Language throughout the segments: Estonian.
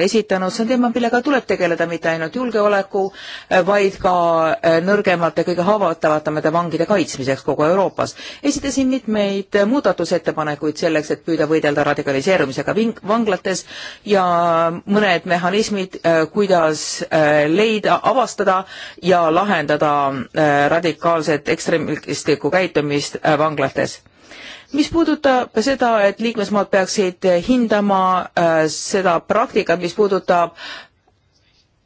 esitanud, see on teema, millega tuleb tegeleda mitte ainult julgeoleku, eh, vaid ka eh, nõrgemate, kõige haavatavamate vangide kaitsmiseks kogu Euroopas. esitasin mitmeid muudatusettepanekuid selleks, et püüda võidelda radikaliseerumisega ving-, vanglates ja mõned mehhanismid, eh, kuidas leida, avastada ja lahendada radikaalset ekstremistlikku käitumist vanglates mis puudutab seda, et liikmesmaad peaksid hindama äh, seda praktikat, mis puudutab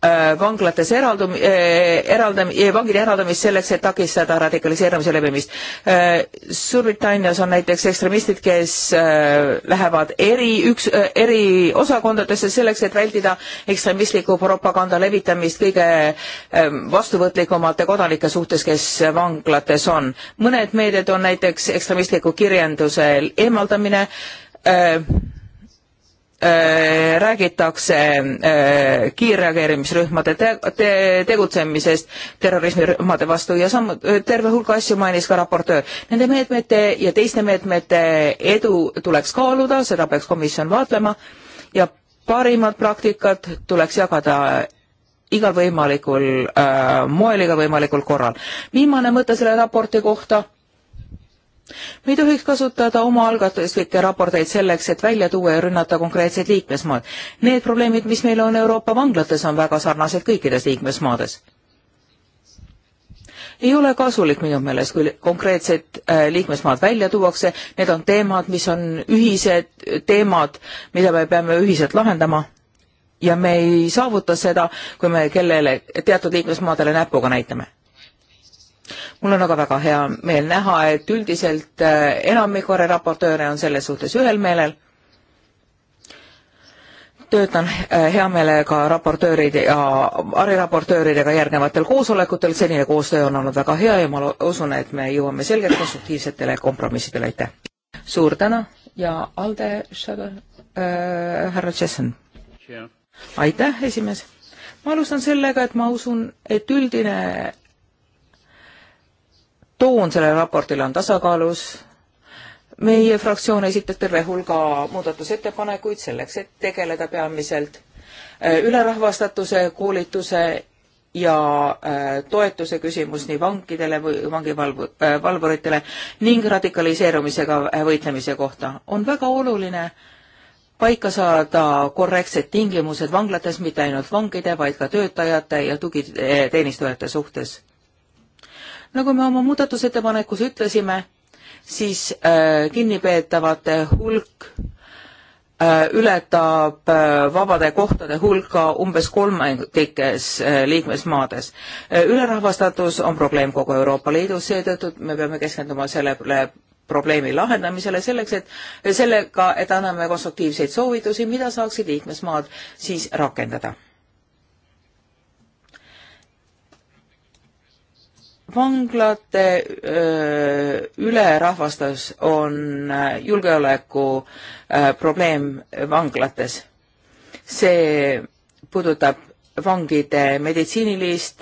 Äh, vanglates eraldum- äh,, eraldam- äh,, vangide eraldamist selleks, et takistada radikaliseerumise levimist äh,. Suurbritannias on näiteks ekstremistid, kes äh, lähevad eri üks, äh, eri osakondadesse selleks, et vältida ekstremistliku propaganda levitamist kõige vastuvõtlikumate kodanike suhtes, kes vanglates on. mõned meeded on näiteks ekstremistliku kirjanduse eemaldamine, Äh, räägitakse äh, kiirreageerimisrühmade te te tegutsemisest terrorismirühmade vastu ja samm-, terve hulga asju mainis ka raportöör. Nende meetmete ja teiste meetmete edu tuleks kaaluda, seda peaks komisjon vaatlema ja parimad praktikad tuleks jagada igal võimalikul äh, moel, igal võimalikul korral. viimane mõte selle raporti kohta me ei tohiks kasutada omaalgatuslikke raporteid selleks, et välja tuua ja rünnata konkreetseid liikmesmaad. Need probleemid, mis meil on Euroopa vanglates, on väga sarnased kõikides liikmesmaades. ei ole kasulik minu meelest, kui konkreetsed äh, liikmesmaad välja tuuakse, need on teemad, mis on ühised äh, teemad, mida me peame ühiselt lahendama ja me ei saavuta seda, kui me kellele, teatud liikmesmaadele näpuga näitame mul on aga väga hea meel näha, et üldiselt äh, enamikore raportööre on selles suhtes ühel meelel. töötan äh, hea meelega raportööride ja variraportööridega järgnevatel koosolekutel, senine koostöö on olnud väga hea ja ma usun, et me jõuame selgelt konstruktiivsetele kompromissidele, aitäh! suur tänu ja Alde Schäder äh,, härra Tšesson. aitäh, esimees! ma alustan sellega, et ma usun, et üldine toon sellele raportile on tasakaalus. meie fraktsioon esitas terve hulga muudatusettepanekuid selleks, et tegeleda peamiselt äh, ülerahvastatuse, koolituse ja äh, toetuse küsimus nii vangidele või vangivalvuritele äh, ning radikaliseerumisega võitlemise kohta. on väga oluline paika saada korrektsed tingimused vanglates, mitte ainult vangide, vaid ka töötajate ja tugiteenistujate suhtes nagu me oma muudatusettepanekus ütlesime, siis äh, kinnipeetavate hulk äh, ületab äh, vabade kohtade hulka umbes kolmandikes äh, liikmesmaades. Äh, ülerahvastatus on probleem kogu Euroopa Liidus, seetõttu me peame keskenduma sellele probleemi lahendamisele selleks, et sellega, et anname konstruktiivseid soovitusi, mida saaksid liikmesmaad siis rakendada vanglate ülerahvastus on julgeoleku probleem vanglates. see puudutab vangide meditsiinilist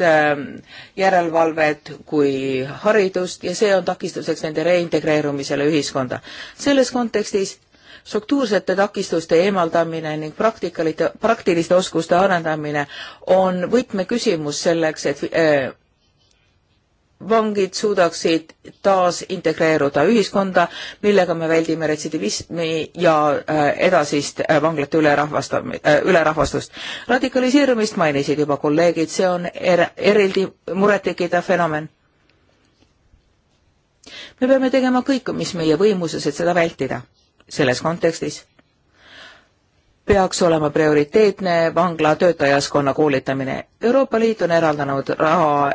järelevalvet kui haridust ja see on takistuseks nende reintegreerumisele ühiskonda. selles kontekstis struktuursete takistuste eemaldamine ning praktikalite, praktiliste oskuste arendamine on võtmeküsimus selleks, et vangid suudaksid taas integreeruda ühiskonda, millega me väldime retsidivismi ja äh, edasist äh, vanglate ülerahvasta-, äh, ülerahvastust. radikaliseerumist mainisid juba kolleegid, see on er-, eraldi murettekitav fenomen. me peame tegema kõik, mis meie võimuses, et seda vältida. selles kontekstis peaks olema prioriteetne vangla töötajaskonna koolitamine. Euroopa Liit on eraldanud raha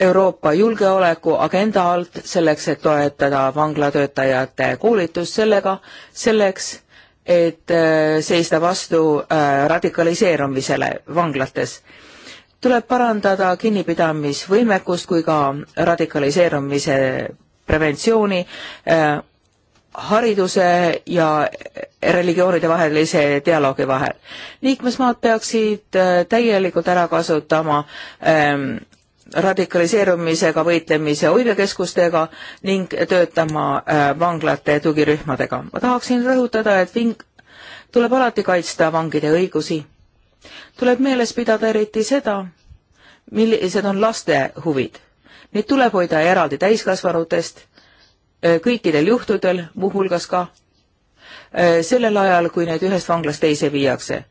Euroopa julgeolekuagenda alt, selleks, et toetada vanglatöötajate koolitust sellega, selleks, et äh, seista vastu äh, radikaliseerumisele vanglates. tuleb parandada kinnipidamisvõimekust kui ka radikaliseerumise preventsiooni äh, hariduse ja religioonide vahelise dialoogi vahel. liikmesmaad peaksid täielikult ära kasutama ähm, radikaliseerumisega võitlemise hoidekeskustega ning töötama äh, vanglate tugirühmadega. ma tahaksin rõhutada, et ving-, tuleb alati kaitsta vangide õigusi. tuleb meeles pidada eriti seda, millised on laste huvid. Neid tuleb hoida eraldi täiskasvanutest äh, kõikidel juhtudel, muuhulgas ka äh, sellel ajal, kui neid ühest vanglast teise viiakse.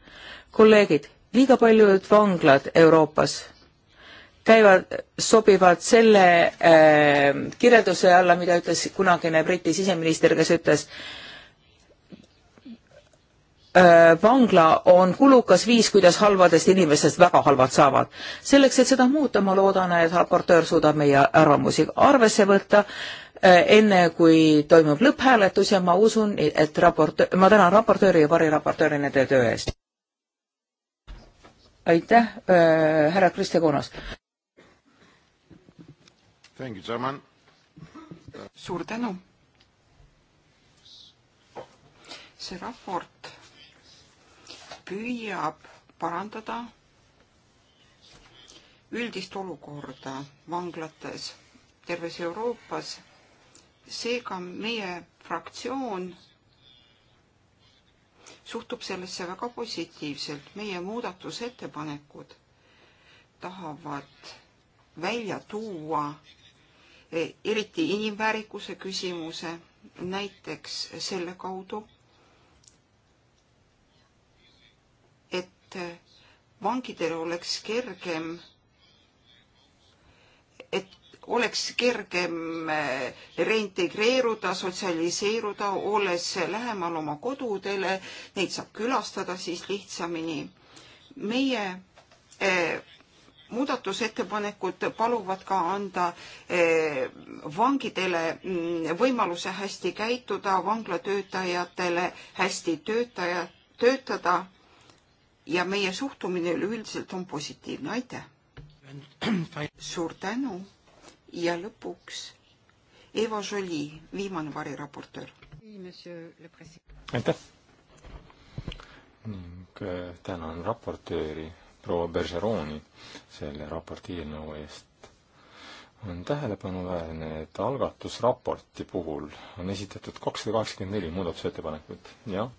kolleegid, liiga paljud vanglad Euroopas käivad, sobivad selle äh, kirjelduse alla, mida ütles kunagine Briti siseminister, kes ütles äh,, vangla on kulukas viis, kuidas halvadest inimestest väga halvad saavad. selleks, et seda muuta, ma loodan, et raportöör suudab meie arvamusi arvesse võtta äh, enne, kui toimub lõpphääletus ja ma usun, et raport, ma tänan raportööri ja variraportööri nende töö eest. aitäh äh,, härra Kristjan Koonas suur tänu. see raport püüab parandada üldist olukorda vanglates terves Euroopas. seega meie fraktsioon suhtub sellesse väga positiivselt. meie muudatusettepanekud tahavad välja tuua Eh, eriti inimväärikuse küsimuse, näiteks selle kaudu, et vangidel oleks kergem, et oleks kergem eh, reintegreeruda, sotsialiseeruda, olles lähemal oma kodudele, neid saab külastada siis lihtsamini. meie eh, muudatusettepanekud paluvad ka anda eh, vangidele mm, võimaluse hästi käituda, vanglatöötajatele hästi töötaja, töötada ja meie suhtumine üleüldiselt on positiivne, aitäh! suur tänu ja lõpuks Eva Jolie, viimane variraportöör. aitäh! ning eh, tänan raportööri proua Bergeroni selle raporti eelnõu eest. on tähelepanuväärne, et algatusraporti puhul on esitatud kakssada kaheksakümmend neli muudatusettepanekut. jah,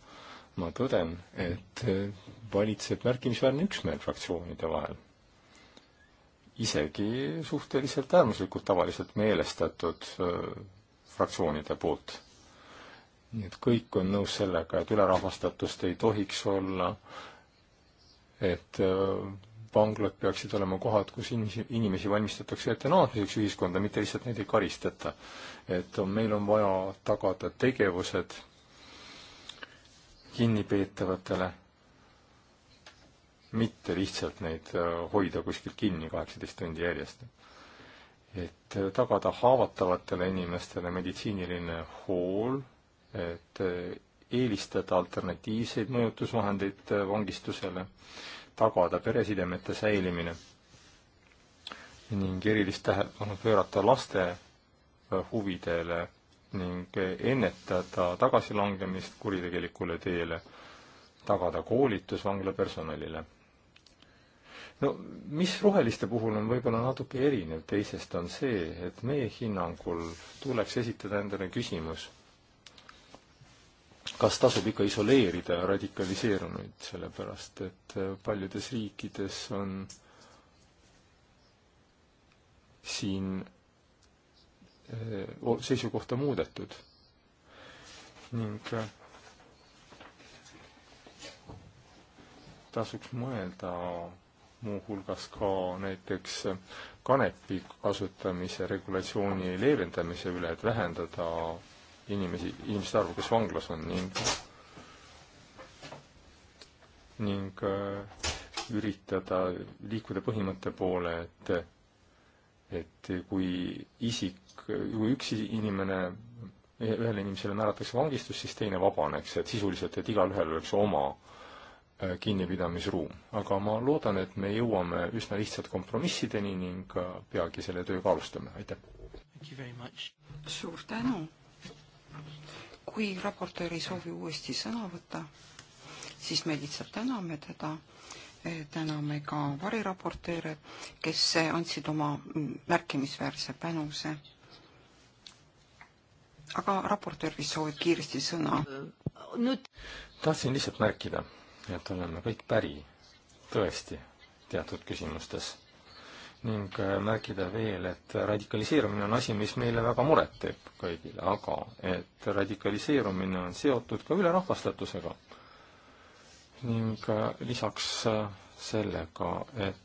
ma tõden, et valitseb märkimisväärne üksmeel fraktsioonide vahel isegi suhteliselt äärmuslikult tavaliselt meelestatud äh, fraktsioonide poolt. nii et kõik on nõus sellega, et ülerahvastatust ei tohiks olla äh, et äh, vanglad peaksid olema kohad, kus inimesi, inimesi valmistatakse ette naasmiseks ühiskonda, mitte lihtsalt neid ei karistata. et on, meil on vaja tagada tegevused kinnipeetavatele, mitte lihtsalt neid äh, hoida kuskil kinni kaheksateist tundi järjest. et äh, tagada haavatavatele inimestele meditsiiniline hool, et eelistada alternatiivseid mõjutusvahendeid vangistusele, tagada peresidemete säilimine ning erilist tähelepanu pöörata laste huvidele ning ennetada tagasilangemist kuritegelikule teele, tagada koolitus vangla personalile. no mis roheliste puhul on võib-olla natuke erinev teisest, on see, et meie hinnangul tuleks esitada endale küsimus kas tasub ikka isoleerida radikaliseerunuid, sellepärast et äh, paljudes riikides on siin äh, seisukohta muudetud ning äh, tasuks mõelda muuhulgas ka näiteks kanepi kasutamise regulatsiooni leevendamise üle, et vähendada inimesi, inimeste arvu, kes vanglas on ning ning äh, üritada liikuda põhimõtte poole, et et kui isik, kui üks inimene, ühele inimesele määratakse vangistus, siis teine vabaneks, et sisuliselt, et igalühel oleks oma äh, kinnipidamisruum. aga ma loodan, et me jõuame üsna lihtsalt kompromissideni ning äh, peagi selle tööga alustame, aitäh! suur tänu! kui raportöör ei soovi uuesti sõna võtta, siis me lihtsalt täname teda, e, täname ka variraportööre, kes andsid oma märkimisväärse panuse. aga raportöör vist soovib kiiresti sõna. nüüd tahtsin lihtsalt märkida, et oleme kõik päri, tõesti, teatud küsimustes ning äh, märkida veel, et radikaliseerumine on asi, mis meile väga muret teeb kõigile, aga et radikaliseerumine on seotud ka ülerahvastatusega. ning äh, lisaks äh, sellega, et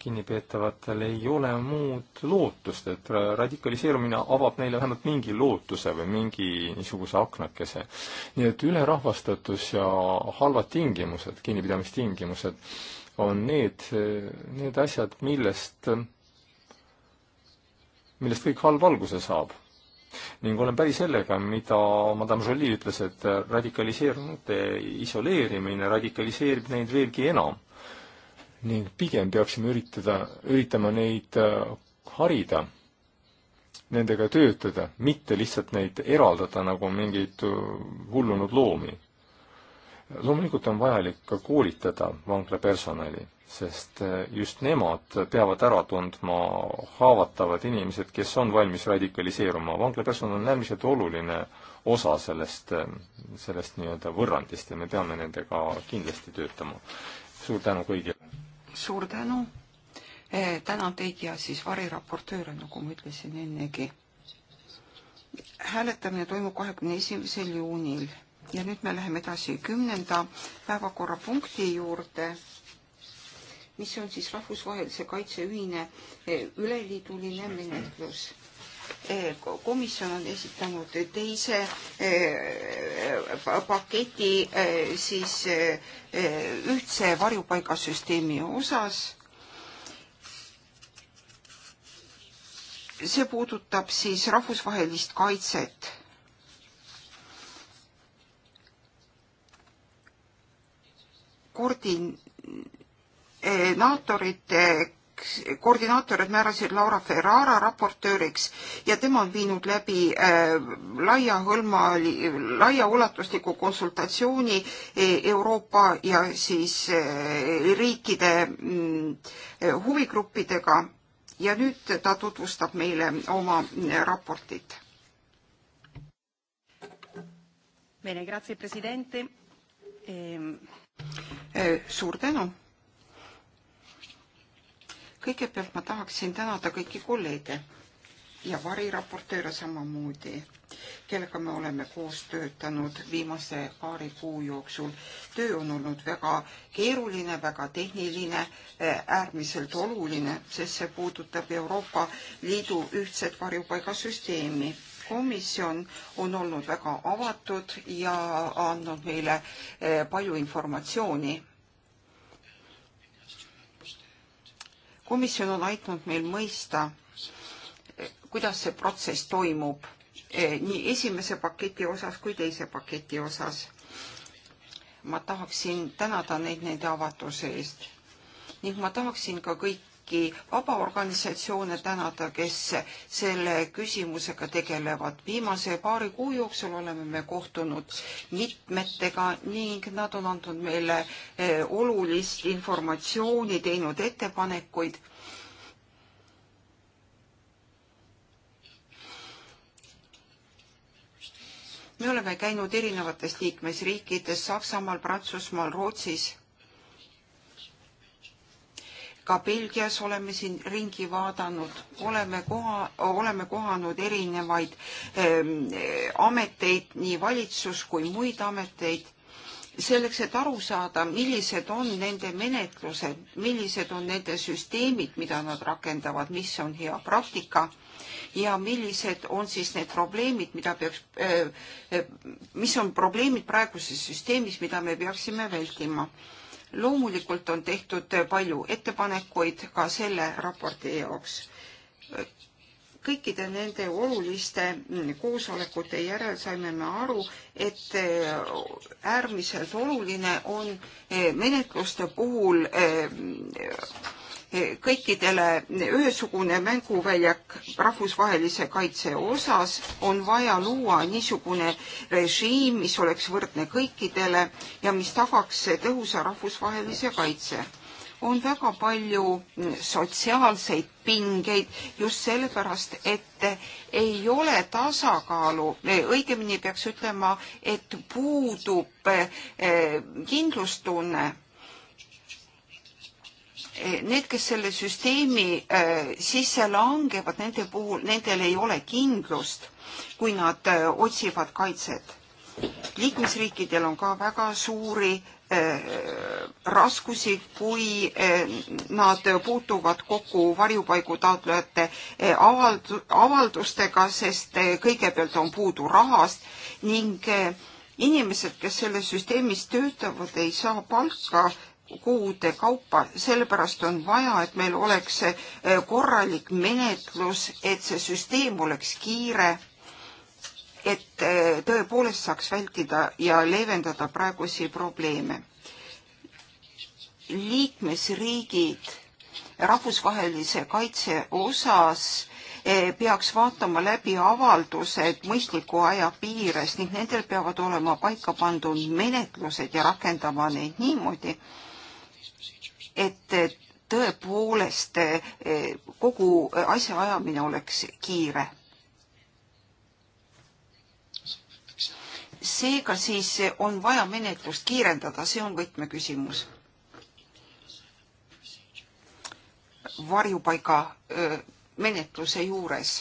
kinnipeetavatel ei ole muud lootust, et radikaliseerumine avab neile vähemalt mingi lootuse või mingi niisuguse aknakese. nii et ülerahvastatus ja halvad tingimused, kinnipidamistingimused on need, need asjad, millest, millest kõik halb alguse saab. ning olen päri sellega, mida Madame Jolie ütles, et radikaliseerunute isoleerimine radikaliseerib neid veelgi enam. ning pigem peaksime üritada, üritama neid äh, harida, nendega töötada, mitte lihtsalt neid eraldada nagu mingeid äh, hullunud loomi loomulikult on vajalik ka koolitada vanglapersonali, sest eh, just nemad peavad ära tundma haavatavad inimesed, kes on valmis radikaliseeruma. vanglapersonal on äärmiselt oluline osa sellest, eh, sellest nii-öelda võrrandist ja me peame nendega kindlasti töötama. suur tänu kõigile! suur tänu! Eh, tänan teid ja siis variraportööre, nagu ma ütlesin ennegi. hääletamine toimub kahekümne esimesel juunil ja nüüd me läheme edasi kümnenda päevakorrapunkti juurde, mis on siis rahvusvahelise kaitse ühine eh, üleliiduline menetlus eh, komisjon on esitanud teise eh, paketi siis ühtse varjupaigasüsteemi osas. see puudutab siis rahvusvahelist kaitset koordinaatorid eh, eh, koordinaatorid määrasid Laura Ferrara raportööriks ja tema on viinud läbi eh, laia hõlma, laiaulatusliku konsultatsiooni Euroopa ja siis riikide mm, huvigruppidega ja nüüd ta tutvustab meile oma mm, raportit. Bene, grazie Presidente ehm Äh, suur tänu. kõigepealt ma tahaksin tänada kõiki kolleege ja variraportööre samamoodi, kellega me oleme koos töötanud viimase paari kuu jooksul. töö on olnud väga keeruline, väga tehniline, äh, äärmiselt oluline, sest see puudutab Euroopa Liidu ühtset varjupaigasüsteemi komisjon on olnud väga avatud ja andnud meile eh, palju informatsiooni. komisjon on aidanud meil mõista, eh, kuidas see protsess toimub eh, nii esimese paketi osas kui teise paketi osas. ma tahaksin tänada neid nende avatuse eest ning ma tahaksin ka kõik kõiki vabaorganisatsioone tänada, kes selle küsimusega tegelevad. viimase paari kuu jooksul oleme me kohtunud mitmetega ning nad on andnud meile eh, olulist informatsiooni, teinud ettepanekuid. me oleme käinud erinevates liikmesriikides Saksamaal, Prantsusmaal, Rootsis ka Belgias oleme siin ringi vaadanud, oleme koha, oleme kohanud erinevaid ähm, ameteid, nii valitsus kui muid ameteid, selleks, et aru saada, millised on nende menetlused, millised on nende süsteemid, mida nad rakendavad, mis on hea praktika ja millised on siis need probleemid, mida peaks äh,, mis on probleemid praeguses süsteemis, mida me peaksime vältima loomulikult on tehtud palju ettepanekuid ka selle raporti jaoks. kõikide nende oluliste koosolekute järel saime me aru, et äärmiselt oluline on menetluste puhul eh, kõikidele ühesugune mänguväljak rahvusvahelise kaitse osas, on vaja luua niisugune režiim, mis oleks võrdne kõikidele ja mis tagaks tõhusa rahvusvahelise kaitse. on väga palju sotsiaalseid pingeid just sellepärast, et ei ole tasakaalu, õigemini peaks ütlema, et puudub eh, kindlustunne Need, kes selle süsteemi äh, sisse langevad, nende puhul, nendel ei ole kindlust, kui nad äh, otsivad kaitset. liikmesriikidel on ka väga suuri äh, raskusi, kui nad puutuvad kokku varjupaigutaotlejate avaldustega, sest kõigepealt on puudu rahast ning inimesed, kes selles süsteemis töötavad, ei saa palka kuude kaupa, sellepärast on vaja, et meil oleks eh, korralik menetlus, et see süsteem oleks kiire, et eh, tõepoolest saaks vältida ja leevendada praegusi probleeme. liikmesriigid rahvusvahelise kaitse osas eh, peaks vaatama läbi avaldused mõistliku aja piires ning nendel peavad olema paika pandud menetlused ja rakendama neid niimoodi, et tõepoolest eh, kogu asjaajamine oleks kiire. seega siis on vaja menetlust kiirendada, see on võtmeküsimus. varjupaiga eh, menetluse juures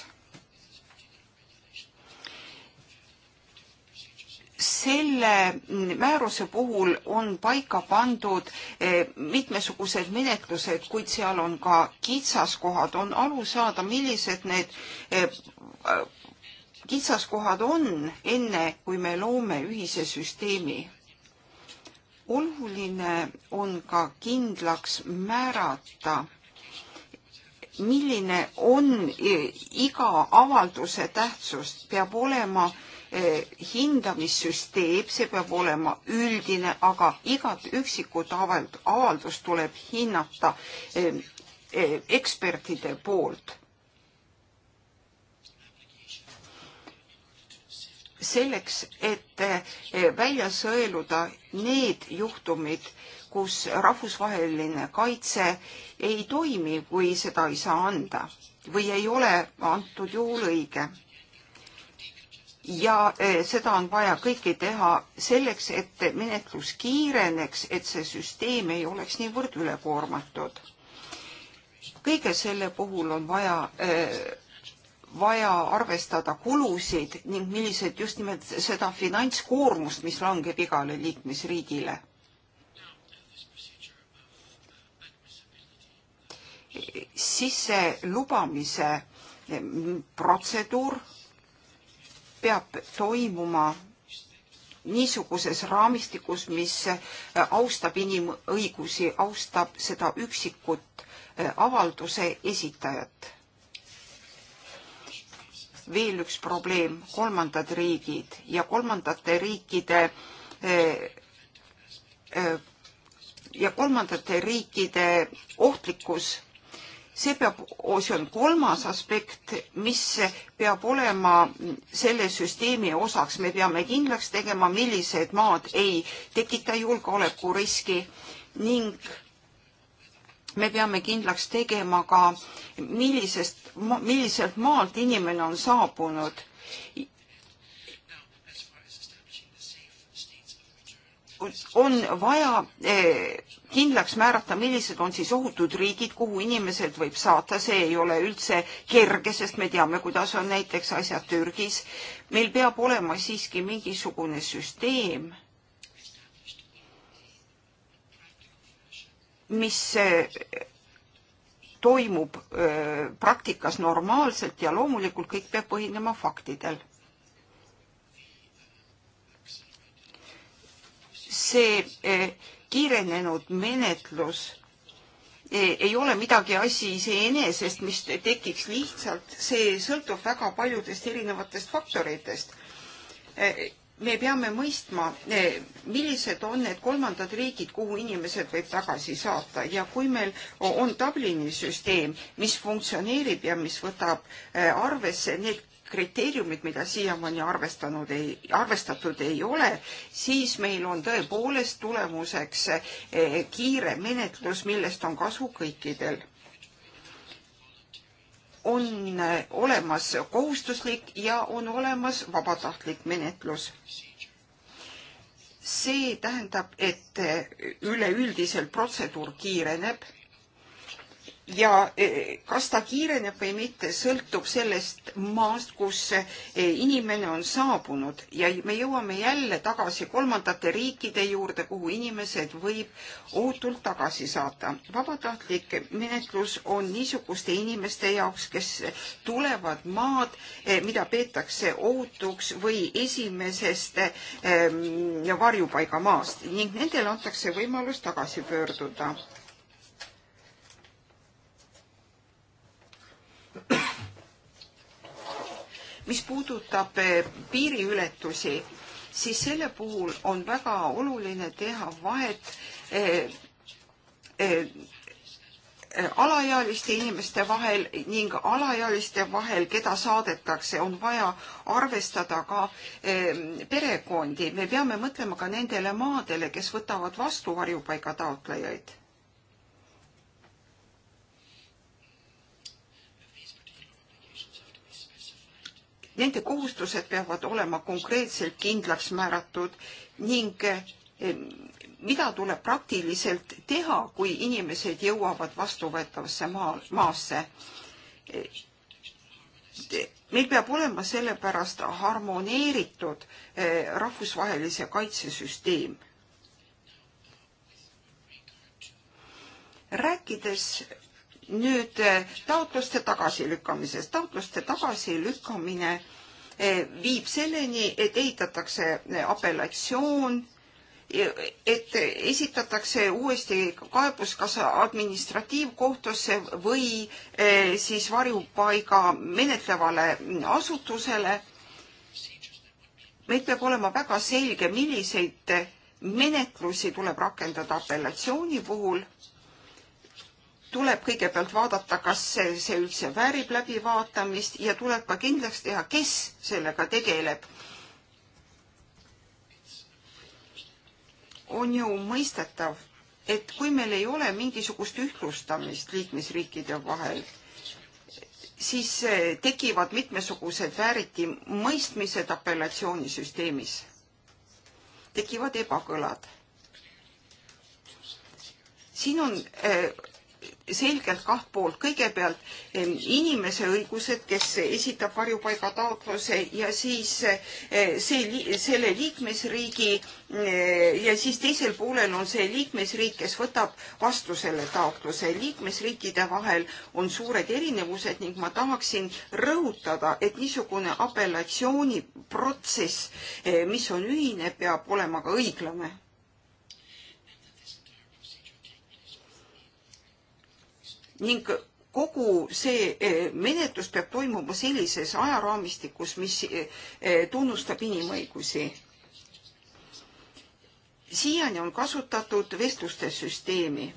selle määruse puhul on paika pandud eh, mitmesugused menetlused, kuid seal on ka kitsaskohad, on aru saada, millised need eh, kitsaskohad on, enne kui me loome ühise süsteemi. oluline on ka kindlaks määrata milline on eh, iga avalduse tähtsus, peab olema äh, Eh, hindamissüsteem, see peab olema üldine, aga igat üksikut avaldust tuleb hinnata eh, eh, ekspertide poolt. selleks, et välja sõeluda need juhtumid, kus rahvusvaheline kaitse ei toimi, kui seda ei saa anda või ei ole antud juhul õige ja eh, seda on vaja kõike teha selleks, et menetlus kiireneks, et see süsteem ei oleks niivõrd ülekoormatud. kõige selle puhul on vaja eh, vaja arvestada kulusid ning millised just nimelt seda finantskoormust, mis langeb igale liikmesriigile. sisse lubamise eh, protseduur peab toimuma niisuguses raamistikus, mis äh, austab inimõigusi, austab seda üksikut äh, avalduse esitajat. veel üks probleem, kolmandad riigid ja kolmandate riikide äh, ja kolmandate riikide ohtlikkus see peab, see on kolmas aspekt, mis peab olema selle süsteemi osaks, me peame kindlaks tegema, millised maad ei tekita julgeolekuriski ning me peame kindlaks tegema ka, millisest, milliselt maalt inimene on saabunud on vaja eh, kindlaks määrata, millised on siis ohutud riigid, kuhu inimesed võib saata, see ei ole üldse kerge, sest me teame, kuidas on näiteks asjad Türgis. meil peab olema siiski mingisugune süsteem, mis eh, toimub eh, praktikas normaalselt ja loomulikult kõik peab põhinema faktidel see eh, kiirenenud menetlus eh, ei ole midagi asi iseenesest, mis tekiks lihtsalt, see sõltub väga paljudest erinevatest faktoritest. Eh, me peame mõistma, millised on need kolmandad riigid, kuhu inimesed võib tagasi saata ja kui meil on Dublini süsteem, mis funktsioneerib ja mis võtab arvesse need kriteeriumid, mida siiamaani arvestanud ei, arvestatud ei ole, siis meil on tõepoolest tulemuseks eh, kiire menetlus, millest on kasu kõikidel on eh, olemas kohustuslik ja on olemas vabatahtlik menetlus. see tähendab, et eh, üleüldiselt protseduur kiireneb ja eh, kas ta kiireneb või mitte, sõltub sellest maast, kus eh, inimene on saabunud ja me jõuame jälle tagasi kolmandate riikide juurde, kuhu inimesed võib ootult tagasi saata. vabatahtlik menetlus on niisuguste inimeste jaoks, kes tulevad maad, eh, mida peetakse ootuks või esimesest varjupaigamaast ning nendele antakse võimalus tagasi pöörduda mis puudutab eh, piiriületusi, siis selle puhul on väga oluline teha vahet eh, eh, alaealiste inimeste vahel ning alaealiste vahel, keda saadetakse, on vaja arvestada ka perekondi. me peame mõtlema ka nendele maadele, kes võtavad vastu varjupaigataotlejaid. Nende kohustused peavad olema konkreetselt kindlaks määratud ning eh, mida tuleb praktiliselt teha, kui inimesed jõuavad vastuvõetavasse maa, maasse. Eh, meil peab olema sellepärast harmoneeritud eh, rahvusvahelise kaitsesüsteem. rääkides nüüd eh, taotluste tagasilükkamisest. taotluste tagasilükkamine eh, viib selleni, et ehitatakse eh, apellatsioon, et esitatakse uuesti kaebus kas administratiivkohtusse või siis varjupaiga menetlevale mm, asutusele. meil peab olema väga selge, milliseid menetlusi tuleb rakendada apellatsiooni puhul tuleb kõigepealt vaadata, kas see, see üldse väärib läbivaatamist ja tuleb ka kindlaks teha, kes sellega tegeleb. on ju mõistetav, et kui meil ei ole mingisugust ühtlustamist liikmesriikide vahel, siis eh, tekivad mitmesugused vääriti mõistmised apellatsioonisüsteemis. tekivad ebakõlad. siin on äh, selgelt kaht poolt. kõigepealt inimese õigused, kes esitab varjupaigataotluse ja siis eh, see, selle liikmesriigi eh, ja siis teisel poolel on see liikmesriik, kes võtab vastu selle taotluse. liikmesriikide vahel on suured erinevused ning ma tahaksin rõhutada, et niisugune apellatsiooniprotsess, eh, mis on ühine, peab olema ka õiglane ning kogu see eh, menetlus peab toimuma sellises ajaraamistikus, mis eh, tunnustab inimõigusi. siiani on kasutatud vestluste süsteemi.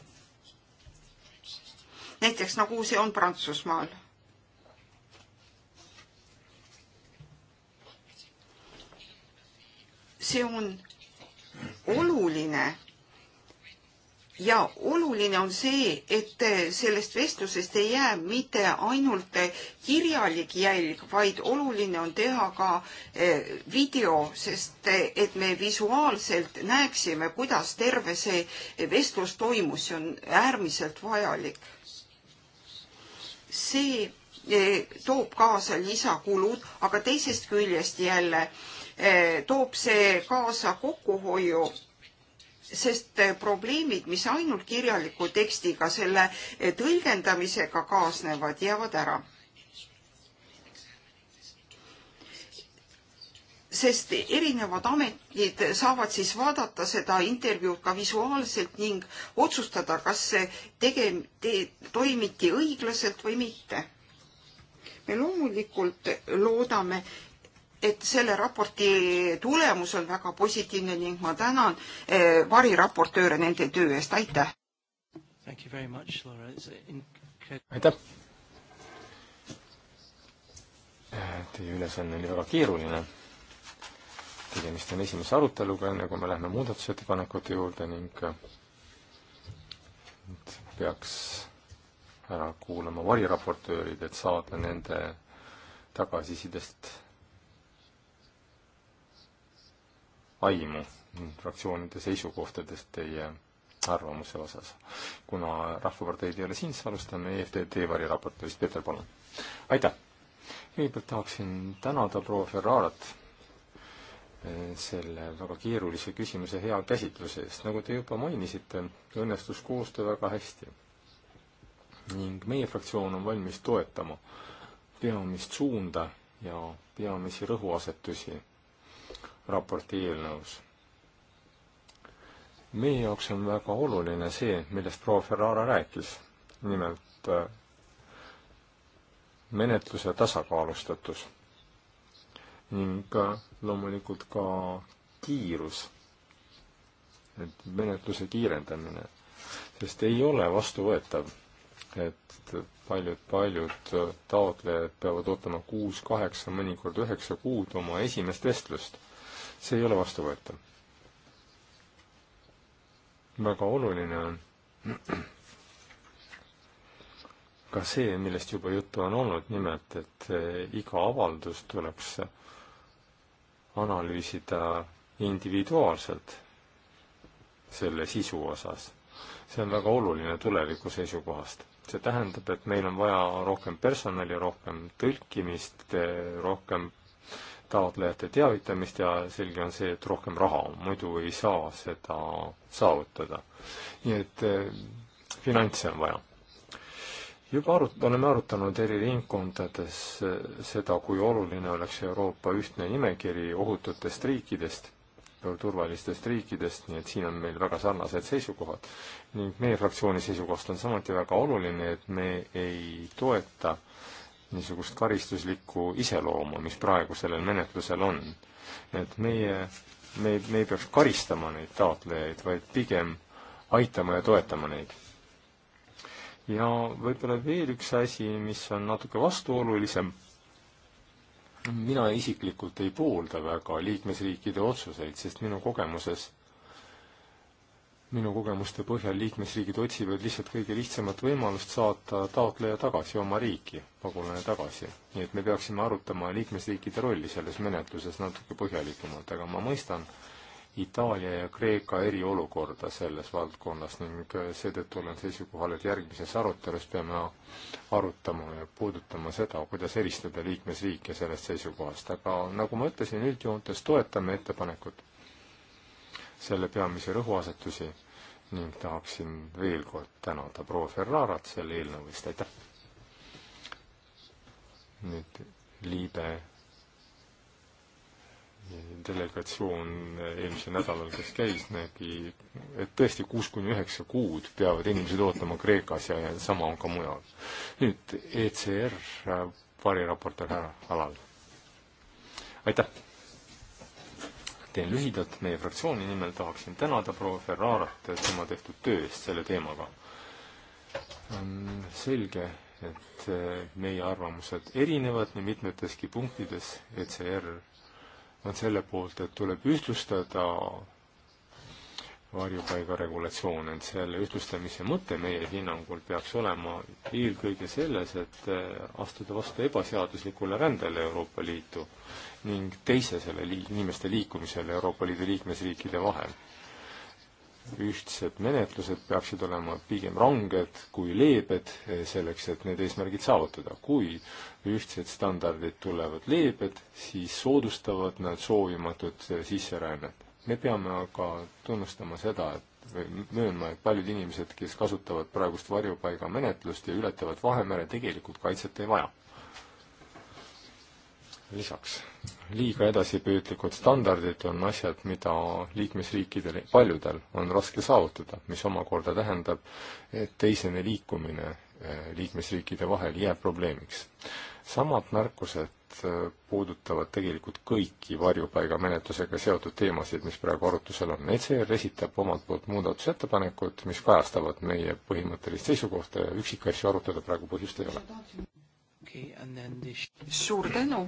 näiteks nagu see on Prantsusmaal. see on oluline ja oluline on see, et sellest vestlusest ei jää mitte ainult kirjalik jälg, vaid oluline on teha ka eh, video, sest eh, et me visuaalselt näeksime, kuidas terve see vestlus toimus, see on äärmiselt vajalik. see eh, toob kaasa lisakulud, aga teisest küljest jälle toob see kaasa kokkuhoiu sest eh, probleemid, mis ainult kirjaliku tekstiga selle eh, tõlgendamisega kaasnevad, jäävad ära. sest erinevad ametid saavad siis vaadata seda intervjuud ka visuaalselt ning otsustada, kas see tege-, te, toimiti õiglaselt või mitte me loomulikult loodame, et selle raporti tulemus on väga positiivne ning ma tänan eh, variraportööre nende töö eest, aitäh! aitäh! Eh, teie ülesanne oli väga keeruline. tegemist on esimese aruteluga, enne kui me läheme muudatusettepanekute juurde ning nüüd eh, peaks ära kuulama variraportöörid, et saada nende tagasisidest aimu fraktsioonide seisukohtadest teie arvamuse osas. kuna Rahvaparteid ei ole siin, siis alustame EFTT variraportöörist. Peeter, palun. aitäh! kõigepealt tahaksin tänada proua Ferrarat eh, selle väga keerulise küsimuse hea käsitluse eest. nagu te juba mainisite, õnnestus koostöö väga hästi. ning meie fraktsioon on valmis toetama peamist suunda ja peamisi rõhuasetusi raporti eelnõus. meie jaoks on väga oluline see, millest proua Ferrara rääkis, nimelt äh, menetluse tasakaalustatus ning äh, loomulikult ka kiirus, et menetluse kiirendamine, sest ei ole vastuvõetav, et paljud-paljud äh, taotlejad peavad ootama kuus, kaheksa, mõnikord üheksa kuud oma esimest vestlust see ei ole vastuvõetav. väga oluline on ka see, millest juba juttu on olnud, nimelt, et eh, iga avaldus tuleks analüüsida individuaalselt selle sisu osas. see on väga oluline tuleviku seisukohast. see tähendab, et meil on vaja rohkem personali, rohkem tõlkimist, eh, rohkem taotlejate teavitamist ja selge on see, et rohkem raha muidu ei saa seda saavutada. nii et eh, finantse on vaja. juba arut-, oleme arutanud eri ringkondades eh, seda, kui oluline oleks Euroopa ühtne nimekiri ohututest riikidest, turvalistest riikidest, nii et siin on meil väga sarnased seisukohad. ning meie fraktsiooni seisukohast on samuti väga oluline, et me ei toeta äh, niisugust karistuslikku iseloomu, mis praegu sellel menetlusel on. et meie, me, me ei peaks karistama neid taotlejaid, vaid pigem aitama ja toetama neid. ja võib-olla veel üks asi, mis on natuke vastuolulisem, mina isiklikult ei poolda väga liikmesriikide otsuseid, sest minu kogemuses minu kogemuste põhjal liikmesriigid otsivad lihtsalt kõige lihtsamat võimalust saata taotleja tagasi oma riiki, pagulane tagasi. nii et me peaksime arutama liikmesriikide rolli selles menetluses natuke põhjalikumalt, aga ma mõistan Itaalia ja Kreeka eriolukorda selles valdkonnas ning seetõttu olen seisukohal, et järgmises arutelus peame arutama ja puudutama seda, kuidas eristada liikmesriike sellest seisukohast, aga nagu ma ütlesin, üldjoontes toetame ettepanekut selle peamisi rõhuasetusi ning tahaksin veel kord tänada proua Ferrarat selle eelnõu eest, aitäh! nüüd Liibe delegatsioon eelmisel nädalal, kes käis, nägi, et tõesti kuus kuni üheksa kuud peavad inimesed ootama Kreekas ja, ja sama on ka mujal. nüüd ECR variraportor härra Alal. aitäh! teen lühidalt, meie fraktsiooni nimel tahaksin tänada proua Ferrarat tema tehtud töö eest selle teemaga. on selge, et eh, meie arvamused erinevad nii mitmeteski punktides, ECR on selle poolt, et tuleb ühtlustada varjupaiga regulatsioon, et selle ühtlustamise mõte meie hinnangul peaks olema eelkõige selles, et eh, astuda vastu ebaseaduslikule rändele Euroopa Liitu ning teise selle lii-, inimeste liikumisel Euroopa Liidu liikmesriikide vahel. ühtsed menetlused peaksid olema pigem ranged kui leebed, eh, selleks et need eesmärgid saavutada. kui ühtsed standardid tulevad leebed, siis soodustavad nad soovimatut eh, sisserännet. me peame aga tunnustama seda, et või möönma, et paljud inimesed, kes kasutavad praegust varjupaigamenetlust ja ületavad Vahemere, tegelikult kaitset ei vaja lisaks liiga edasipüüdlikud standardid on asjad, mida liikmesriikidel, paljudel on raske saavutada, mis omakorda tähendab, et teisene liikumine eh, liikmesriikide vahel jääb probleemiks. samad märkused eh, puudutavad tegelikult kõiki varjupaigamenetlusega seotud teemasid, mis praegu arutusel on. ECR esitab omalt poolt muudatusettepanekud, mis kajastavad meie põhimõttelist seisukohta ja üksikasju arutada praegu põhjust ei ole. suur tänu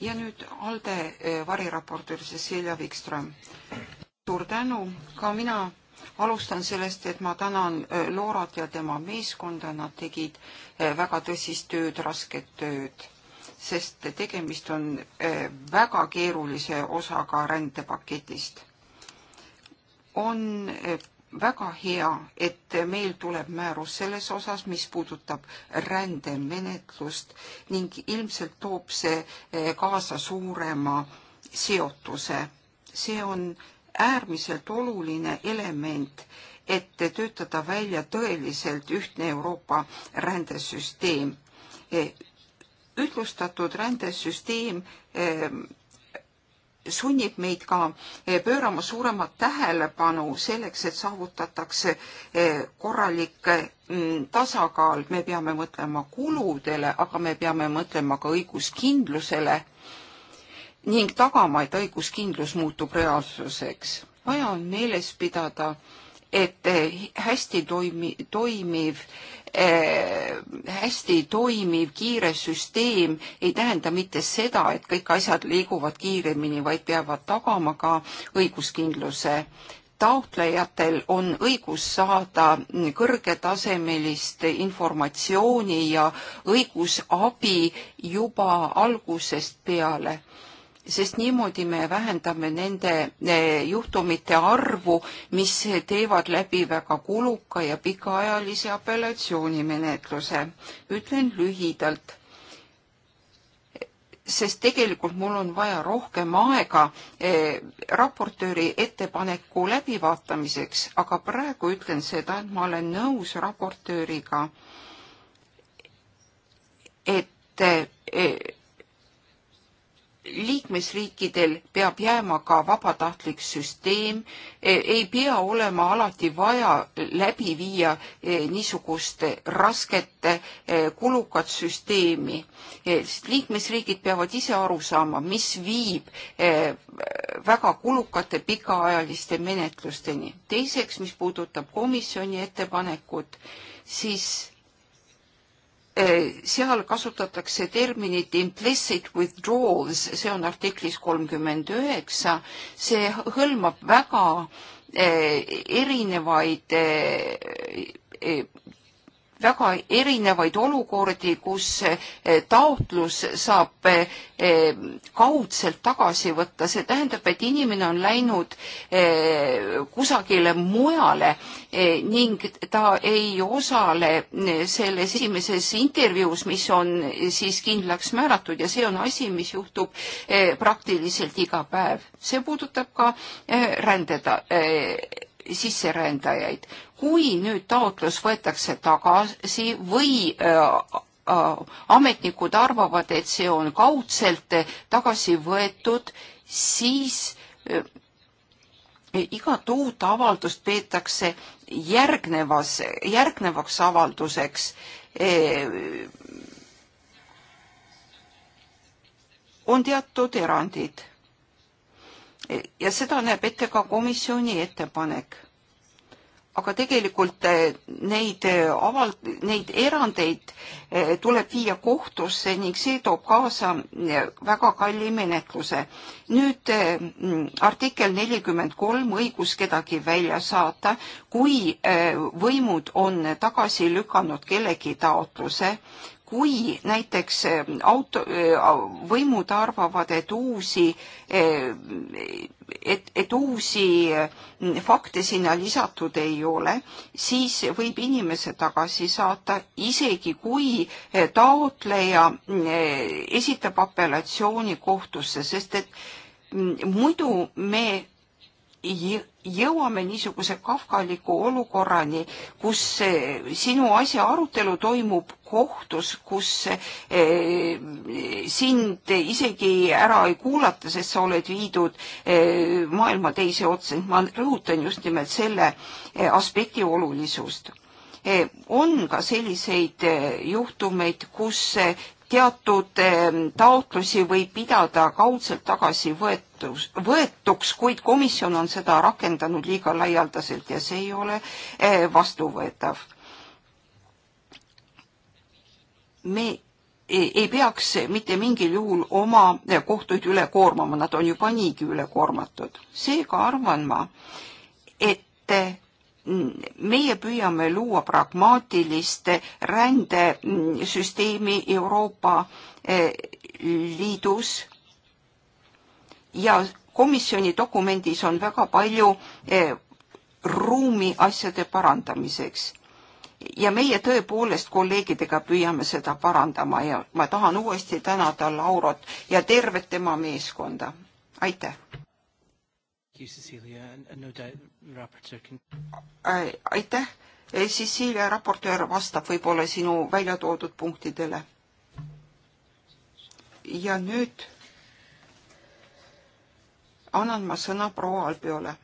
ja nüüd ALDE eh, variraportöör Cecilia Wikström. suur tänu, ka mina alustan sellest, et ma tänan eh, Loorat ja tema meeskonda, nad tegid eh, väga tõsist tööd, rasket tööd, sest tegemist on väga keerulise osaga rändepaketist. on väga hea, et meil tuleb määrus selles osas, mis puudutab rändemenetlust ning ilmselt toob see eh, kaasa suurema seotuse. see on äärmiselt oluline element, et töötada välja tõeliselt ühtne Euroopa rändesüsteem. Eh, ühtlustatud rändesüsteem eh, sunnib meid ka eh, pöörama suuremat tähelepanu selleks, et saavutatakse eh, korralik eh, mm, tasakaal. me peame mõtlema kuludele, aga me peame mõtlema ka õiguskindlusele ning tagama, et õiguskindlus muutub reaalsuseks. vaja on meeles pidada, et hästi toimi, toimiv Äh, hästi toimiv kiire süsteem ei tähenda mitte seda, et kõik asjad liiguvad kiiremini, vaid peavad tagama ka õiguskindluse. taotlejatel on õigus saada kõrgetasemelist informatsiooni ja õigusabi juba algusest peale sest niimoodi me vähendame nende juhtumite arvu, mis teevad läbi väga kuluka ja pikaajalise apellatsioonimenetluse. ütlen lühidalt, sest tegelikult mul on vaja rohkem aega e, raportööri ettepaneku läbivaatamiseks, aga praegu ütlen seda, et ma olen nõus raportööriga, et e, liikmesriikidel peab jääma ka vabatahtlik süsteem, e, ei pea olema alati vaja läbi viia e, niisugust rasket e, kulukat süsteemi, sest liikmesriigid peavad ise aru saama, mis viib väga kulukate pikaajaliste menetlusteni. teiseks, mis puudutab komisjoni ettepanekut, siis Eh, seal kasutatakse terminit implicit withdrawals, see on artiklis kolmkümmend üheksa, see hõlmab väga eh, erinevaid eh, väga erinevaid olukordi, kus eh, taotlus saab eh, kaudselt tagasi võtta, see tähendab, et inimene on läinud eh, kusagile mujale ning ta ei osale selles esimeses intervjuus, mis on siis kindlaks määratud ja see on asi, mis juhtub praktiliselt iga päev. see puudutab ka rändeda sisserändajaid. kui nüüd taotlus võetakse tagasi või äh, äh, ametnikud arvavad, et see on kaudselt tagasi võetud, siis äh, igat uut avaldust peetakse järgnevas, järgnevaks avalduseks äh, on teatud erandid ja seda näeb ette ka komisjoni ettepanek. aga tegelikult eh, neid eh, aval-, neid erandeid eh, tuleb viia kohtusse ning see toob kaasa väga kalli menetluse. nüüd mm, artikkel nelikümmend kolm, õigus kedagi välja saata, kui võimud on tagasi lükanud kellegi taotluse, kui näiteks ähm, auto, äh, võimud arvavad, et uusi, äh, et, et uusi äh, fakte sinna lisatud ei ole, siis võib inimese tagasi saata, isegi kui taotleja esitab apellatsiooni kohtusse, sest et mm, muidu me jõuame niisuguse kafkaliku olukorrani, kus eh, sinu asja arutelu toimub kohtus, kus eh, sind isegi ära ei kuulata, sest sa oled viidud eh, maailma teise otsa. ma rõhutan just nimelt selle aspekti olulisust. on ka selliseid juhtumeid, kus teatud taotlusi võib pidada kaudselt tagasi võetud võetus, võetuks, kuid komisjon on seda rakendanud liiga laialdaselt ja see ei ole eh, vastuvõetav. me e-, ei peaks mitte mingil juhul oma eh, kohtuid üle koormama, nad on juba niigi üle koormatud. seega arvan ma, et eh, meie püüame luua pragmaatilist rändesüsteemi Euroopa Liidus ja komisjoni dokumendis on väga palju eh, ruumi asjade parandamiseks. ja meie tõepoolest kolleegidega püüame seda parandama ja ma tahan uuesti tänada Laurot ja tervet tema meeskonda. aitäh! aitäh, eh, Cecilia, raportöör vastab võib-olla sinu välja toodud punktidele. ja nüüd annan ma sõna proua Albiole.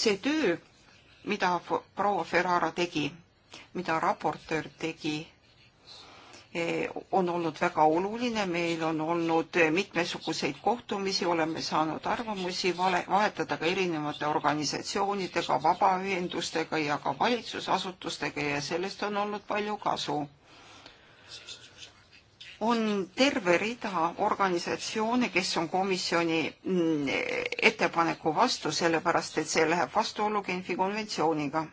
see töö, mida proua Ferrara tegi, mida raportöör tegi Eh, on olnud väga oluline, meil on olnud mitmesuguseid kohtumisi, oleme saanud arvamusi vale, vahetada ka erinevate organisatsioonidega, vabaühendustega ja ka valitsusasutustega ja sellest on olnud palju kasu on terve rida organisatsioone, kes on komisjoni mm, ettepaneku vastu, sellepärast et see läheb vastuollu Genfi konventsiooniga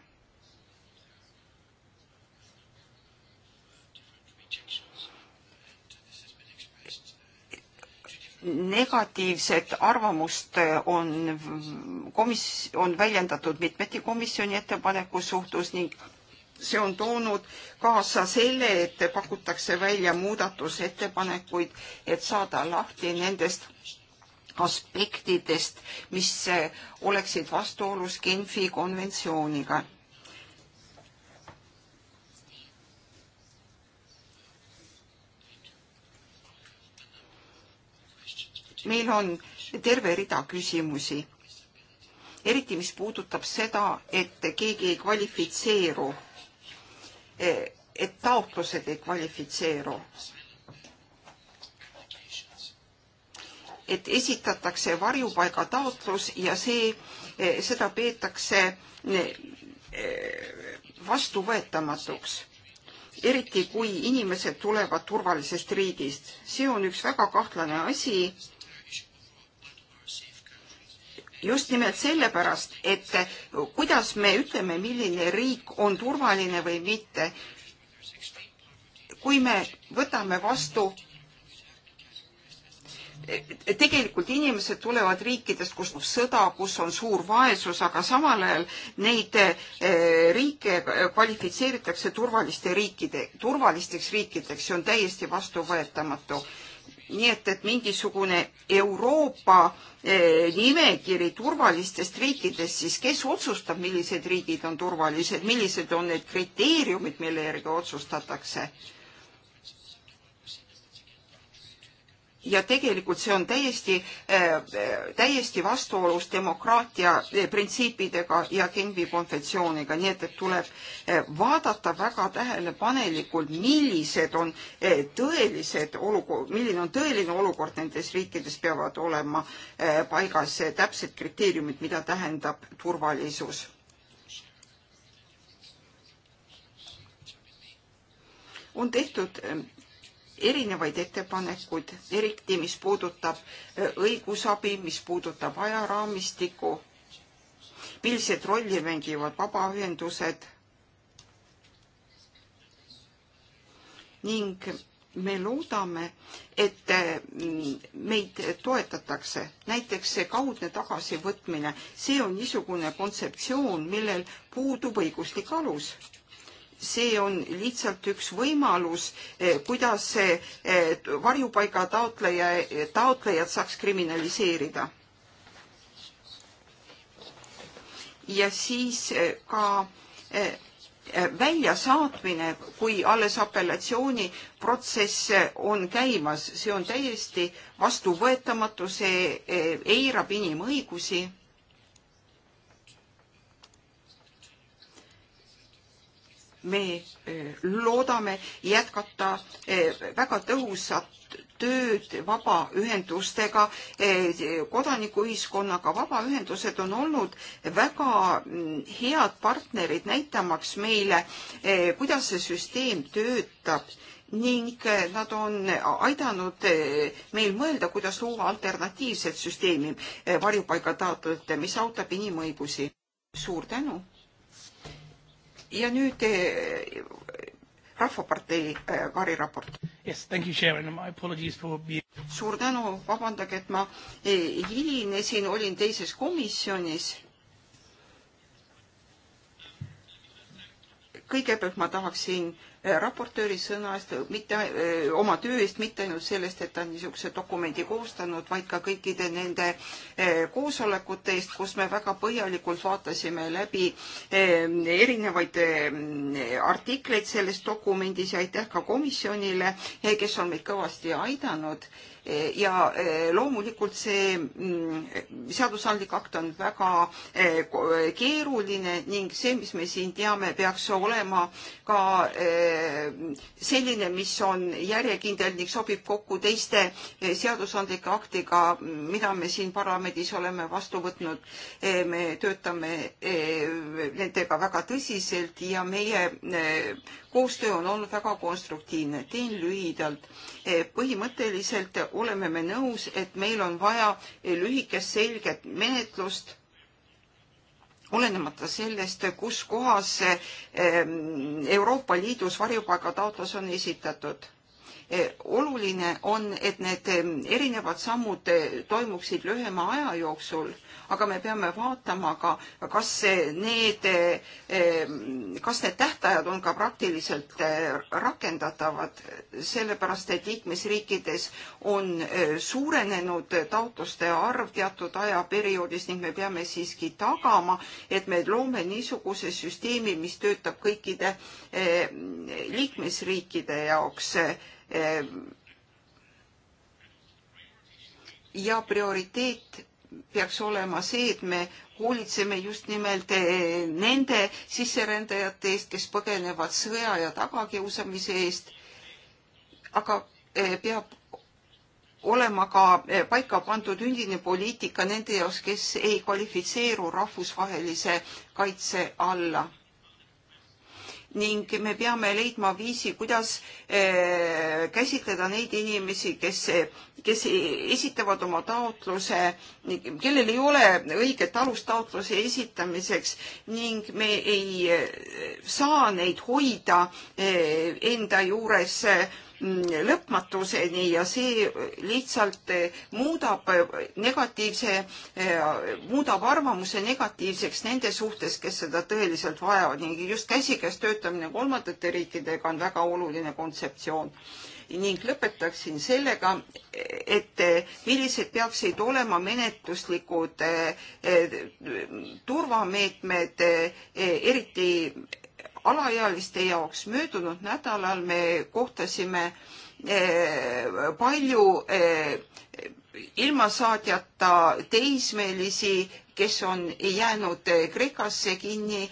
negatiivset arvamust on komis-, on väljendatud mitmeti komisjoni ettepaneku suhtes ning see on toonud kaasa selle, et pakutakse välja muudatusettepanekuid, et saada lahti nendest aspektidest, mis oleksid vastuolus Genfi konventsiooniga meil on terve rida küsimusi. eriti, mis puudutab seda, et keegi ei kvalifitseeru, e, et taotlused ei kvalifitseeru. et esitatakse varjupaigataotlus ja see, e, seda peetakse e, vastuvõetamatuks eriti kui inimesed tulevad turvalisest riigist. see on üks väga kahtlane asi just nimelt sellepärast, et kuidas me ütleme, milline riik on turvaline või mitte. kui me võtame vastu tegelikult inimesed tulevad riikidest, kus on sõda, kus on suur vaesus, aga samal ajal neid eh, riike kvalifitseeritakse turvaliste riikide, turvalisteks riikideks, see on täiesti vastuvõetamatu nii et, et mingisugune Euroopa eh, nimekiri turvalistest riikidest, siis kes otsustab, millised riigid on turvalised, millised on need kriteeriumid, mille järgi otsustatakse? ja tegelikult see on täiesti, eh, täiesti vastuolus demokraatia eh, printsiipidega ja Genfi konventsiooniga, nii et, et tuleb eh, vaadata väga tähelepanelikult, millised on tõelised olukord, milline on tõeline olukord nendes riikides, peavad olema paigas täpsed kriteeriumid, mida tähendab turvalisus on tehtud erinevaid ettepanekuid, eriti mis puudutab äh, õigusabi, mis puudutab ajaraamistikku, millised rolli mängivad vabaühendused ning me loodame, et äh, meid toetatakse. näiteks see kaudne tagasivõtmine, see on niisugune kontseptsioon, millel puudub õiguslik alus see on lihtsalt üks võimalus, eh, kuidas eh, varjupaiga taotleja, eh, taotlejad saaks kriminaliseerida. ja siis ka väljasaatmine, kui alles apellatsiooniprotsess on käimas, see on täiesti vastuvõetamatu, see eirab inimõigusi me eh, loodame jätkata eh, väga tõhusat tööd vabaühendustega, eh, kodanikuühiskonnaga. vabaühendused on olnud väga mm, head partnerid, näitamaks meile, kuidas see süsteem töötab ning nad on aidanud meil mõelda, kuidas luua alternatiivset süsteemi varjupaiga taotlejate, mis autab inimõigusi. suur tänu! ja nüüd eh, Rahvapartei variraport. Eh, yes, thank you, Sharon. My apologies for being... suur tänu, vabandage, et ma eh, hilinesin, olin teises komisjonis. kõigepealt ma tahaksin raportööri sõna eest, mitte oma töö eest, mitte ainult sellest, et ta on niisuguse dokumendi koostanud, vaid ka kõikide nende koosolekute eest, kus me väga põhjalikult vaatasime läbi erinevaid artikleid selles dokumendis ja aitäh ka komisjonile, kes on meid kõvasti aidanud ja loomulikult see mm, seadusandlik akt on väga keeruline ning see, mis me siin teame, peaks olema ka Äh, selline, mis on järjekindel ning sobib kokku teiste äh, seadusandlike aktiga, mida me siin parlamendis oleme vastu võtnud. Äh, me töötame nendega väga tõsiselt ja meie koostöö on olnud väga konstruktiivne. teen lühidalt. põhimõtteliselt oleme me nõus, et meil on vaja lühikest selget menetlust olenemata sellest, kus kohas ehm, Euroopa Liidus varjupaigataotlus on esitatud. E, oluline on, et need ehm, erinevad sammud e, toimuksid lühema aja jooksul aga me peame vaatama ka, kas need, eh, kas need tähtajad on ka praktiliselt eh, rakendatavad, sellepärast et liikmesriikides on eh, suurenenud taotluste arv teatud ajaperioodis ning me peame siiski tagama, et me loome niisuguse süsteemi, mis töötab kõikide liikmesriikide jaoks ja prioriteet peaks olema see, et me hoolitseme just nimelt eh, nende sisserändajate eest, kes põgenevad sõja ja tagakiusamise eest. aga eh, peab olema ka eh, paika pandud üldine poliitika nende jaoks, kes ei kvalifitseeru rahvusvahelise kaitse alla ning me peame leidma viisi, kuidas eh, käsitleda neid inimesi, kes, kes esitavad oma taotluse, kellel ei ole õiget alust taotluse esitamiseks ning me ei eh, saa neid hoida eh, enda juures Mm, lõpmatuseni ja see lihtsalt eh, muudab eh, negatiivse, eh, muudab arvamuse negatiivseks nende suhtes, kes seda tõeliselt vajavad ning just käsikäes töötamine kolmandate riikidega on väga oluline kontseptsioon ning lõpetaksin sellega, et millised peaksid olema menetluslikud turvameetmed, eriti alaealiste jaoks. möödunud nädalal me kohtasime eh, palju eh, ilmasaadjata teismelisi, kes on jäänud eh, Kreekasse kinni.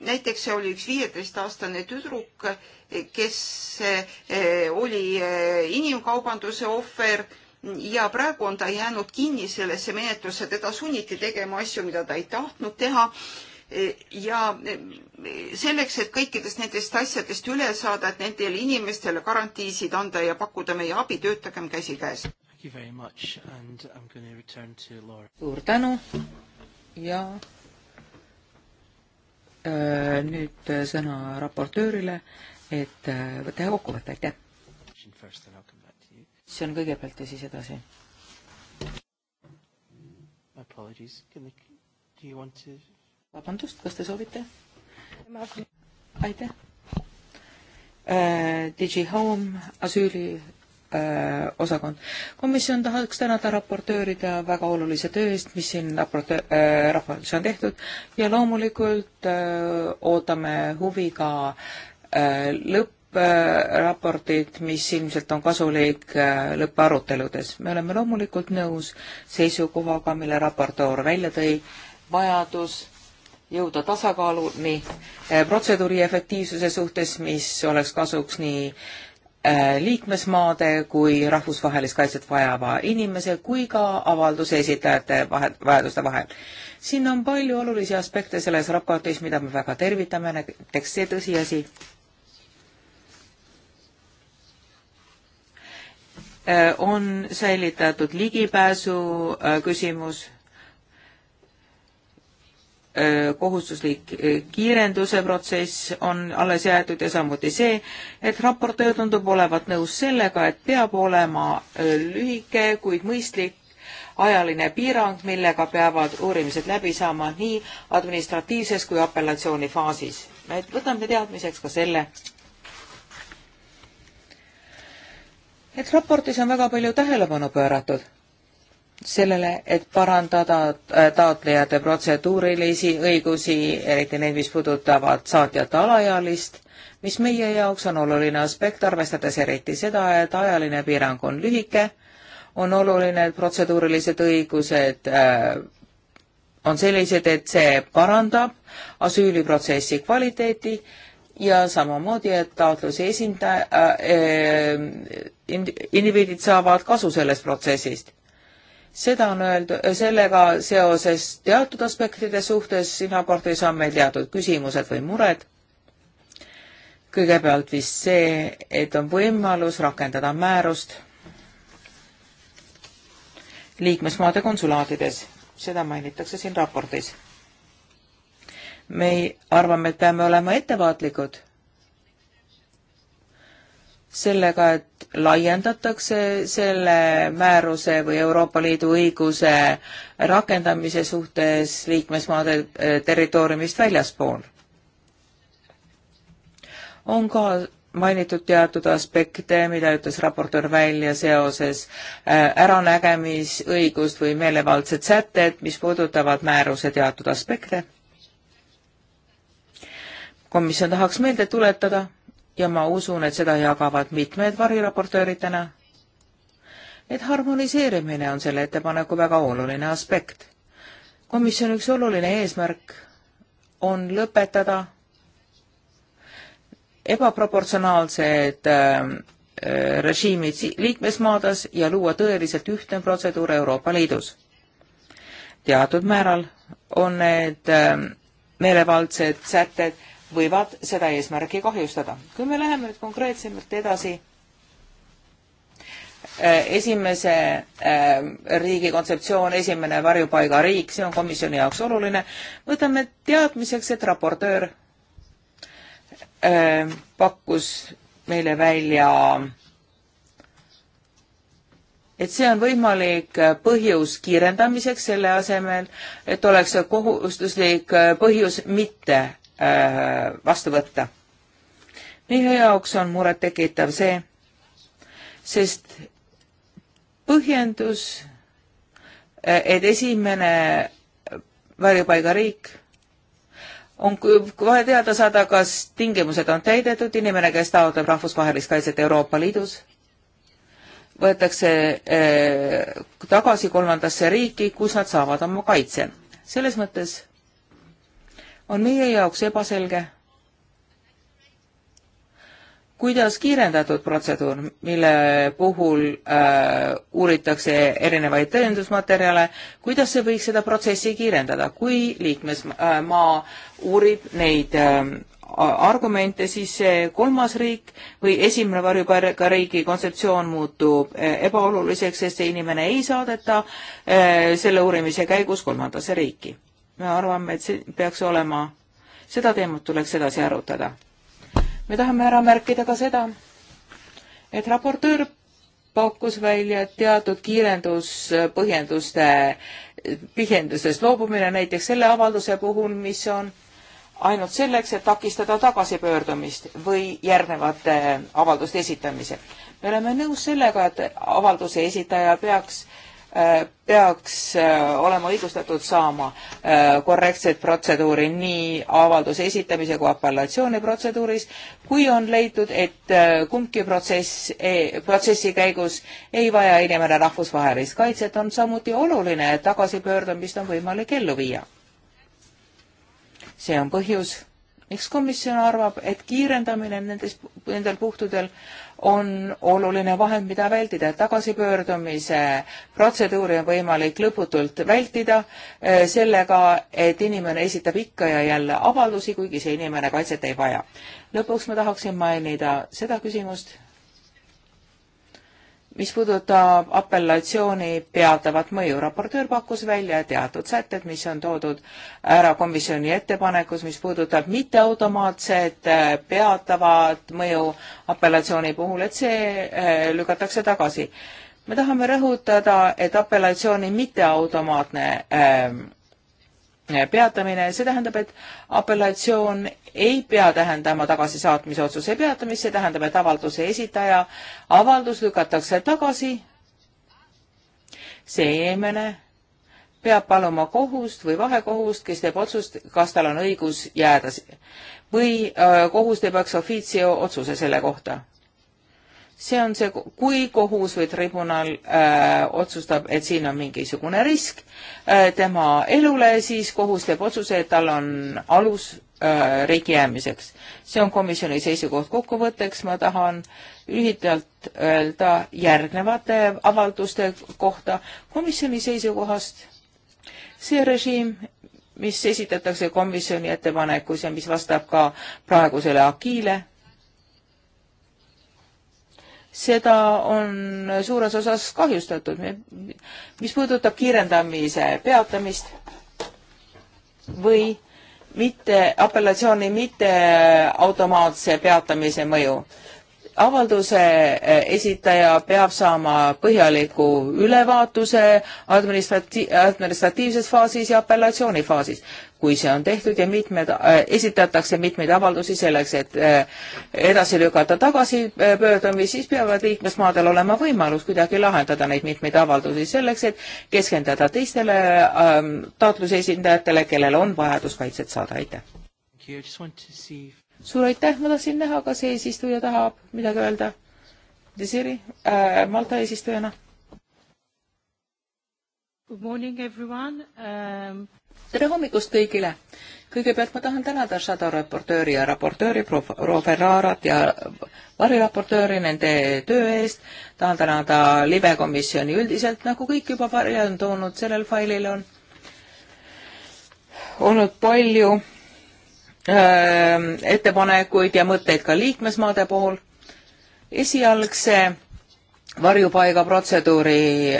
näiteks see oli üks viieteistaastane tüdruk, kes oli inimkaubanduse ohver ja praegu on ta jäänud kinni sellesse menetlusse, teda sunniti tegema asju, mida ta ei tahtnud teha ja selleks, et kõikidest nendest asjadest üle saada, et nendele inimestele garantiisid anda ja pakkuda meie abi, töötagem käsikäes. suur tänu ja äh, nüüd sõna raportöörile, et äh, teha kokkuvõte, aitäh. see on kõigepealt ja siis edasi. Apologies, do you want to? vabandust, kas te soovite? aitäh. Äh, DigiHome asüüli äh, osakond. komisjon tahaks tänada raportööride väga olulise töö eest, mis siin raportöö äh,, raportis on tehtud ja loomulikult äh, ootame huviga äh, lõppraportit, mis ilmselt on kasulik äh, lõpparuteludes. me oleme loomulikult nõus seisukohaga, mille raportöör välja tõi, vajadus jõuda tasakaaluni eh, protseduuri efektiivsuse suhtes, mis oleks kasuks nii eh, liikmesmaade kui rahvusvahelist kaitset vajava inimese kui ka avalduse esitajate vahe, vajaduste vahel. siin on palju olulisi aspekte selles raportis, mida me väga tervitame, näiteks see tõsiasi, eh, on säilitatud ligipääsu küsimus kohustuslik kiirenduse protsess on alles jäetud ja samuti see, et raportöö tundub olevat nõus sellega, et peab olema lühike, kuid mõistlik ajaline piirang, millega peavad uurimised läbi saama nii administratiivses kui apellatsioonifaasis. me võtame teadmiseks ka selle, et raportis on väga palju tähelepanu pööratud sellele, et parandada äh, taotlejate protseduurilisi õigusi, eriti neid, mis puudutavad saatjat alaealist, mis meie jaoks on oluline aspekt, arvestades eriti seda, et ajaline piirang on lühike, on oluline, et protseduurilised õigused äh, on sellised, et see parandab asüüliprotsessi kvaliteeti ja samamoodi, et taotluse esindaja äh,, äh indiviidid saavad kasu sellest protsessist seda on öeldud, sellega seoses teatud aspektide suhtes siin raportis on meil teatud küsimused või mured. kõigepealt vist see, et on võimalus rakendada määrust liikmesmaade konsulaadides, seda mainitakse siin raportis. me arvame, et peame olema ettevaatlikud sellega, et laiendatakse selle määruse või Euroopa Liidu õiguse rakendamise suhtes liikmesmaade eh, territooriumist väljaspool. on ka mainitud teatud aspekte, mida ütles raportöör välja seoses eh, äranägemisõigust või meelevaldsed sätted, mis puudutavad määruse teatud aspekte. komisjon tahaks meelde tuletada ja ma usun, et seda jagavad mitmed variraportöörid täna, et harmoniseerimine on selle ettepaneku väga oluline aspekt. komisjoni üks oluline eesmärk on lõpetada ebaproportsionaalsed ähm, äh, režiimid liikmesmaades ja luua tõeliselt ühtne protseduur Euroopa Liidus. teatud määral on need äh, meelevaldsed sätted võivad seda eesmärki kahjustada. kui me läheme nüüd konkreetsemalt edasi äh, esimese äh, riigi kontseptsioon, esimene varjupaigariik, see on komisjoni jaoks oluline. võtame teadmiseks, et raportöör äh, pakkus meile välja, et see on võimalik põhjus kiirendamiseks, selle asemel, et oleks kohustuslik põhjus mitte Äh, vastu võtta. meie jaoks on murettekitav see, sest põhjendus, äh, et esimene varjupaigariik on vaja teada saada, kas tingimused on täidetud, inimene, kes taotleb rahvusvahelist kaitset Euroopa Liidus, võetakse äh, tagasi kolmandasse riiki, kus nad saavad oma kaitse. selles mõttes on meie jaoks ebaselge, kuidas kiirendatud protseduur, mille puhul äh, uuritakse erinevaid tõendusmaterjale, kuidas see võiks seda protsessi kiirendada, kui liikmesmaa äh, uurib neid äh, argumente, siis see kolmas riik või esimene varjupaiga riigi kontseptsioon muutub äh, ebaoluliseks, sest see inimene ei saadeta äh, selle uurimise käigus kolmandasse riiki me arvame, et see peaks olema, seda teemat tuleks edasi arutada. me tahame ära märkida ka seda, et raportöör pakkus välja teatud kiirenduspõhjenduste, põhjendusest loobumine näiteks selle avalduse puhul, mis on ainult selleks, et takistada tagasipöördumist või järgnevate avalduste esitamisel. me oleme nõus sellega, et avalduse esitaja peaks äh, peaks äh, olema õigustatud saama äh, korrektset protseduuri nii avalduse esitamise kui apellatsiooni protseduuris, kui on leitud, et äh, kumbki protsess, e, protsessi käigus ei vaja inimene rahvusvahelist kaitset, on samuti oluline, et tagasipöördumist on võimalik ellu viia. see on põhjus, miks komisjon arvab, et kiirendamine nendes, nendel puhtudel on oluline vahend, mida vältida. tagasipöördumise protseduuri on võimalik lõputult vältida eh, sellega, et inimene esitab ikka ja jälle avaldusi, kuigi see inimene kaitset ei vaja. lõpuks ma tahaksin mainida seda küsimust, mis puudutab apellatsiooni peatavat mõju, raportöör pakkus välja teatud sätted, mis on toodud ära komisjoni ettepanekus, mis puudutab mitteautomaatset äh, peatavat mõju apellatsiooni puhul, et see äh, lükatakse tagasi. me tahame rõhutada, et apellatsiooni mitteautomaatne äh, peatamine, see tähendab, et apellatsioon ei pea tähendama tagasisaatmise otsuse peatamist, see tähendab, et avalduse esitaja avaldus lükatakse tagasi. see inimene peab paluma kohust või vahekohust, kes teeb otsust, kas tal on õigus jääda või öö, kohus teeb ex officio otsuse selle kohta see on see, kui kohus või tribunal äh, otsustab, et siin on mingisugune risk äh, tema elule, siis kohus teeb otsuse, et tal on alus äh, riigi jäämiseks. see on komisjoni seisukoht. kokkuvõtteks ma tahan lühidalt öelda järgnevate avalduste kohta komisjoni seisukohast. see režiim, mis esitatakse komisjoni ettepanekus ja mis vastab ka praegusele agiile seda on suures osas kahjustatud. mis puudutab kiirendamise peatamist või mitte, apellatsiooni mitte automaatse peatamise mõju avalduse eh, esitaja peab saama põhjaliku ülevaatuse administrati-, administratiivses faasis ja apellatsioonifaasis. kui see on tehtud ja mitmed äh,, esitatakse mitmeid avaldusi selleks, et äh, edasi lükata tagasipöördumisi, siis peavad liikmesmaadel olema võimalus kuidagi lahendada neid mitmeid avaldusi selleks, et keskenduda teistele ähm, taotluse esindajatele, kellel on vajadus kaitset saada, aitäh! suur aitäh, ma tahtsin näha, kas eesistuja tahab midagi öelda. Desiri äh,, Malta eesistujana. Good morning everyone um.... tere hommikust kõigile. kõigepealt ma tahan tänada Shadow raportööri ja raportööri proua Ferrarat ja variraportööri nende töö eest. tahan tänada libe komisjoni üldiselt, nagu kõik juba varja on toonud, sellel failil on olnud palju ettepanekuid ja mõtteid ka liikmesmaade puhul. esialgse varjupaigaprotseduuri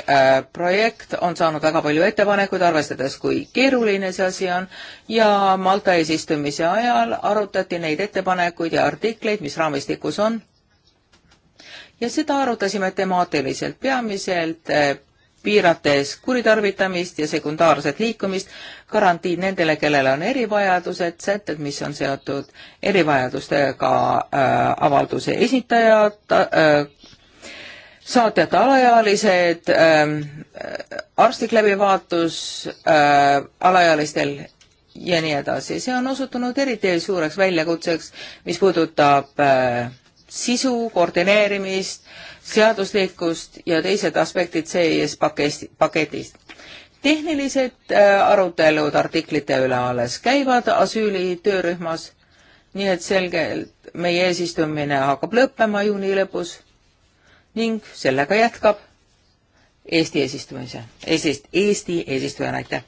projekt on saanud väga palju ettepanekuid, arvestades, kui keeruline see asi on ja Malta eesistumise ajal arutati neid ettepanekuid ja artikleid, mis raamistikus on. ja seda arutasime temaatiliselt, peamiselt piirates kuritarvitamist ja sekundaarset liikumist, garantiid nendele, kellel on erivajadused, sätted, mis on seotud erivajadustega äh, avalduse esitajad äh,, saatjate alaealised äh,, arstlik läbivaatus äh, alaealistel ja nii edasi. see on osutunud eriti suureks väljakutseks, mis puudutab äh, sisu koordineerimist äh,, seaduslikkust ja teised aspektid CIS paketist. tehnilised äh, arutelud artiklite üle alles käivad asüüli töörühmas, nii et selgelt meie eesistumine hakkab lõppema juuni lõpus ning sellega jätkab Eesti eesistumise, Eestist, Eesti eesistujana, aitäh!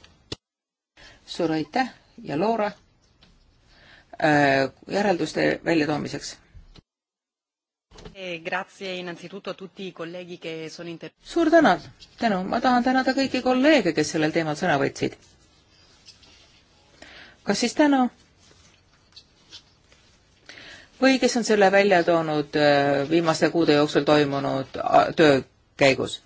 suur aitäh ja Loora äh, järelduste väljatoomiseks E suur tänu, tänu, ma tahan tänada kõiki kolleege, kes sellel teemal sõna võtsid. kas siis tänu? või kes on selle välja toonud äh, viimaste kuude jooksul toimunud äh, töö käigus.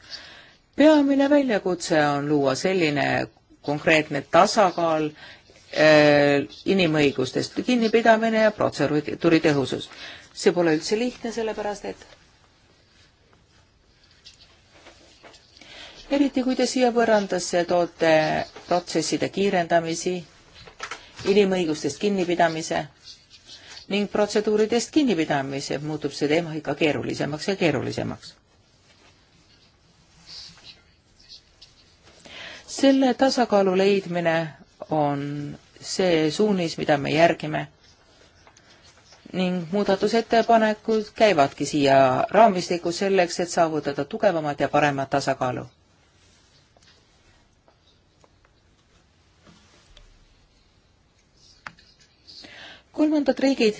peamine väljakutse on luua selline konkreetne tasakaal äh, inimõigustest kinnipidamine ja protseduuri tõhusus see pole üldse lihtne, sellepärast et eriti kui te siia põrandasse toote protsesside kiirendamisi, inimõigustest kinnipidamise ning protseduuridest kinnipidamise, muutub see teema ikka keerulisemaks ja keerulisemaks. selle tasakaalu leidmine on see suunis, mida me järgime ning muudatusettepanekud käivadki siia raamistikku selleks, et saavutada tugevamat ja paremat tasakaalu. kolmandad riigid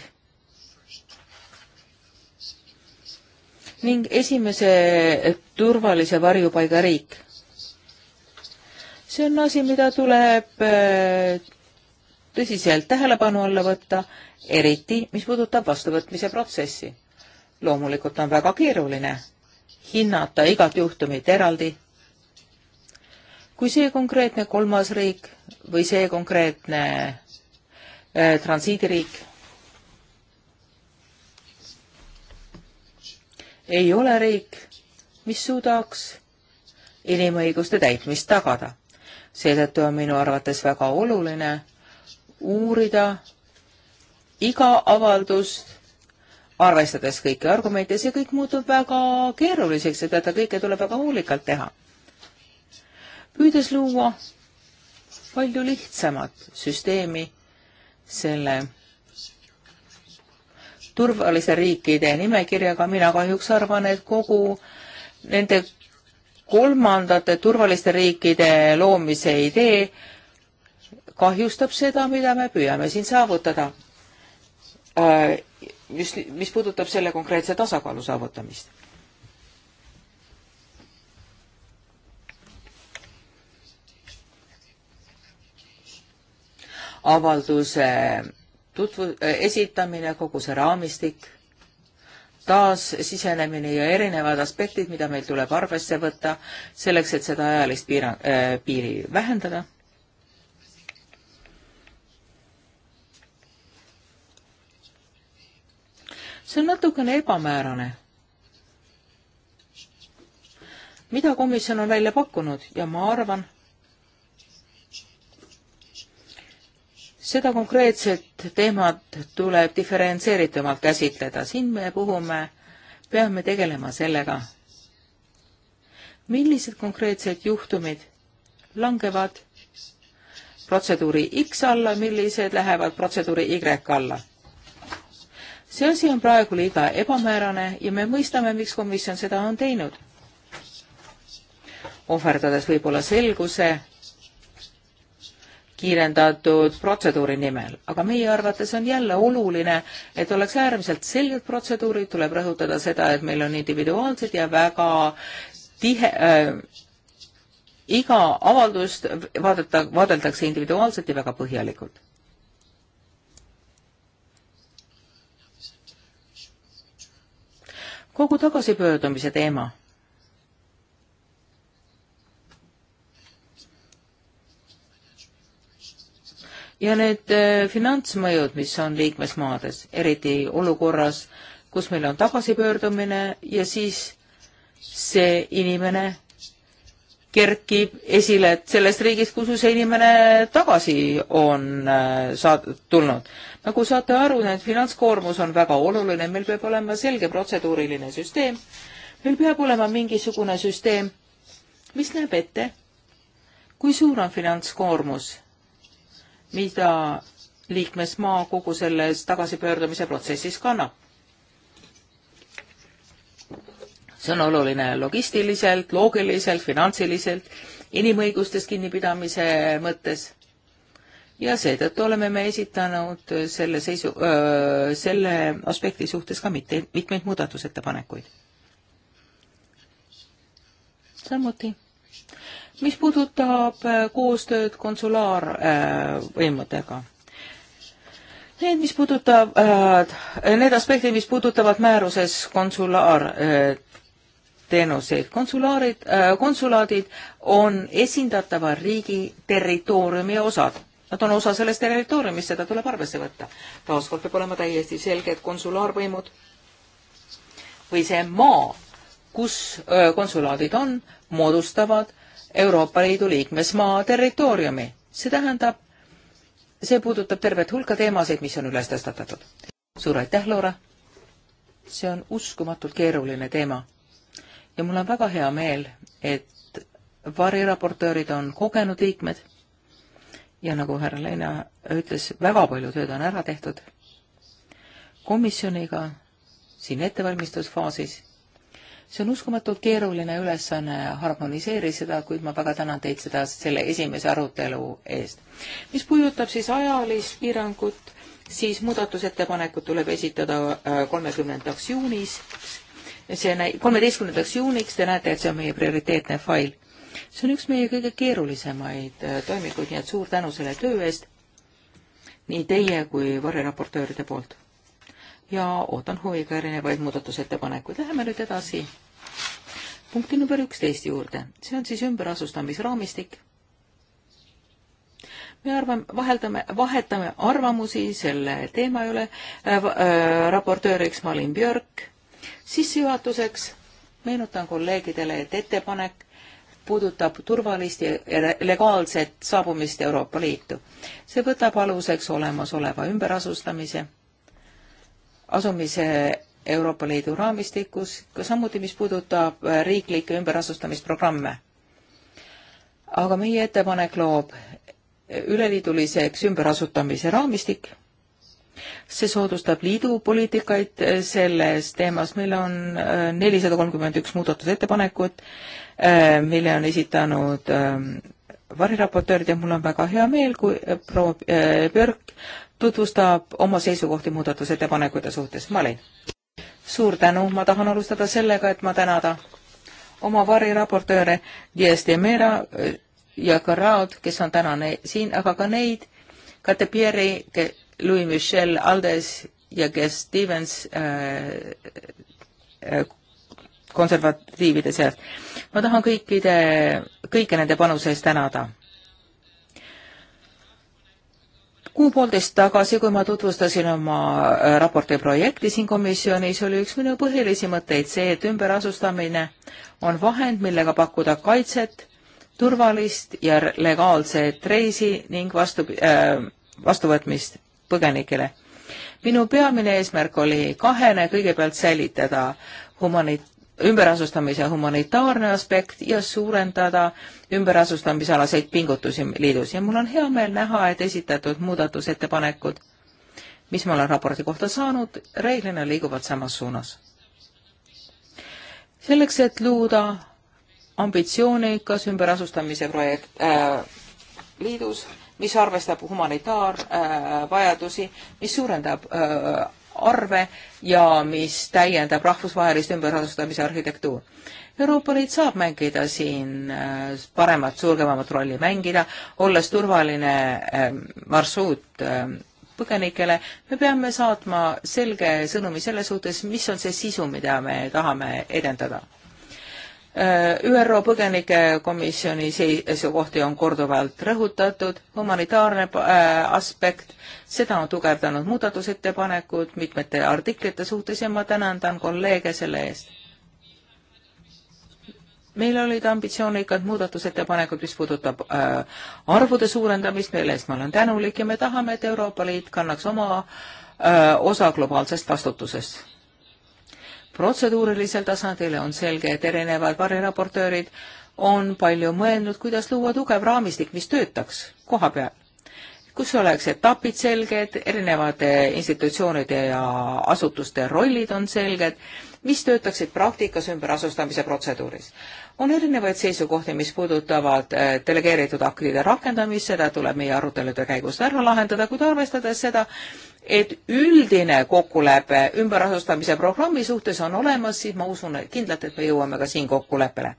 ning esimese turvalise varjupaiga riik. see on asi, mida tuleb äh, tõsiselt tähelepanu alla võtta, eriti mis puudutab vastuvõtmise protsessi. loomulikult on väga keeruline hinnata igat juhtumit eraldi. kui see konkreetne kolmas riik või see konkreetne äh, transiidiriik ei ole riik, mis suudaks inimõiguste täitmist tagada. seetõttu on minu arvates väga oluline uurida iga avaldust, arvestades kõiki argumente, see kõik muutub väga keeruliseks, et seda kõike tuleb väga hoolikalt teha. püüdes luua palju lihtsamat süsteemi selle turvalise riikide nimekirjaga, mina kahjuks arvan, et kogu nende kolmandate turvaliste riikide loomise idee kahjustab seda, mida me püüame siin saavutada. Äh, just, mis puudutab selle konkreetse tasakaalu saavutamist. avalduse tutvu-, äh, esitamine, kogu see raamistik, taassisenemine ja erinevad aspektid, mida meil tuleb arvesse võtta selleks, et seda ajalist piira- äh,, piiri vähendada see on natukene ebamäärane. mida komisjon on välja pakkunud ja ma arvan, seda konkreetset teemat tuleb diferentseeritumalt käsitleda. siin me puhume, peame tegelema sellega, millised konkreetsed juhtumid langevad protseduuri X alla, millised lähevad protseduuri Y alla see asi on praegu liiga ebamäärane ja me mõistame, miks komisjon seda on teinud. ohverdades võib-olla selguse kiirendatud protseduuri nimel, aga meie arvates on jälle oluline, et oleks äärmiselt selged protseduurid, tuleb rõhutada seda, et meil on individuaalsed ja väga tihe äh,, iga avaldust vaadata, vaadeldakse individuaalselt ja väga põhjalikult kogu tagasipöördumise teema. ja need äh, finantsmõjud, mis on liikmesmaades, eriti olukorras, kus meil on tagasipöördumine ja siis see inimene kerkib esile sellest riigist, kuhu see inimene tagasi on äh, saad-, tulnud nagu saate aru, need finantskoormus on väga oluline, meil peab olema selge protseduuriline süsteem, meil peab olema mingisugune süsteem, mis näeb ette, kui suur on finantskoormus, mida liikmesmaa kogu selles tagasipöördumise protsessis kannab. see on oluline logistiliselt, loogiliselt, finantsiliselt, inimõigustest kinnipidamise mõttes ja seetõttu oleme me esitanud selle seisu, selle aspekti suhtes ka mitte, mitmeid muudatusettepanekuid. samuti, mis puudutab koostööd konsulaarvõimudega Need, mis puudutab äh,, need aspektid, mis puudutavad määruses konsulaarteenuseid äh,. konsulaarid äh,, konsulaadid on esindatava riigi territooriumi osad Nad on osa sellest territooriumist, seda tuleb arvesse võtta. taaskord peab olema täiesti selge, et konsulaarvõimud või see maa, kus konsulaadid on, moodustavad Euroopa Liidu liikmesmaa territooriumi. see tähendab, see puudutab tervet hulka teemasid, mis on üles tõstatatud. suur aitäh, Laura! see on uskumatult keeruline teema. ja mul on väga hea meel, et variraportöörid on kogenud liikmed ja nagu härra Leena ütles, väga palju tööd on ära tehtud komisjoniga siin ettevalmistusfaasis. see on uskumatult keeruline ülesanne, harmoniseeri seda, kuid ma väga tänan teid seda, selle esimese arutelu eest. mis puudutab siis ajalist piirangut, siis muudatusettepanekud tuleb esitada äh, kolmekümnendaks juuniks see näi-, kolmeteistkümnendaks juuniks, te näete, et see on meie prioriteetne fail see on üks meie kõige keerulisemaid äh, toimikuid, nii et suur tänu selle töö eest, nii teie kui varjeraportööride poolt. ja ootan huviga erinevaid muudatusettepanekuid. Läheme nüüd edasi punkti number üksteist juurde, see on siis ümberasustamisraamistik me arvame, vaheldame, vahetame arvamusi selle teema üle äh,. Äh, raportööriks ma olin Björk. sissejuhatuseks meenutan kolleegidele, et ettepanek puudutab turvalist ja legaalset saabumist Euroopa Liitu. see võtab aluseks olemasoleva ümberasustamise, asumise Euroopa Liidu raamistikus, ka samuti, mis puudutab äh, riiklikke ümberasustamisprogramme. aga meie ettepanek loob äh, üleliiduliseks ümberasutamise raamistik see soodustab liidu poliitikaid selles teemas, meil on äh, nelisada kolmkümmend üks muudatusettepanekut, äh, mille on esitanud ähm, variraportöörid ja mul on väga hea meel, kui äh, proua Björk tutvustab oma seisukohti muudatusettepanekute suhtes. Malin. suur tänu, ma tahan alustada sellega, et ma tänada oma variraportööre Dias de Mera ja Carraod, kes on täna siin, aga ka neid, Kate Pieri, Louis Michel Aldes ja kes Stevens äh, äh, konservatiivide seast. ma tahan kõikide, kõike nende panuse eest tänada. kuu-poolteist tagasi, kui ma tutvustasin oma äh, raporti projekti siin komisjonis, oli üks minu põhilisi mõtteid see, et ümberasustamine on vahend, millega pakkuda kaitset, turvalist ja legaalset reisi ning vastu äh,, vastuvõtmist põgenikele. minu peamine eesmärk oli kahene, kõigepealt säilitada humanit-, ümberasustamise humanitaarne aspekt ja suurendada ümberasustamisalaseid pingutusi liidus ja mul on hea meel näha, et esitatud muudatusettepanekud, mis ma olen raporti kohta saanud, reeglina liiguvad samas suunas. selleks, et luuda ambitsioonikas ümberasustamise projekt äh, liidus mis arvestab humanitaarvajadusi, äh, mis suurendab äh, arve ja mis täiendab rahvusvahelist ümberasustamise arhitektuur. Euroopa Liit saab mängida siin äh, paremat, suurgemat rolli mängida, olles turvaline marsruut põgenikele, me peame saatma selge sõnumi selle suhtes, mis on see sisu, mida me tahame edendada Äh, ÜRO põgenike komisjoni seisukohti on korduvalt rõhutatud, humanitaarne äh, aspekt, seda on tugevdanud muudatusettepanekud mitmete artiklite suhtes ja ma tänandan kolleege selle eest. meil olid ambitsioonikad muudatusettepanekud, mis puudutab äh, arvude suurendamist, mille eest ma olen tänulik ja me tahame, et Euroopa Liit kannaks oma äh, osa globaalsest vastutusest protseduurilisel tasandil on selge, et erinevad variraportöörid on palju mõelnud, kuidas luua tugev raamistik, mis töötaks koha peal kus oleks etapid selged, erinevate institutsioonide ja asutuste rollid on selged, mis töötaksid praktikas ümberasustamise protseduuris. on erinevaid seisukohti, mis puudutavad äh, delegeeritud aktide rakendamist, seda tuleb meie arutelude käigus ära lahendada, kuid arvestades seda, et üldine kokkulepe ümberasustamise programmi suhtes on olemas, siis ma usun et kindlalt, et me jõuame ka siin kokkuleppele.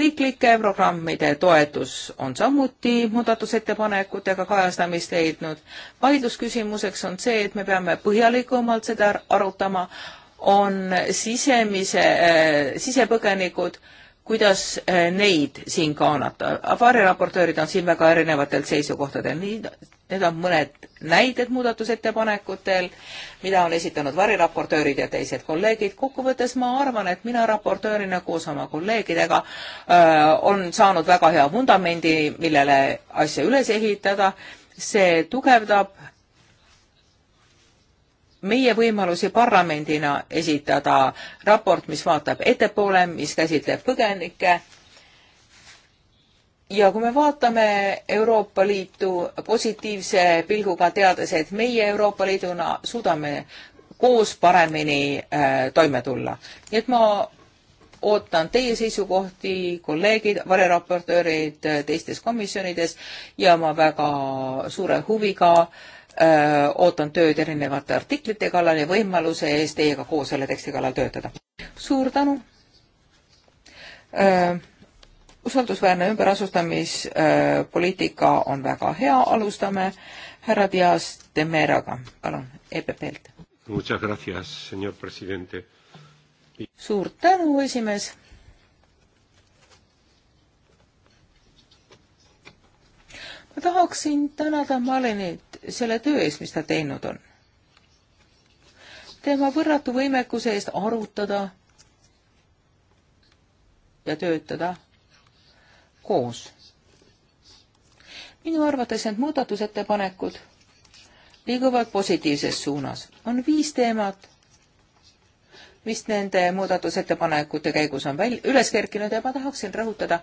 riiklike programmide toetus on samuti muudatusettepanekutega kajastamist leidnud. vaidlusküsimuseks on see, et me peame põhjalikumalt seda arutama, on sisemise äh,, sisepõgenikud äh, kuidas äh, neid siin kaanata. variraportöörid on siin väga erinevatel seisukohtadel, nii need on mõned näited muudatusettepanekutel, mida on esitanud variraportöörid ja teised kolleegid. kokkuvõttes ma arvan, et mina raportöörina koos oma kolleegidega öö, äh, on saanud väga hea vundamendi, millele asja üles ehitada. see tugevdab meie võimalusi parlamendina esitada raport, mis vaatab ettepoole, mis käsitleb põgenikke. ja kui me vaatame Euroopa Liitu positiivse pilguga, teades, et meie Euroopa Liiduna suudame koos paremini äh, toime tulla. nii et ma ootan teie seisukohti, kolleegid, vareraportöörid äh, teistes komisjonides ja ma väga suure huviga äh, Äh, ootan tööd erinevate artiklite kallal ja võimaluse eest teiega koos selle teksti kallal töötada. suur tänu. Äh, usaldusväärne ümberasustamispoliitika on väga hea, alustame härra Dias de Meraga, palun, EPP-lt. suur tänu, esimees ma tahaksin tänada Malenit selle töö eest, mis ta teinud on. tema võrratu võimekuse eest arutada ja töötada koos. minu arvates need muudatusettepanekud liiguvad positiivses suunas. on viis teemat, mis nende muudatusettepanekute käigus on väl-, üles kerkinud ja ma tahaksin rõhutada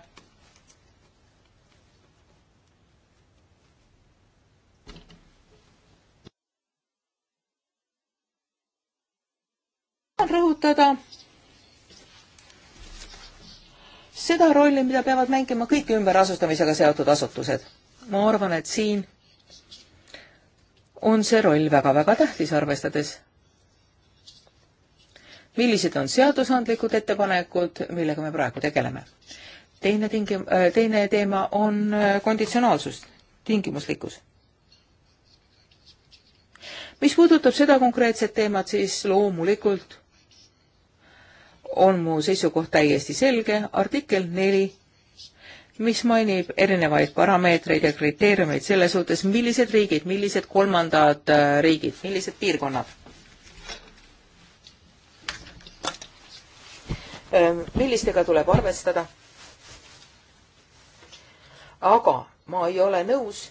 rõhutada seda rolli, mida peavad mängima kõik ümberasustamisega seotud asutused. ma arvan, et siin on see roll väga-väga tähtis, arvestades millised on seadusandlikud ettepanekud, millega me praegu tegeleme. teine tingi-, äh, teine teema on äh, konditsionaalsus, tingimuslikkus. mis puudutab seda konkreetset teemat, siis loomulikult on mu seisukoht täiesti selge, artikkel neli, mis mainib erinevaid parameetreid ja kriteeriumeid selle suhtes, millised riigid, millised kolmandad äh, riigid, millised piirkonnad. Ähm, millistega tuleb arvestada? aga ma ei ole nõus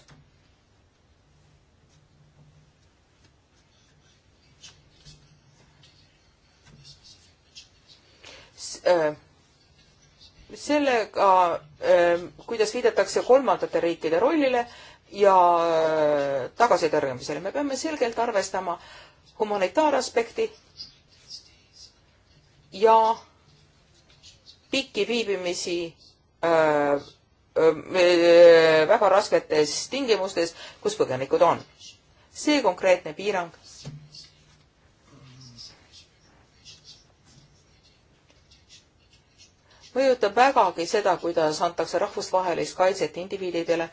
Äh, sellega, äh, kuidas viidatakse kolmandate riikide rollile ja äh, tagasitõrjumisele. me peame selgelt arvestama humanitaaraspekti ja pikki viibimisi äh, äh, väga rasketes tingimustes, kus põgenikud on. see konkreetne piirang mõjutab vägagi seda, kuidas antakse rahvusvahelist kaitset indiviididele,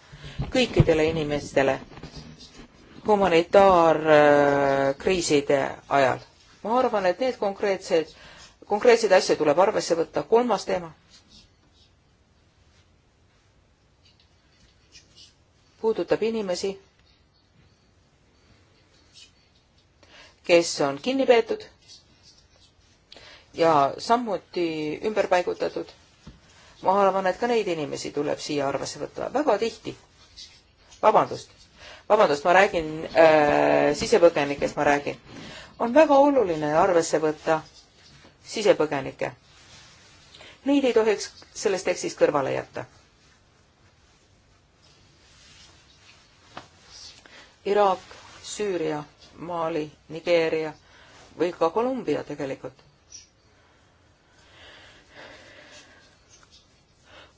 kõikidele inimestele humanitaarkriiside ajal. ma arvan, et need konkreetsed, konkreetseid asju tuleb arvesse võtta. kolmas teema puudutab inimesi, kes on kinni peetud ja samuti ümber paigutatud. ma arvan, et ka neid inimesi tuleb siia arvesse võtta väga tihti. vabandust, vabandust, ma räägin äh, sisepõgenikest, ma räägin. on väga oluline arvesse võtta sisepõgenikke. Neid ei tohiks sellest tekstist kõrvale jätta. Iraak, Süüria, Mali, Nigeeria või ka Kolumbia tegelikult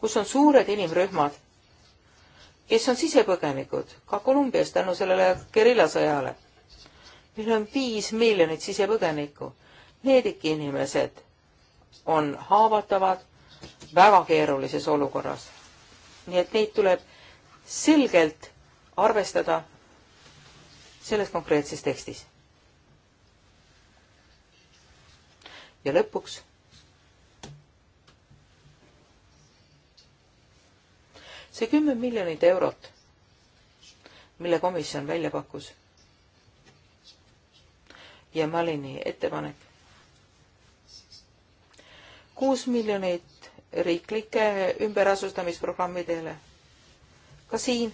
kus on suured inimrühmad, kes on sisepõgenikud, ka Kolumbias tänu sellele gerilasõjale. meil on viis miljonit sisepõgenikku. Need ikka inimesed on haavatavad, väga keerulises olukorras. nii et neid tuleb selgelt arvestada selles konkreetses tekstis. ja lõpuks see kümme miljonit eurot, mille komisjon välja pakkus ja Malini ettepanek. kuus miljonit riiklike ümberasustamisprogrammidele. ka siin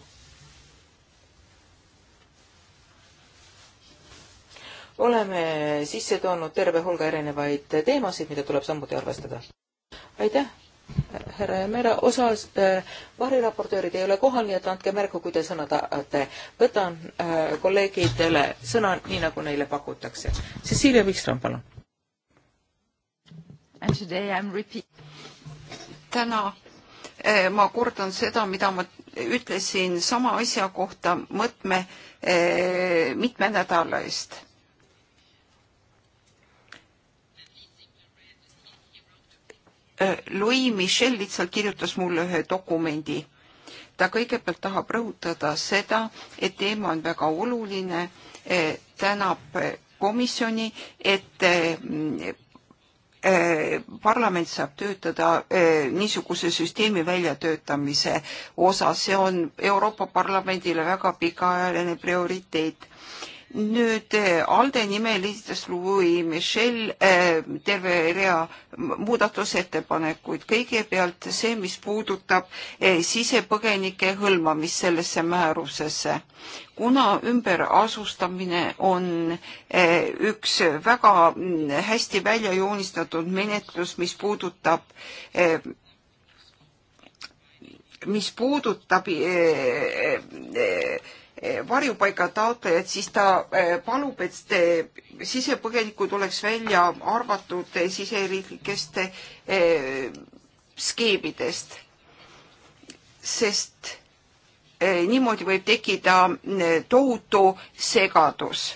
oleme sisse toonud terve hulga erinevaid teemasid, mida tuleb samuti arvestada. aitäh! härra Emera osas äh, variraportöörid ei ole kohal, nii et andke märku, kui te sõna tahate. võtan äh, kolleegidele sõna nii, nagu neile pakutakse. Cecilia Wikström, palun. täna äh, ma kordan seda, mida ma ütlesin sama asja kohta mõtme, äh, mitme nädala eest Äh, Louis Michel lihtsalt kirjutas mulle ühe dokumendi. ta kõigepealt tahab rõhutada seda, et teema on väga oluline, äh, tänab äh, komisjoni, et parlament saab töötada niisuguse süsteemi väljatöötamise osas, see on Euroopa Parlamendile väga pikaajaline prioriteet nüüd eh, ALDE nimel esitas Louis Michel eh, terve rea muudatusettepanekuid. kõigepealt see, mis puudutab eh, sisepõgenike hõlmamist sellesse määrusesse. kuna ümberasustamine on üks väga mm, hästi välja joonistatud menetlus, mis puudutab mis puudutab varjupaiga taotlejat, siis ta eh, palub, et sisepõgenikud oleks välja arvatud siseriiklikest eh, skeemidest, sest eh, niimoodi võib tekkida tohutu segadus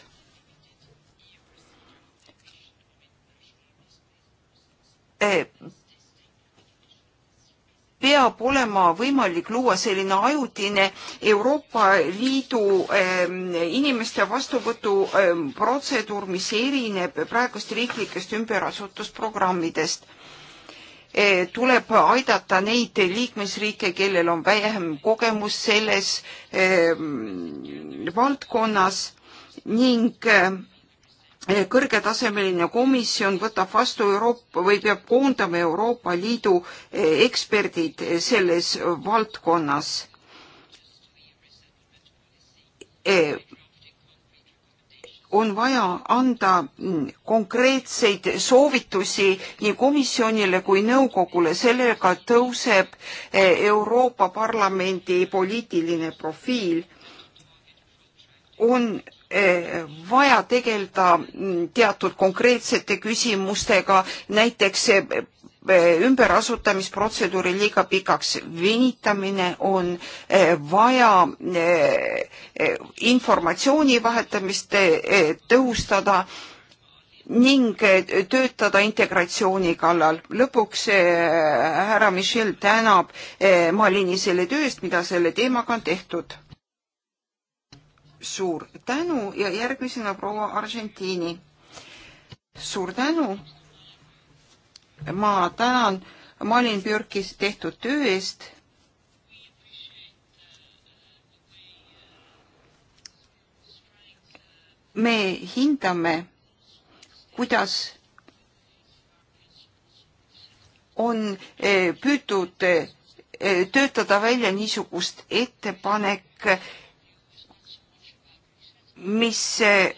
peab olema võimalik luua selline ajutine Euroopa Liidu ehm, inimeste vastuvõtu ehm, protseduur, mis erineb praegust riiklikest ümberasutusprogrammidest. E, tuleb aidata neid liikmesriike, kellel on vähem kogemus selles ehm, valdkonnas ning Eh, kõrgetasemeline komisjon võtab vastu Euroopa või peab koondama Euroopa Liidu eh, eksperdid eh, selles valdkonnas on vaja anda mm, konkreetseid soovitusi nii komisjonile kui nõukogule. Sellega tõuseb Euroopa Parlamendi poliitiline profiil. On Eh, vaja tegeleda mm, teatud konkreetsete küsimustega, näiteks eh, eh, ümberasutamisprotseduuri liiga pikaks venitamine, on vaja informatsiooni vahetamist tõhustada ning töötada integratsiooni kallal. lõpuks härra Michel tänab Malini selle töö eest, mida selle teemaga on tehtud suur tänu ja järgmisena proua Argentiini. suur tänu. ma tänan Malin Björkis tehtud töö eest. me hindame, kuidas on eh, püütud eh, töötada välja niisugust ettepanek, mis eh,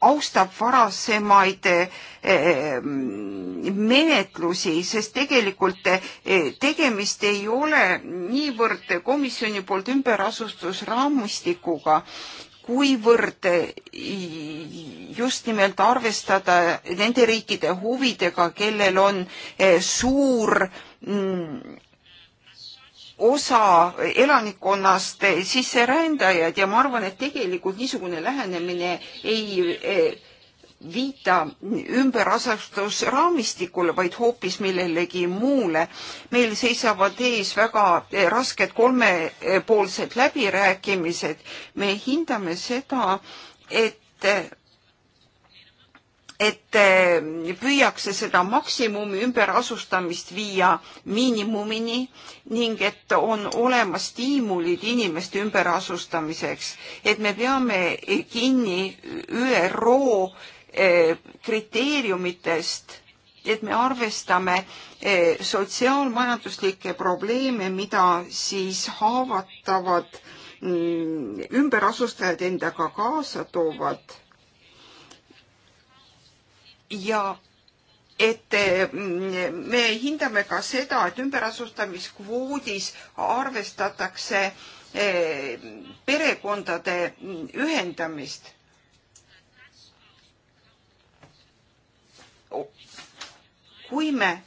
austab varasemaid eh, eh, menetlusi, sest tegelikult tegemist ei ole niivõrd komisjoni poolt ümberasustusraamistikuga, kuivõrd just nimelt arvestada nende riikide huvidega, kellel on suur mm, osa elanikkonnast sisserändajad ja ma arvan, et tegelikult niisugune lähenemine ei e, viita ümberasustusraamistikule, vaid hoopis millelegi muule. meil seisavad ees väga e, rasked kolmepoolsed läbirääkimised. me hindame seda, et et eh, püüakse seda maksimumi ümberasustamist viia miinimumini ning et on olemas stiimulid inimeste ümberasustamiseks, et me peame kinni ÜRO eh, kriteeriumitest, et me arvestame eh, sotsiaalmajanduslikke probleeme, mida siis haavatavad mm, ümberasustajad endaga kaasa toovad ja et mm, me hindame ka seda, et ümberasustamiskvoodis arvestatakse eh, perekondade ühendamist. kui me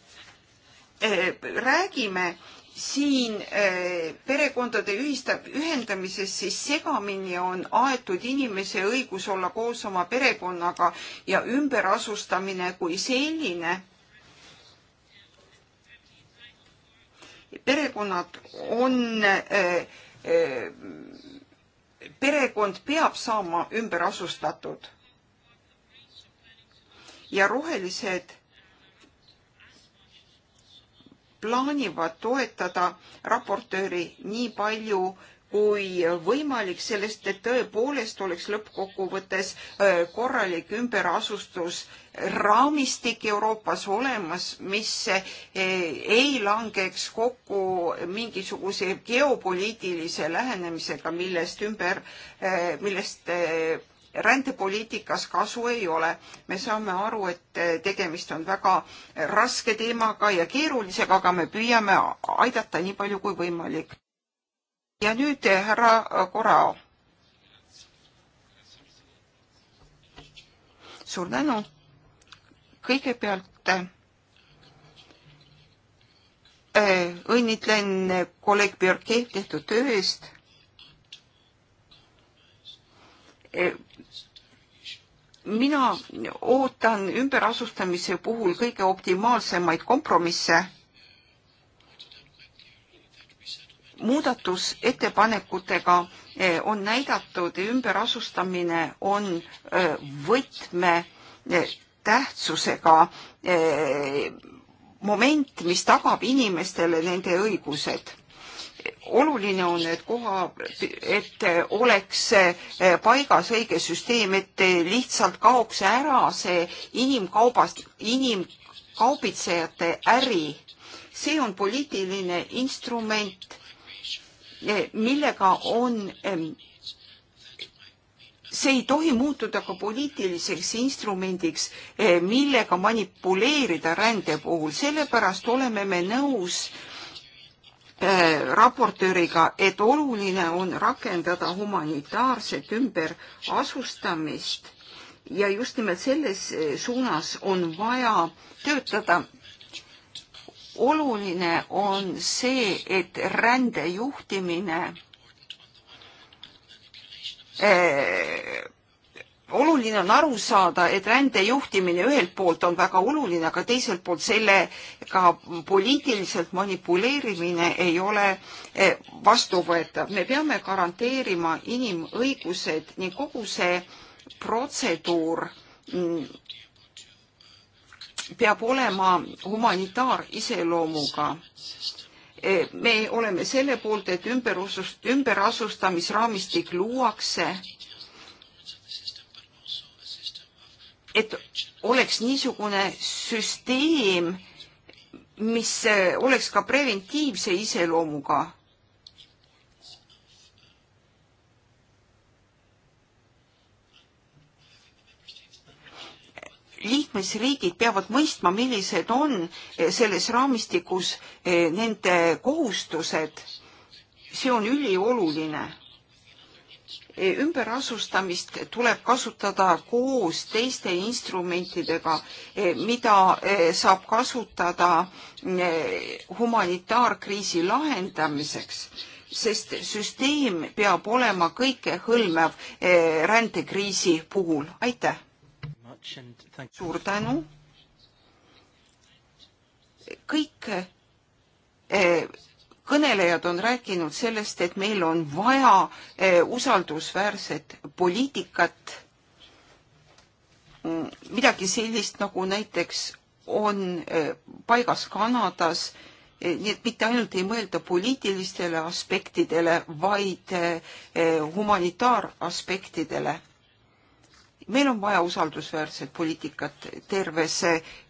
eh, räägime siin äh, perekondade ühistab, ühendamises siis segamini on aetud inimese õigus olla koos oma perekonnaga ja ümberasustamine kui selline. perekonnad on, äh, äh, perekond peab saama ümberasustatud ja rohelised plaanivad toetada raportööri nii palju kui võimalik sellest, et tõepoolest oleks lõppkokkuvõttes korralik ümberasustusraamistik Euroopas olemas, mis ei langeks kokku mingisuguse geopoliitilise lähenemisega, millest ümber, millest rändepoliitikas kasu ei ole. me saame aru, et eh, tegemist on väga raske teemaga ja keerulisega, aga me püüame aidata nii palju kui võimalik. ja nüüd eh, härra eh, Korao. suur tänu. kõigepealt õnnitlen kolleeg Björki tehtud töö eest mina ootan ümberasustamise puhul kõige optimaalsemaid kompromisse. muudatusettepanekutega eh, on näidatud, ümberasustamine on eh, võtme eh, tähtsusega moment, mis tagab inimestele nende õigused oluline on, et koha, et oleks eh, paigas õige süsteem, et lihtsalt kaoks ära see inimkaubast, inimkaubitsejate äri. see on poliitiline instrument, eh, millega on see ei tohi muutuda ka poliitiliseks instrumendiks, eh, millega manipuleerida rände puhul, sellepärast oleme me nõus äh, Äh, raportööriga, et oluline on rakendada humanitaarset ümberasustamist ja just nimelt selles äh, suunas on vaja töötada. oluline on see, et rände juhtimine äh, oluline on aru saada, et rände juhtimine ühelt poolt on väga oluline, aga teiselt poolt sellega poliitiliselt manipuleerimine ei ole eh, vastuvõetav. me peame garanteerima inimõigused ning kogu see protseduur mm, peab olema humanitaariseloomuga eh, me oleme selle poolt, et ümberasustamisraamistik luuakse et oleks niisugune süsteem, mis oleks ka preventiivse iseloomuga. liikmesriigid peavad mõistma, millised on selles raamistikus nende kohustused. see on ülioluline ümberasustamist tuleb kasutada koos teiste instrumentidega, eh, mida eh, saab kasutada eh, humanitaarkriisi lahendamiseks, sest süsteem peab olema kõikehõlmav rändekriisi puhul. aitäh! suur tänu! kõik kõnelejad on rääkinud sellest, et meil on vaja eh, usaldusväärset poliitikat, mm, midagi sellist, nagu näiteks on eh, paigas Kanadas, eh, nii et mitte ainult ei mõelda poliitilistele aspektidele, vaid humanitaaraspektidele. meil on vaja usaldusväärset poliitikat terves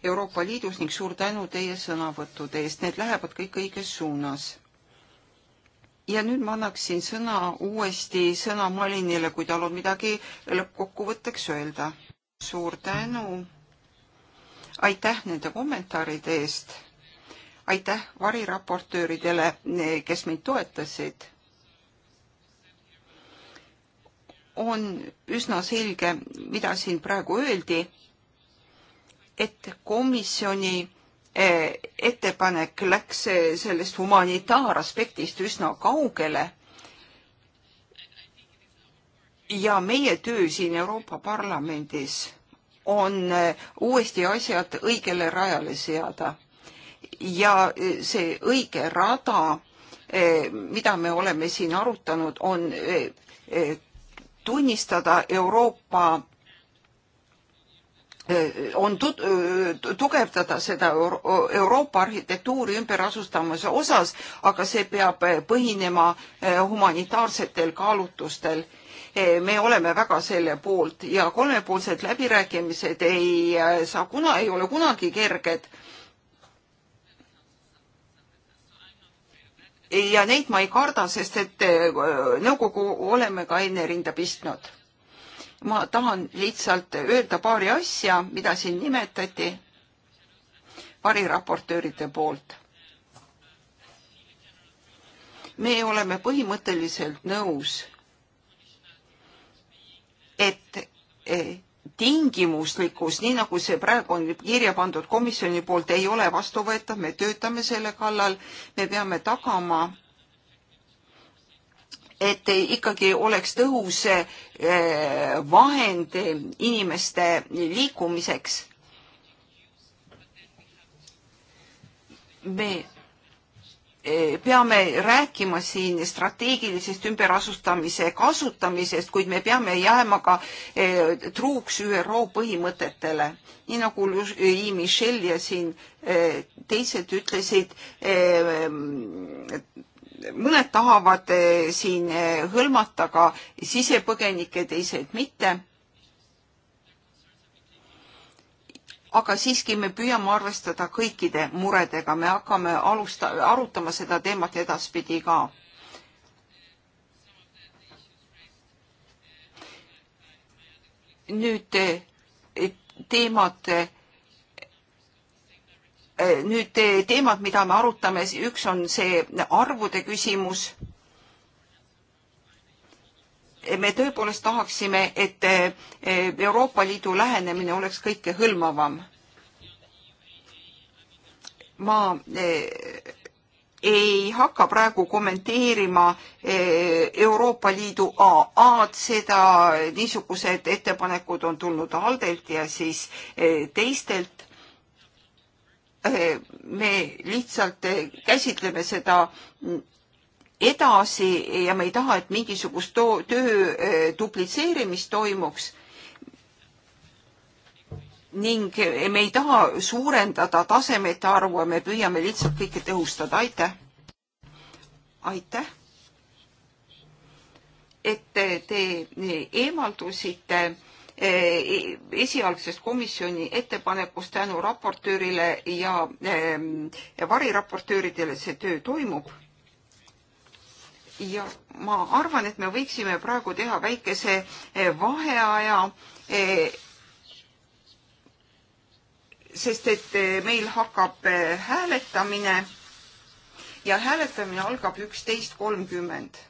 Euroopa Liidus ning suur tänu teie sõnavõttude eest, need lähevad kõik õiges suunas ja nüüd ma annaksin sõna uuesti sõna Malinile, kui tal on midagi lõppkokkuvõtteks öelda. suur tänu. aitäh nende kommentaaride eest. aitäh variraportööridele, kes mind toetasid. on üsna selge, mida siin praegu öeldi, et komisjoni E, ettepanek läks e, sellest humanitaaraspektist üsna kaugele. ja meie töö siin Euroopa Parlamendis on e, uuesti asjad õigele rajale seada. ja see õige rada, mida me oleme siin arutanud, on tunnistada Euroopa Äh, on tut-, äh, tugevdada seda Euro Euroopa arhitektuuri ümberasustamise osas, aga see peab äh, põhinema humanitaarsetel kaalutlustel. me oleme väga selle poolt ja kolmepoolsed läbirääkimised ei saa kuna, ei ole kunagi kerged. ja neid ma ei karda, sest et nõukogu oleme ka enne rinda pistnud ma tahan lihtsalt öelda paari asja, mida siin nimetati variraportööride poolt. me oleme põhimõtteliselt nõus, et e, tingimuslikkus, nii nagu see praegu on kirja pandud komisjoni poolt, ei ole vastuvõetav, me töötame selle kallal, me peame tagama et ikkagi oleks tõhus eh, vahend inimeste liikumiseks. me eh, peame rääkima siin strateegilisest ümberasustamise kasutamisest, kuid me peame jääma ka eh, truuks ÜRO põhimõtetele. nii nagu Louis Michel ja siin teised ütlesid, mõned tahavad eh, siin eh, hõlmata ka sisepõgenikke, teised mitte. aga siiski me püüame arvestada kõikide muredega, me hakkame alusta-, arutama seda teemat edaspidi ka. nüüd eh, teemad Äh, nüüd teemad, mida me arutame, üks on see arvude küsimus. Äh, me tõepoolest tahaksime, et äh, Euroopa Liidu lähenemine oleks kõikehõlmavam. ma ei hakka praegu kommenteerima Euroopa Liidu AA-d, seda, niisugused ettepanekud on tulnud Aldelt ja siis teistelt Eh, me lihtsalt eh, käsitleme seda edasi ja me ei taha, et mingisugust töö eh, duplitseerimist toimuks. ning me ei taha suurendada tasemete arvu, me püüame lihtsalt kõike tõhustada, aitäh. aitäh. et te eemaldusite Eh, esialgsest komisjoni ettepanekust tänu raportöörile ja, ehm, ja variraportööridele see töö toimub. ja ma arvan, et me võiksime praegu teha väikese eh, vaheaja eh, sest et meil hakkab hääletamine ja hääletamine algab üksteist kolmkümmend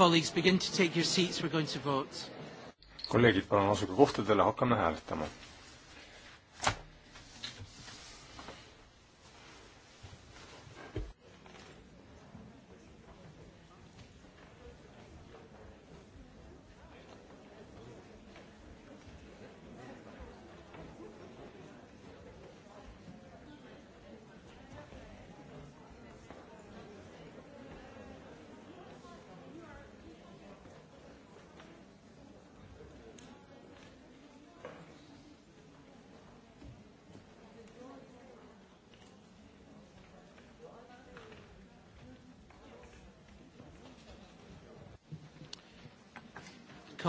colleagues begin to take your seats, we are going to vote. kolleegid, palun asuge kohtadele, hakkame hääletama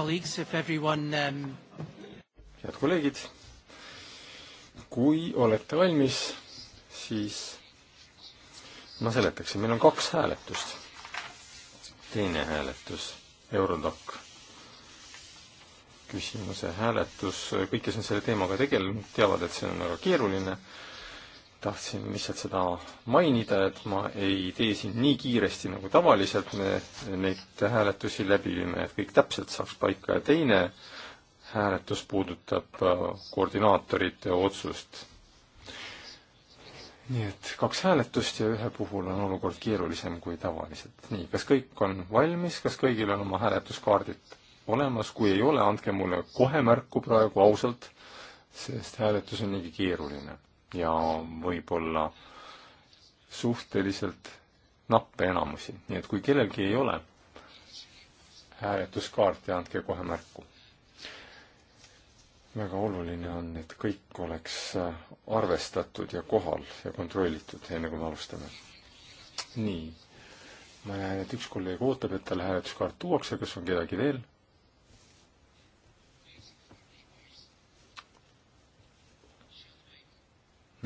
colleagues, if everyone um... head kolleegid, kui olete valmis, siis ma seletaksin, meil on kaks hääletust. teine hääletus, Eurodoc küsimuse hääletus, kõik, kes on selle teemaga tegelenud, teavad, et see on väga keeruline tahtsin lihtsalt seda mainida, et ma ei tee siin nii kiiresti, nagu tavaliselt me neid hääletusi läbi viime, et kõik täpselt saaks paika ja teine hääletus puudutab äh, koordinaatorite otsust. nii et kaks hääletust ja ühe puhul on olukord keerulisem kui tavaliselt. nii, kas kõik on valmis, kas kõigil on oma hääletuskaardid olemas, kui ei ole, andke mulle kohe märku praegu ausalt, sest hääletus on niigi keeruline ja võib-olla suhteliselt nappe enamusi, nii et kui kellelgi ei ole hääletuskaarti, andke kohe märku. väga oluline on, et kõik oleks arvestatud ja kohal ja kontrollitud, enne kui me alustame. nii, ma näen, et üks kolleeg ootab, et talle hääletuskaart tuuakse, kas on kedagi veel?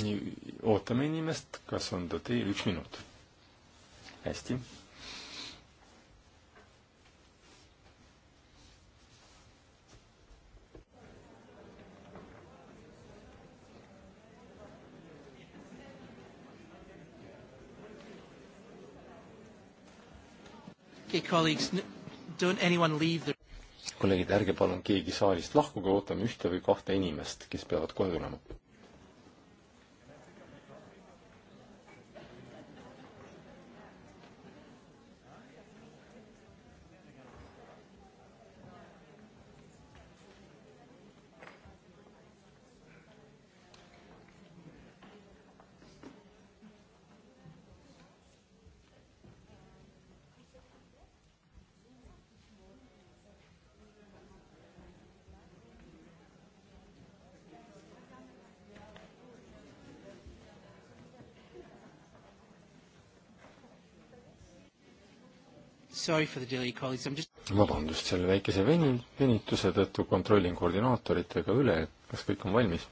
nii, ootame inimest, kas on ta teel, üks minut. hästi. Okay, colleagues, don't anyone leave the kolleegid, ärge palun keegi saalist lahkuge, ootame ühte või kahte inimest, kes peavad kohe tulema. vabandust selle väikese veni-, venituse tõttu, kontrollin koordinaatoritega üle, kas kõik on valmis.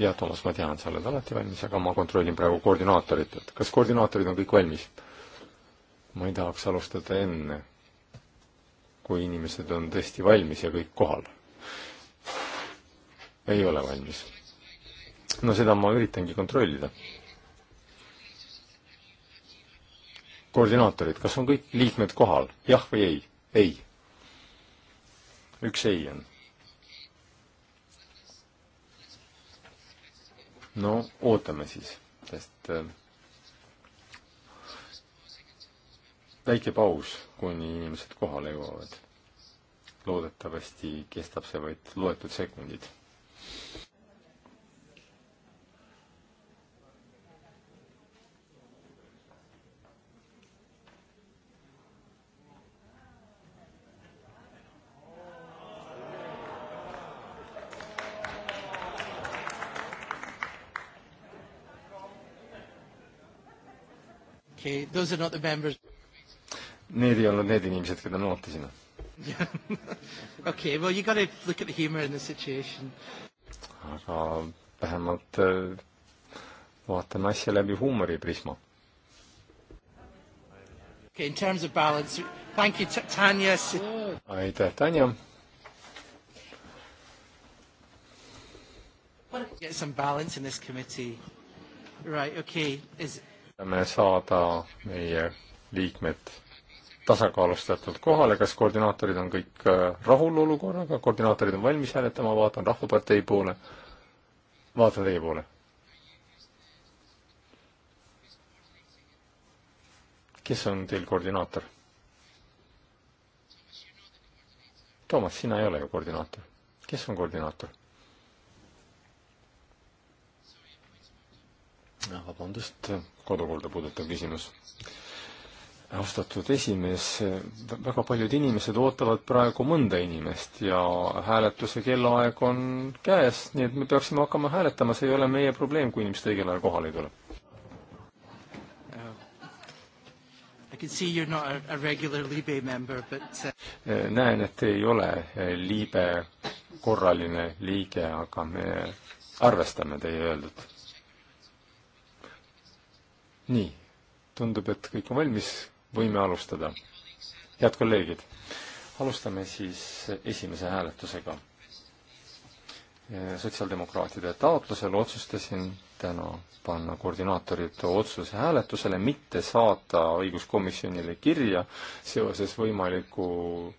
jaa, Toomas, ma tean, sa oled alati valmis, aga ma kontrollin praegu koordinaatoritelt. kas koordinaatorid on kõik valmis? ma ei tahaks alustada enne, kui inimesed on tõesti valmis ja kõik kohal. ei ole valmis. no seda ma üritangi kontrollida koordinaatorid, kas on kõik liikmed kohal, jah või ei? ei. üks ei on. no ootame siis, sest äh, väike paus, kuni inimesed kohale jõuavad. loodetavasti kestab see vaid loetud sekundid okay, those are not the members. Need ei olnud need inimesed, keda me ootasime. Okay, well you gotta look at the humor in the situation. aga vähemalt äh, vaatame asja läbi huumoriprisma. Okay, in terms of balance, thank you Tanja. aitäh, Tanja. Get some balance in this committee. Right, okay, is üritame saada meie liikmed tasakaalustatult kohale, kas koordinaatorid on kõik äh, rahul olukorraga, koordinaatorid on valmis hääletama, vaatan Rahvapartei poole, vaatan teie poole. kes on teil koordinaator? Toomas, sina ei ole ju koordinaator. kes on koordinaator? vabandust, kodukorda puudutav küsimus. austatud esimees, väga paljud inimesed ootavad praegu mõnda inimest ja hääletuse kellaaeg on käes, nii et me peaksime hakkama hääletama, see ei ole meie probleem, kui inimesed õigel ajal kohale ei tule. Uh, eh, näen, et te ei ole eh, liibe korraline liige, aga me arvestame teie öeldut nii, tundub, et kõik on valmis, võime alustada. head kolleegid, alustame siis esimese hääletusega. sotsiaaldemokraatide taotlusel otsustasin täna panna koordinaatorite otsuse hääletusele, mitte saata õiguskomisjonile kirja seoses võimaliku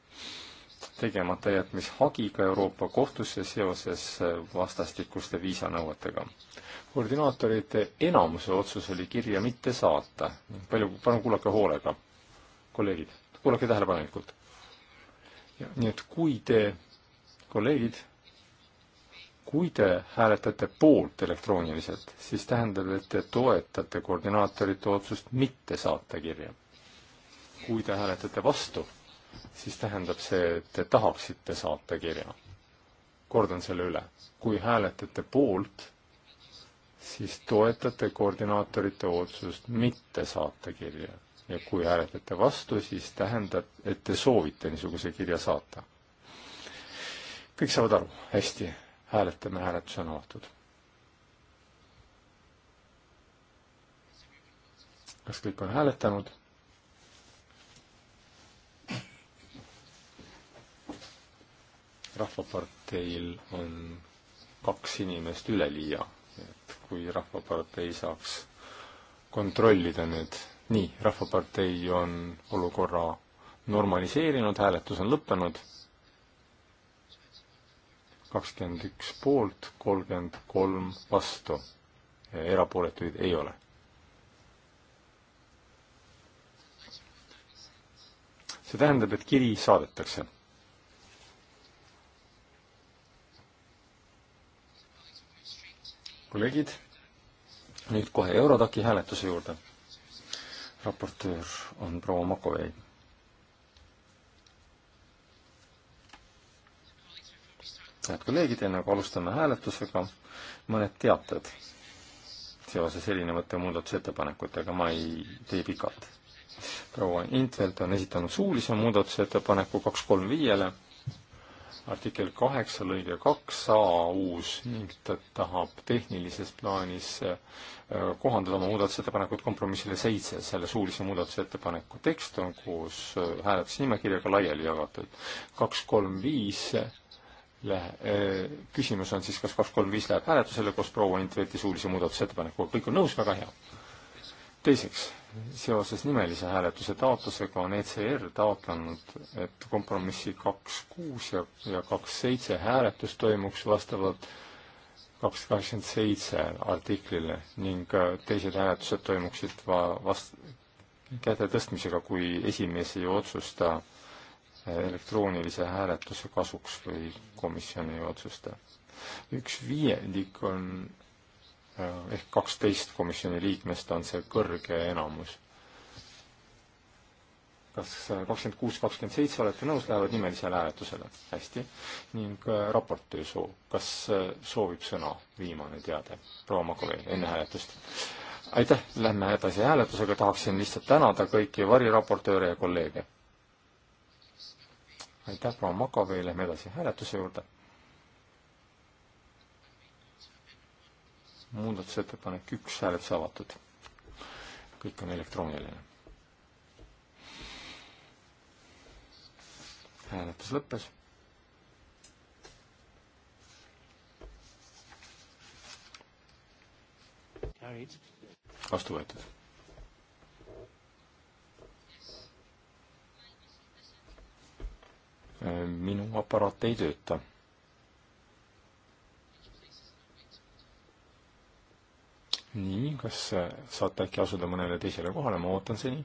tegemata jätmishagiga Euroopa Kohtusse seoses vastastikuste viisanõuetega koordinaatorite enamuse otsus oli kirja mitte saata. palju, palun kuulake hoolega, kolleegid, kuulake tähelepanelikult. nii et kui te, kolleegid, kui te hääletate poolt elektrooniliselt, siis tähendab, et te toetate koordinaatorite otsust mitte saata kirja. kui te hääletate vastu, siis tähendab see, et te tahaksite saata kirja. kordan selle üle, kui hääletate poolt siis toetate koordinaatorite otsust mitte saata kirja. ja kui hääletate vastu, siis tähendab, et te soovite niisuguse kirja saata. kõik saavad aru, hästi, hääletame, hääletus on avatud. kas kõik on hääletanud? rahvaparteil on kaks inimest üleliia kui Rahvapartei saaks kontrollida nüüd. nii, Rahvapartei on olukorra normaliseerinud, hääletus on lõppenud, kakskümmend üks poolt, kolmkümmend kolm vastu. erapooletuid ei ole. see tähendab, et kiri saadetakse kolleegid, nüüd kohe Eurodaki hääletuse juurde. raportöör on proua Makovei. head kolleegid, enne kui alustame hääletusega, mõned teated seoses erinevate muudatusettepanekutega, ma ei tee pikalt. proua Intvelt on esitanud suulise muudatusettepaneku kaks kolm viiele artikkel kaheksa lõige kaks A uus ning ta tahab tehnilises plaanis äh, kohandada oma muudatusettepanekut kompromissile seitse, selle suulise muudatusettepaneku tekst on koos äh, hääletusnimekirjaga laiali jagatud. kaks, kolm, viis lähe-, äh, küsimus on siis, kas kaks, kolm, viis läheb hääletusele koos proua Intvelti suulise muudatusettepanekuga, kõik on nõus, väga hea teiseks, seoses nimelise hääletuse taotlusega on ECR taotlenud, et kompromissi kaks kuus ja, ja kaks seitse hääletus toimuks vastavalt kaks kaheksakümmend seitse artiklile ning äh, teised hääletused toimuksid va-, vast-, käte tõstmisega, kui esimees ei otsusta äh, elektroonilise hääletuse kasuks või komisjon ei otsusta. üks viiendik on Äh, ehk kaksteist komisjoni liikmest on see kõrge enamus. kas äh, kakskümmend kuus, kakskümmend seitse olete nõus, lähevad nimelisele hääletusele? hästi. ning äh, raportöö soov, kas soovib sõna viimane teade? proua Makovei, enne hääletust. aitäh, lähme edasi hääletusega, tahaksin lihtsalt tänada kõiki variraportööre ja kolleege. aitäh proua Makoveile, lähme edasi hääletuse juurde muudatusettepanek üks, hääletus avatud. kõik on elektrooniline. hääletus lõppes. vastu võetud. minu aparaat ei tööta nii, kas äh, saate äkki asuda mõnele teisele kohale, ma ootan seni.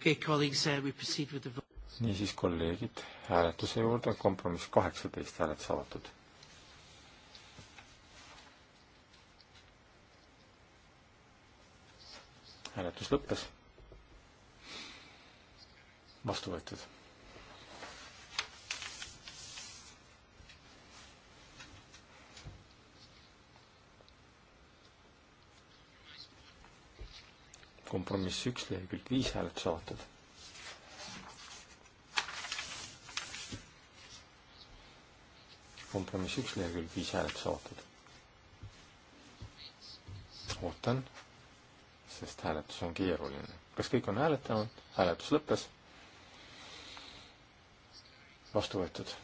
Okay, colleagues, uh, we proceed with the vote. niisiis, kolleegid, hääletuse juurde, kompromiss kaheksateist, hääletus avatud hääletus lõppes. vastu võetud. kompromiss üks lehekülg viis hääletus avatud. kompromiss üks lehekülg viis hääletus avatud. ootan sest hääletus on keeruline. kas kõik on hääletanud? hääletus lõppes. vastu võetud.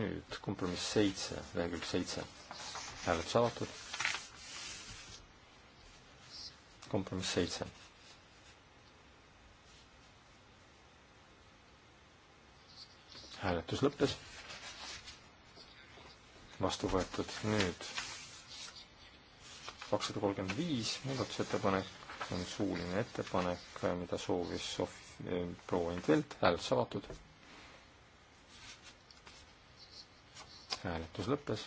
nüüd kompromiss seitse, lehekülg seitse. hääletus avatud. kompromiss seitse. hääletus lõppes. vastu võetud nüüd kakssada kolmkümmend viis muudatusettepanek on suuline ettepanek, mida soovis Sof-, eh, proua Entvelt, hääled savatud. hääletus lõppes.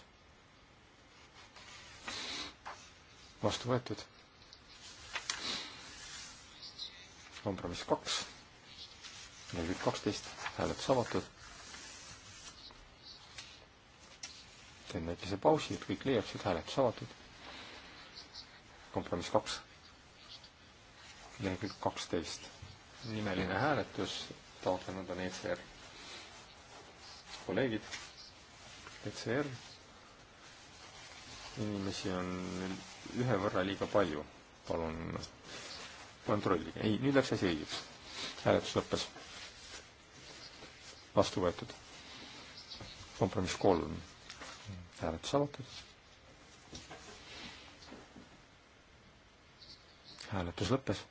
vastu võetud. kompromiss kaks, null kaksteist, hääletus avatud. teen väikese pausi, et kõik leiaksid hääletus avatud kompromiss kaks, lehekülg kaksteist. nimeline hääletus, taotlenud on ECR. kolleegid, ECR, inimesi on ühe võrra liiga palju, palun kontrollige. ei, nüüd läks asi õigeks. hääletus lõppes. vastu võetud. kompromiss kolm. hääletus avatud hääletus lõppes.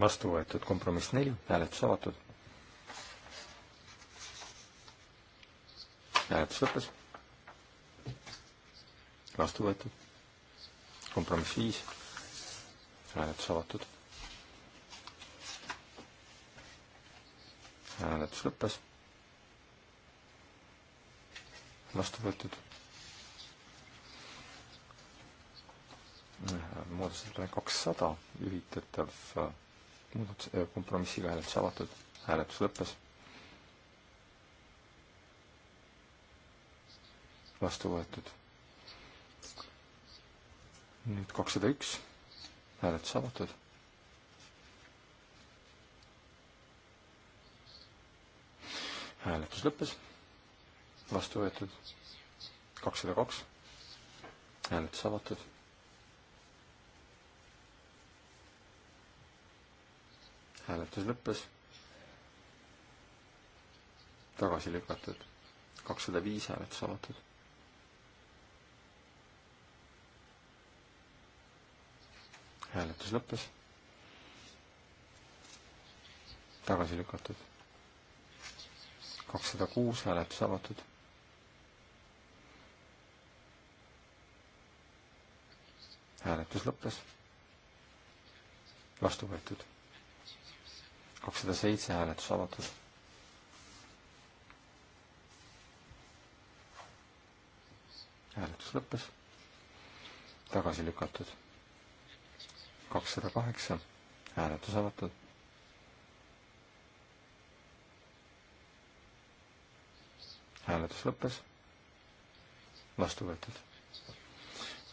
vastu võetud kompromiss neli, hääletus avatud. hääletus lõppes. vastu võetud. kompromiss viis, hääletus avatud. hääletus lõppes. vastu võetud muudatusettepanek kakssada ühitatav äh, muudatus, äh, kompromissiga hääletus avatud, hääletus lõppes. vastu võetud. nüüd kakssada üks, hääletus avatud. hääletus lõppes, vastu võetud kakssada kaks, hääletus avatud hääletus lõppes. tagasi lükatud. kakssada viis hääletus avatud. hääletus lõppes. tagasi lükatud. kakssada kuus hääletus avatud. hääletus lõppes. vastu võetud kakssada seitse hääletus avatud. hääletus lõppes. tagasi lükatud. kakssada kaheksa hääletus avatud. hääletus lõppes. vastu võetud.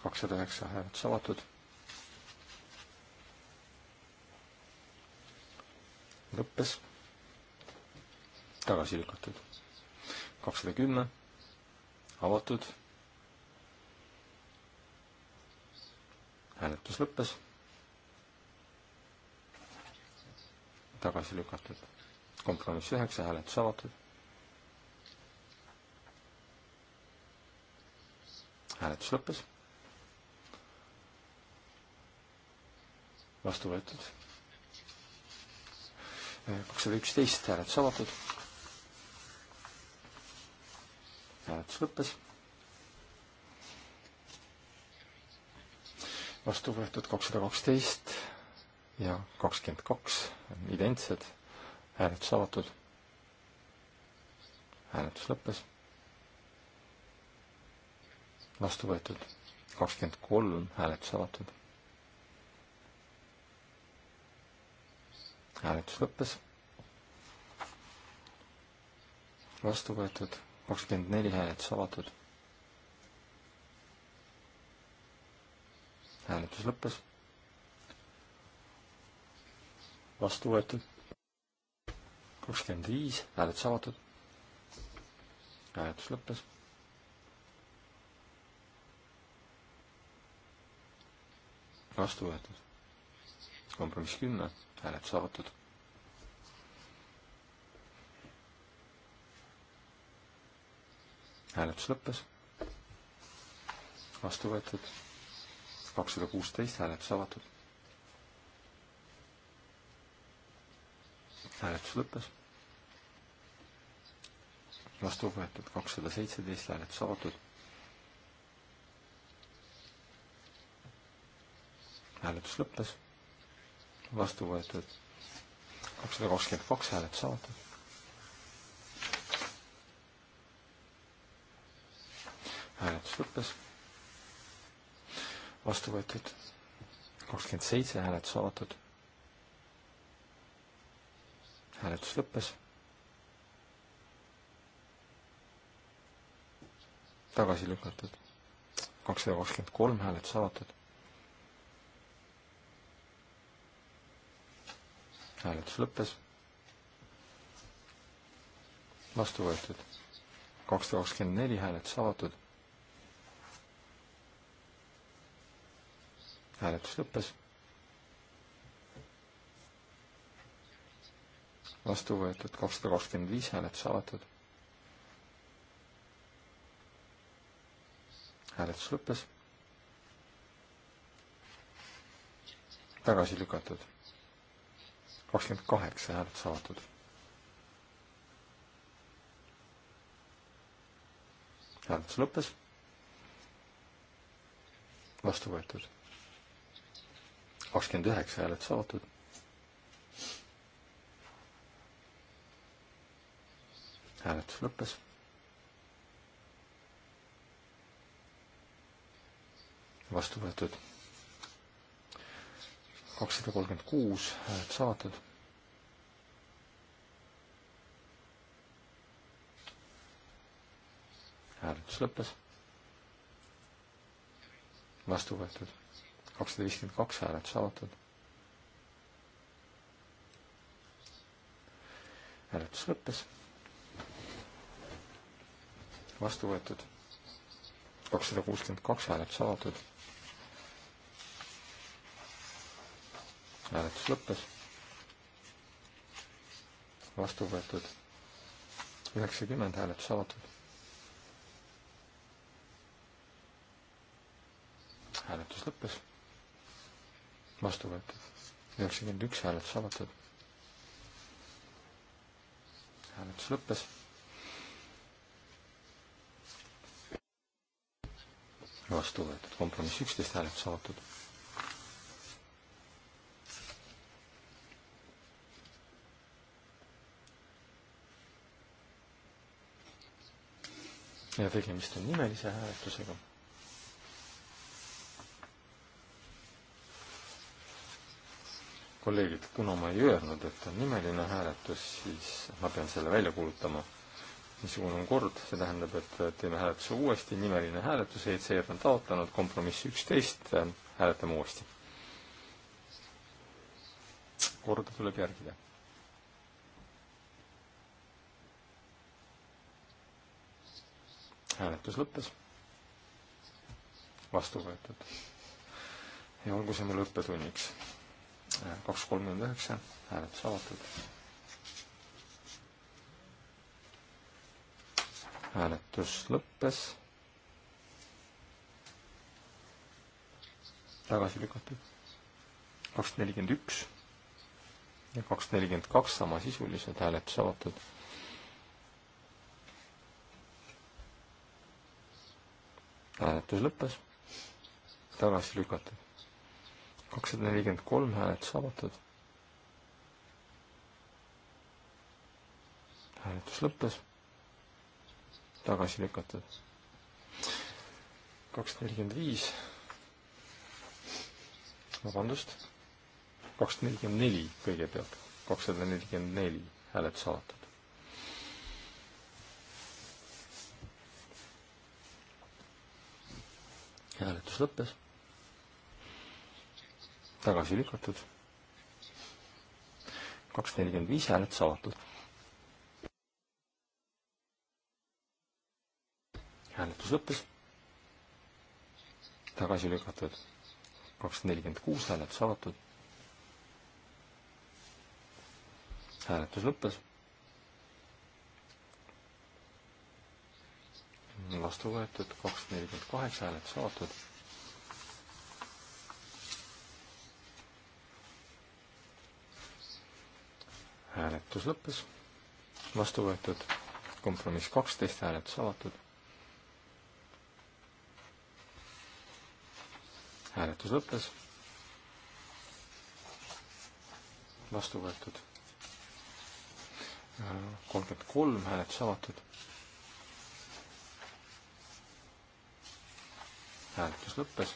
kakssada üheksa hääletus avatud lõppes, tagasi lükatud. kakssada kümme, avatud, hääletus lõppes, tagasi lükatud. kompromiss üheksa, hääletus avatud. hääletus lõppes. vastu võetud kakssada üksteist hääletus avatud. hääletus lõppes. vastu võetud kakssada kaksteist ja kakskümmend kaks, identsed, hääletus avatud. hääletus lõppes. vastu võetud kakskümmend kolm, hääletus avatud hääletus lõppes. vastu võetud kakskümmend neli hääletus avatud. hääletus lõppes. vastu võetud kakskümmend viis hääletus avatud. hääletus lõppes. vastu võetud kompromiss kümme hääletus avatud. hääletus lõppes. vastu võetud. kakssada kuusteist hääletus avatud. hääletus lõppes. vastu võetud kakssada seitseteist hääletus avatud. hääletus lõppes vastu võetud. kakssada kakskümmend kaks häält saadud. hääletus lõppes. vastu võetud kakskümmend seitse hääletus avatud. hääletus lõppes. tagasi lükatud. kakssada kakskümmend kolm hääletus avatud hääletus lõppes. vastu võetud. kakssada kakskümmend neli hääletus avatud. hääletus lõppes. vastu võetud kakssada kakskümmend viis hääletus avatud. hääletus lõppes. tagasi lükatud kakskümmend kaheksa häält saadud. hääletus lõppes. vastu võetud. kakskümmend üheksa häälet saadud. hääletus lõppes. vastu võetud kakssada kolmkümmend kuus hääletus avatud. hääletus lõppes. vastu võetud. kakssada viiskümmend kaks hääletus avatud. hääletus lõppes. vastu võetud. kakssada kuuskümmend kaks hääletus avatud hääletus lõppes. vastu võetud üheksakümmend hääletus avatud. hääletus lõppes. vastu võetud üheksakümmend üks hääletus avatud. hääletus lõppes. vastu võetud kompromiss üksteist hääletus avatud ja tegemist on nimelise hääletusega. kolleegid, kuna ma ei öelnud, et on nimeline hääletus, siis ma pean selle välja kuulutama. niisugune on kord, see tähendab, et teeme hääletuse uuesti, nimeline hääletus, ECR on taotlenud kompromissi üksteist, hääletame uuesti. korda tuleb järgida hääletus lõppes. vastu võetud. ja olgu see mulle õppetunniks. Äh, kaks kolmkümmend üheksa, hääletus avatud. hääletus lõppes. tagasi lükatud. kaks nelikümmend üks ja kaks nelikümmend kaks samasisulised hääletus avatud hääletus lõppes, tagasi lükatud. kakssada nelikümmend kolm hääletus avatud. hääletus lõppes, tagasi lükatud. kakssada nelikümmend viis, vabandust, kakssada nelikümmend neli kõigepealt, kakssada nelikümmend neli hääletus avatud. hääletus lõppes. tagasi lükatud. kaks nelikümmend viis hääletus avatud. hääletus lõppes. tagasi lükatud. kaks nelikümmend kuus hääletus avatud. hääletus lõppes vastu võetud, kaks nelikümmend kaheksa häälet saadud. hääletus lõppes, vastu võetud, kompromiss kaksteist hääletus avatud. hääletus lõppes, vastu võetud, kolmkümmend kolm hääletus avatud hääletus lõppes.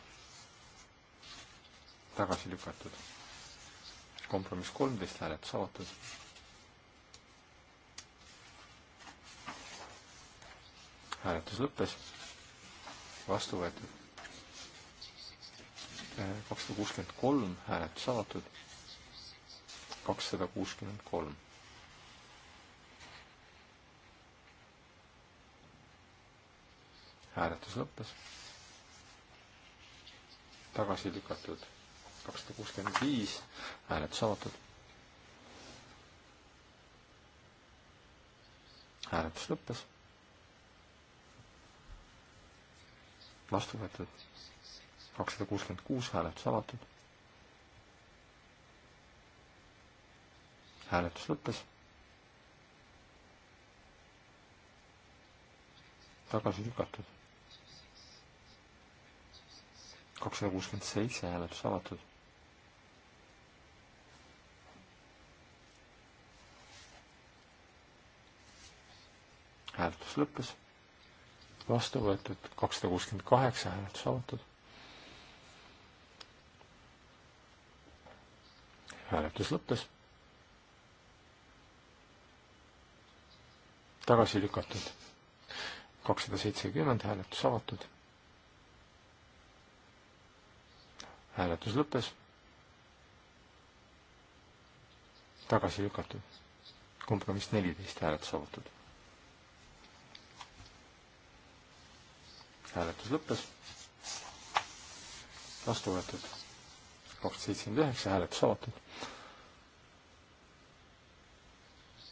tagasi lükatud. kompromiss kolmteist, hääletus avatud. hääletus lõppes. vastu võetud. Äh, kakssada kuuskümmend kolm, hääletus avatud. kakssada kuuskümmend kolm. hääletus lõppes tagasi lükatud. kakssada kuuskümmend viis, hääletus avatud. hääletus lõppes. vastu võetud. kakssada kuuskümmend kuus, hääletus avatud. hääletus lõppes. tagasi lükatud kakssada kuuskümmend seitse hääletus avatud. hääletus lõppes, vastu võetud kakssada kuuskümmend kaheksa, hääletus avatud. hääletus lõppes. tagasi lükatud kakssada seitsekümmend, hääletus avatud hääletus lõppes. tagasi lükatud. kompromiss neliteist hääletus avatud. hääletus lõppes. vastu võetud. kaks seitsekümmend üheksa hääletus avatud.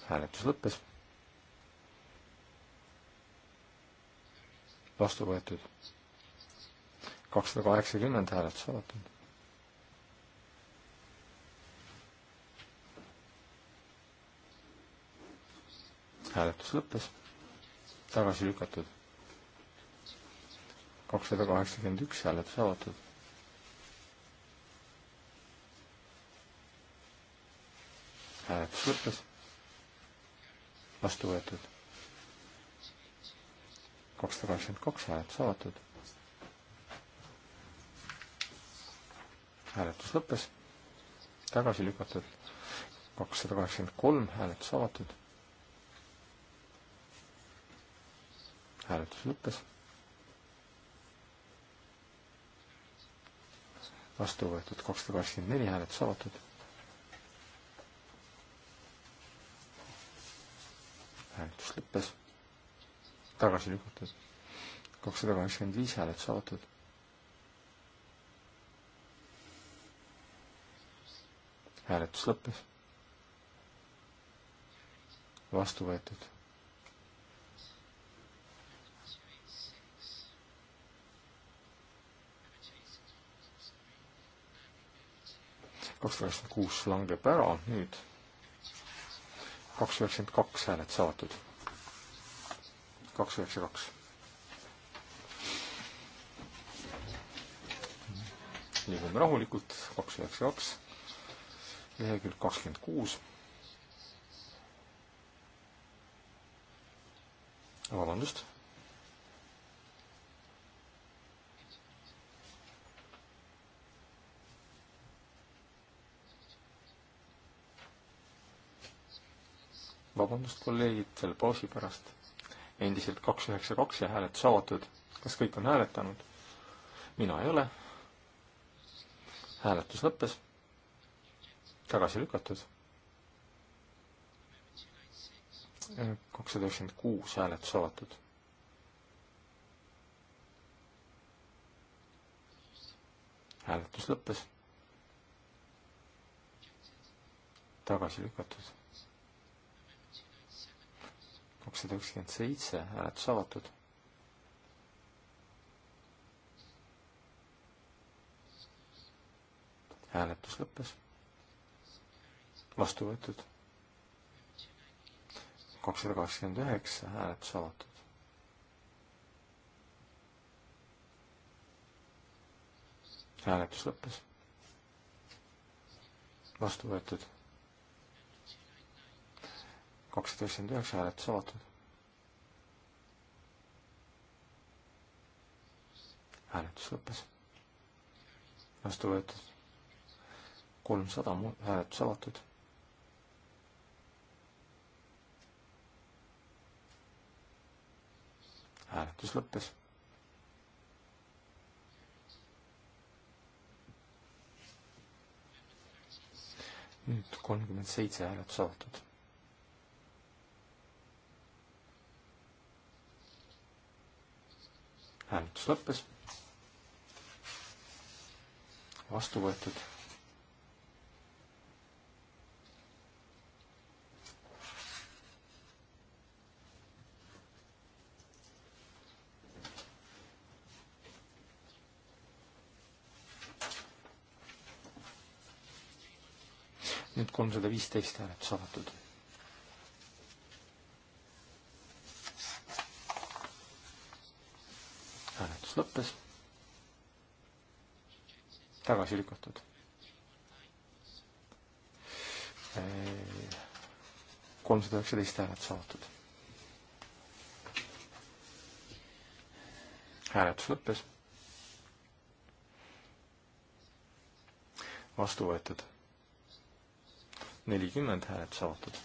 hääletus lõppes. vastu võetud. kakssada kaheksakümmend hääletus avatud hääletus lõppes, tagasi lükatud. kakssada kaheksakümmend üks hääletus avatud. hääletus lõppes, vastu võetud. kakssada kaheksakümmend kaks hääletus avatud. hääletus lõppes, tagasi lükatud. kakssada kaheksakümmend kolm hääletus avatud hääletus lõppes. vastu võetud kakssada kakskümmend neli, hääletus avatud. hääletus lõppes. tagasi lükatud. kakssada kaheksakümmend viis, hääletus avatud. hääletus lõppes. vastu võetud kakssada üheksakümmend kuus langeb ära, nüüd kaks üheksakümmend kaks häälet saadud. kaks üheksa kaks. liigume rahulikult, kaks üheksa kaks, lehekülg kakskümmend kuus. vabandust vabandust, kolleegid, selle pausi pärast. endiselt kaks üheksa kaks ja hääletus avatud. kas kõik on hääletanud? mina ei ole. hääletus lõppes. tagasi lükatud. kakssada üheksakümmend kuus hääletus avatud. hääletus lõppes. tagasi lükatud kakssada ükskümmend seitse, hääletus avatud. hääletus lõppes. vastu võetud. kakssada kakskümmend üheksa, hääletus avatud. hääletus lõppes. vastu võetud kakssada üheksakümmend üheksa hääletus avatud. hääletus lõppes. vastu võetud. kolmsada hääletus avatud. hääletus lõppes. nüüd kolmkümmend seitse hääletus avatud. hääletus lõppes vastu võetud. nüüd kolmsada viisteist hääletus avatud tagasi lükatud. kolmsada üheksateist häält saadud. hääletus lõppes. vastu võetud. nelikümmend häält saadud.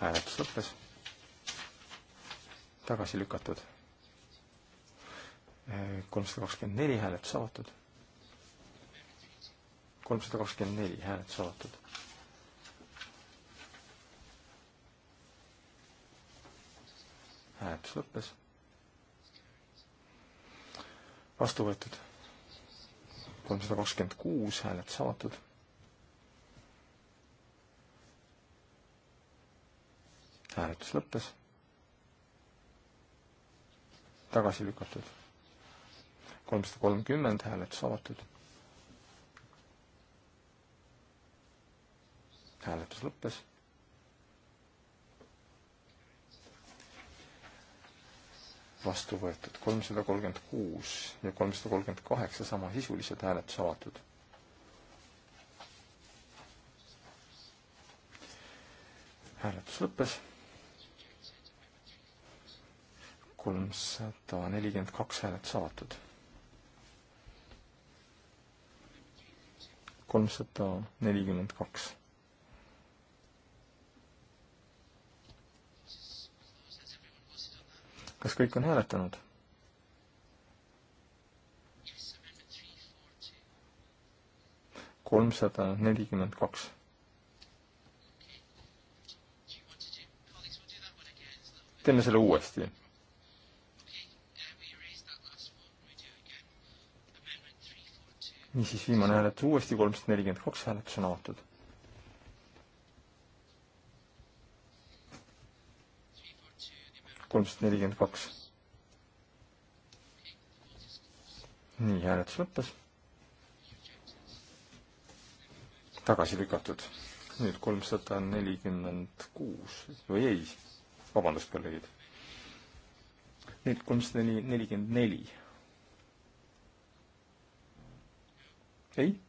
hääletus lõppes. tagasi lükatud kolmsada kakskümmend neli hääletus avatud. kolmsada kakskümmend neli hääletus avatud. hääletus lõppes. vastu võetud. kolmsada kakskümmend kuus hääletus avatud. hääletus lõppes. tagasi lükatud kolmsada kolmkümmend, hääletus avatud. hääletus lõppes. vastu võetud kolmsada kolmkümmend kuus ja kolmsada kolmkümmend kaheksa samasisulised hääletus avatud hääletus lõppes. kolmsada nelikümmend kaks häälet saadud kolmsada nelikümmend kaks. kas kõik on hääletanud? kolmsada nelikümmend kaks. teeme selle uuesti niisiis, viimane hääletus uuesti, kolmsada nelikümmend kaks hääletus on avatud. kolmsada nelikümmend kaks. nii, hääletus lõppes. tagasi lükatud. nüüd kolmsada nelikümmend kuus või ei, vabandust, kolleegid. nüüd kolmsada neli, nelikümmend neli ei.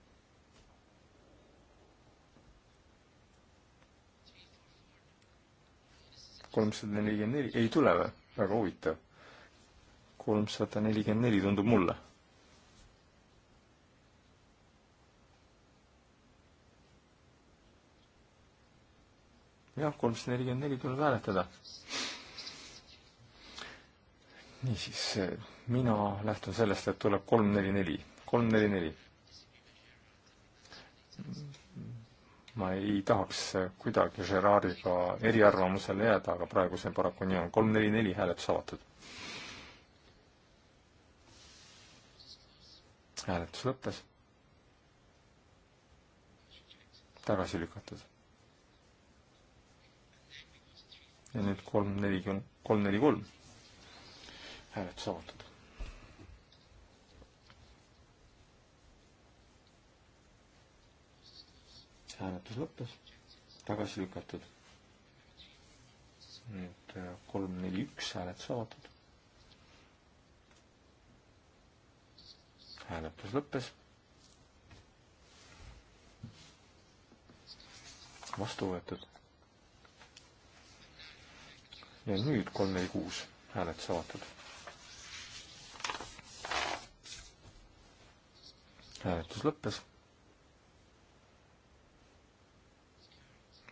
kolmsada nelikümmend neli, ei tule või? väga huvitav. kolmsada nelikümmend neli tundub mulle. jah, kolmsada nelikümmend neli tuleb hääletada. niisiis, mina lähtun sellest, et tuleb kolm, neli, neli, kolm, neli, neli ma ei tahaks kuidagi Gerardiga eriarvamusele jääda, aga praegu see paraku nii on. kolm, neli, neli hääletus avatud. hääletus lõppes. tagasi lükatud. ja nüüd kolm, neli, kolm, neli, kolm. hääletus avatud. hääletus lõppes, tagasi lükatud. nüüd äh, kolm, neli, üks hääletus avatud. hääletus lõppes. vastu võetud. ja nüüd kolm, neli, kuus hääletus avatud. hääletus lõppes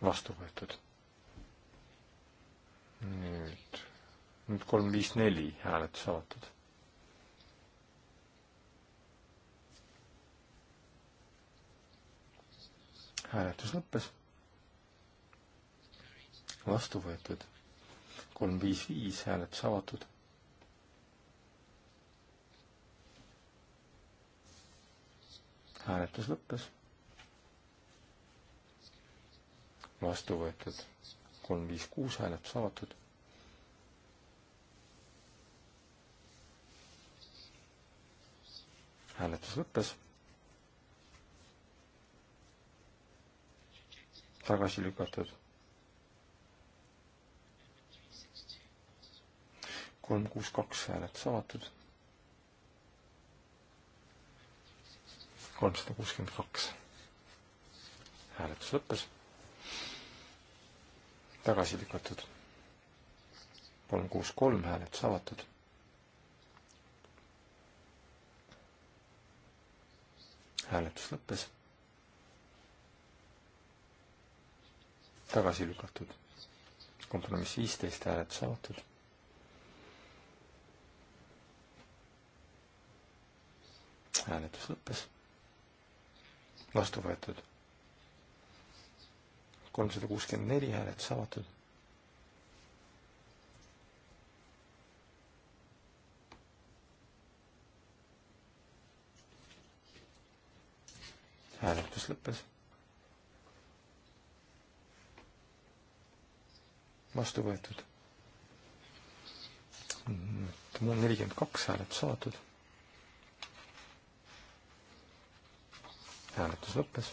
vastu võetud. nüüd, nüüd kolm, viis, neli hääletus avatud. hääletus lõppes. vastu võetud. kolm, viis, viis hääletus avatud. hääletus lõppes vastu võetud. kolm, viis, kuus hääletus avatud. hääletus lõppes. tagasi lükatud. kolm, kuus, kaks hääletus avatud. kolmsada kuuskümmend kaks hääletus lõppes tagasi lükatud. kolm, kuus, kolm hääletus avatud. hääletus lõppes. tagasi lükatud. kompromiss viisteist hääletus avatud. hääletus lõppes. vastu võetud kolmsada kuuskümmend neli hääletus avatud. hääletus lõppes. vastu võetud. mul on nelikümmend kaks hääletus avatud. hääletus lõppes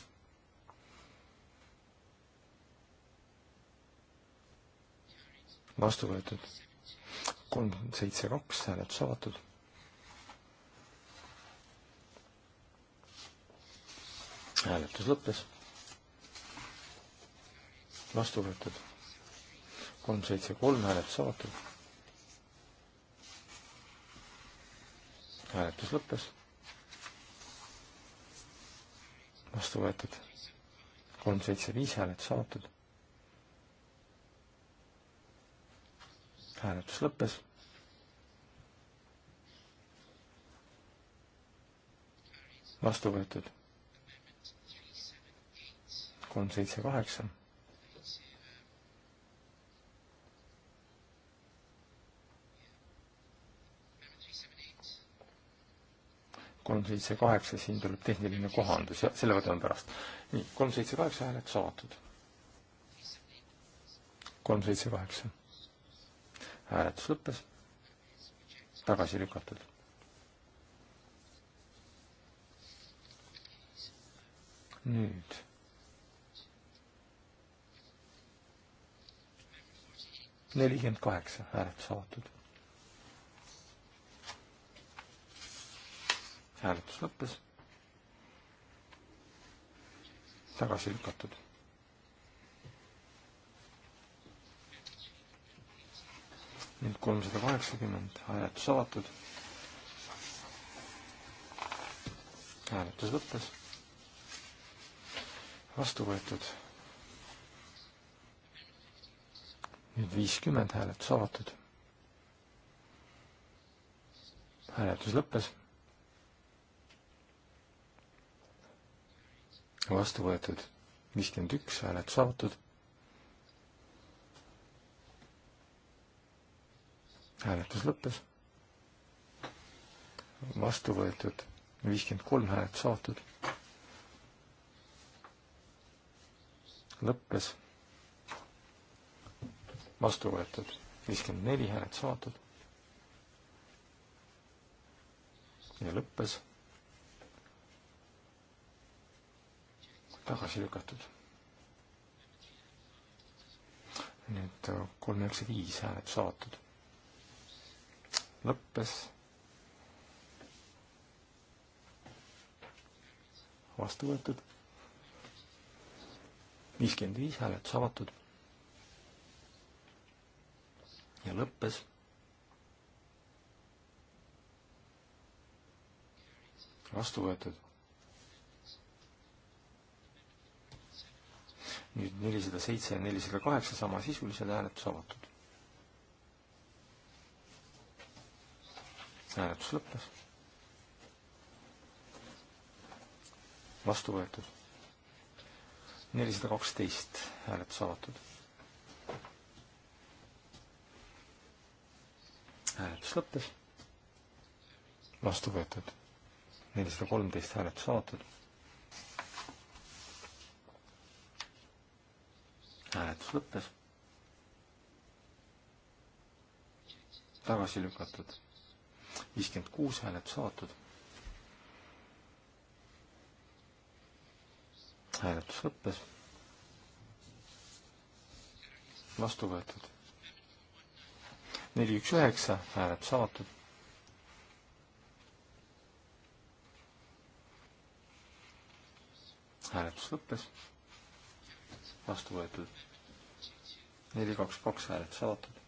vastu võetud. kolm, seitse, kaks, hääletus avatud. hääletus lõppes. vastu võetud. kolm, seitse, kolm, hääletus avatud. hääletus lõppes. vastu võetud. kolm, seitse, viis, hääletus avatud hääletus lõppes. vastu võetud kolm, seitse, kaheksa. kolm, seitse, kaheksa, siin tuleb tehniline kohandus ja selle võtame pärast. nii, kolm, seitse, kaheksa hääletus avatud. kolm, seitse, kaheksa hääletus lõppes, tagasi lükatud. nüüd. nelikümmend kaheksa hääletus avatud. hääletus lõppes, tagasi lükatud nüüd kolmsada kaheksakümmend, hääletus avatud. hääletus lõppes. vastu võetud. nüüd viiskümmend, hääletus avatud. hääletus lõppes. vastu võetud viiskümmend üks, hääletus avatud hääletus lõppes. vastu võetud viiskümmend kolm häält saadud. lõppes. vastu võetud viiskümmend neli häält saadud. ja lõppes. tagasi lükatud. nüüd kolm üheksa viis häält saadud lõppes. vastu võetud. viiskümmend viis hääletus avatud. ja lõppes. vastu võetud. nüüd nelisada seitse ja nelisada kaheksa samasisulised hääletus avatud. hääletus lõppes. vastu võetud. nelisada kaksteist hääletus avatud. hääletus lõppes. vastu võetud. nelisada kolmteist hääletus avatud. hääletus lõppes. tagasi lükatud viiskümmend kuus hääletus avatud. hääletus lõppes. vastu võetud. neli, üks, üheksa, hääletus avatud. hääletus lõppes. vastu võetud. neli, kaks, kaks hääletus avatud.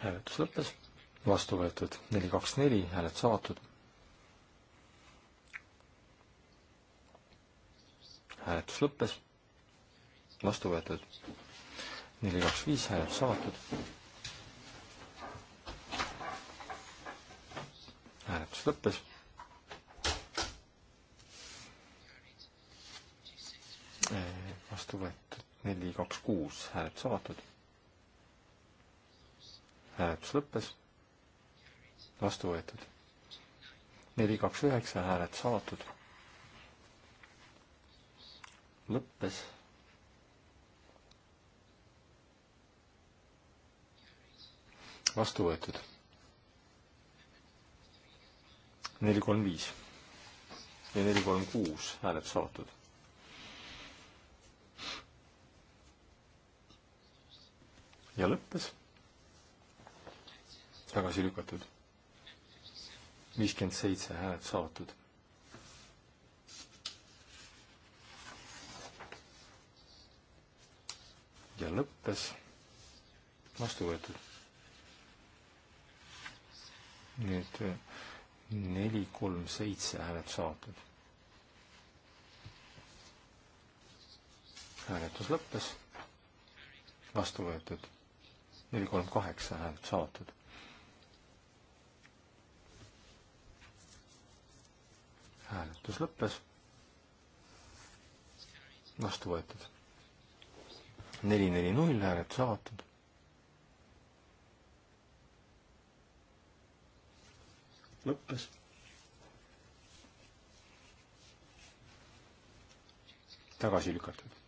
hääletus lõppes, vastu võetud neli, kaks, neli, hääletus avatud. hääletus lõppes, vastu võetud neli, kaks, viis, hääletus avatud. hääletus lõppes. vastu võetud neli, kaks, kuus, hääletus avatud hääletus lõppes, vastu võetud. neli, kaks, üheksa, hääletus avatud. lõppes. vastu võetud. neli, kolm, viis ja neli, kolm, kuus hääletus avatud. ja lõppes tagasi lükatud. viiskümmend seitse häält saadud. ja lõppes vastu võetud. nüüd neli, kolm, seitse häält saadud. hääletus lõppes, vastu võetud neli, kolm, kaheksa häält saadud. hääletus lõppes. vastu võetud. neli, neli, null, hääletus avatud. lõppes. tagasi lükatud.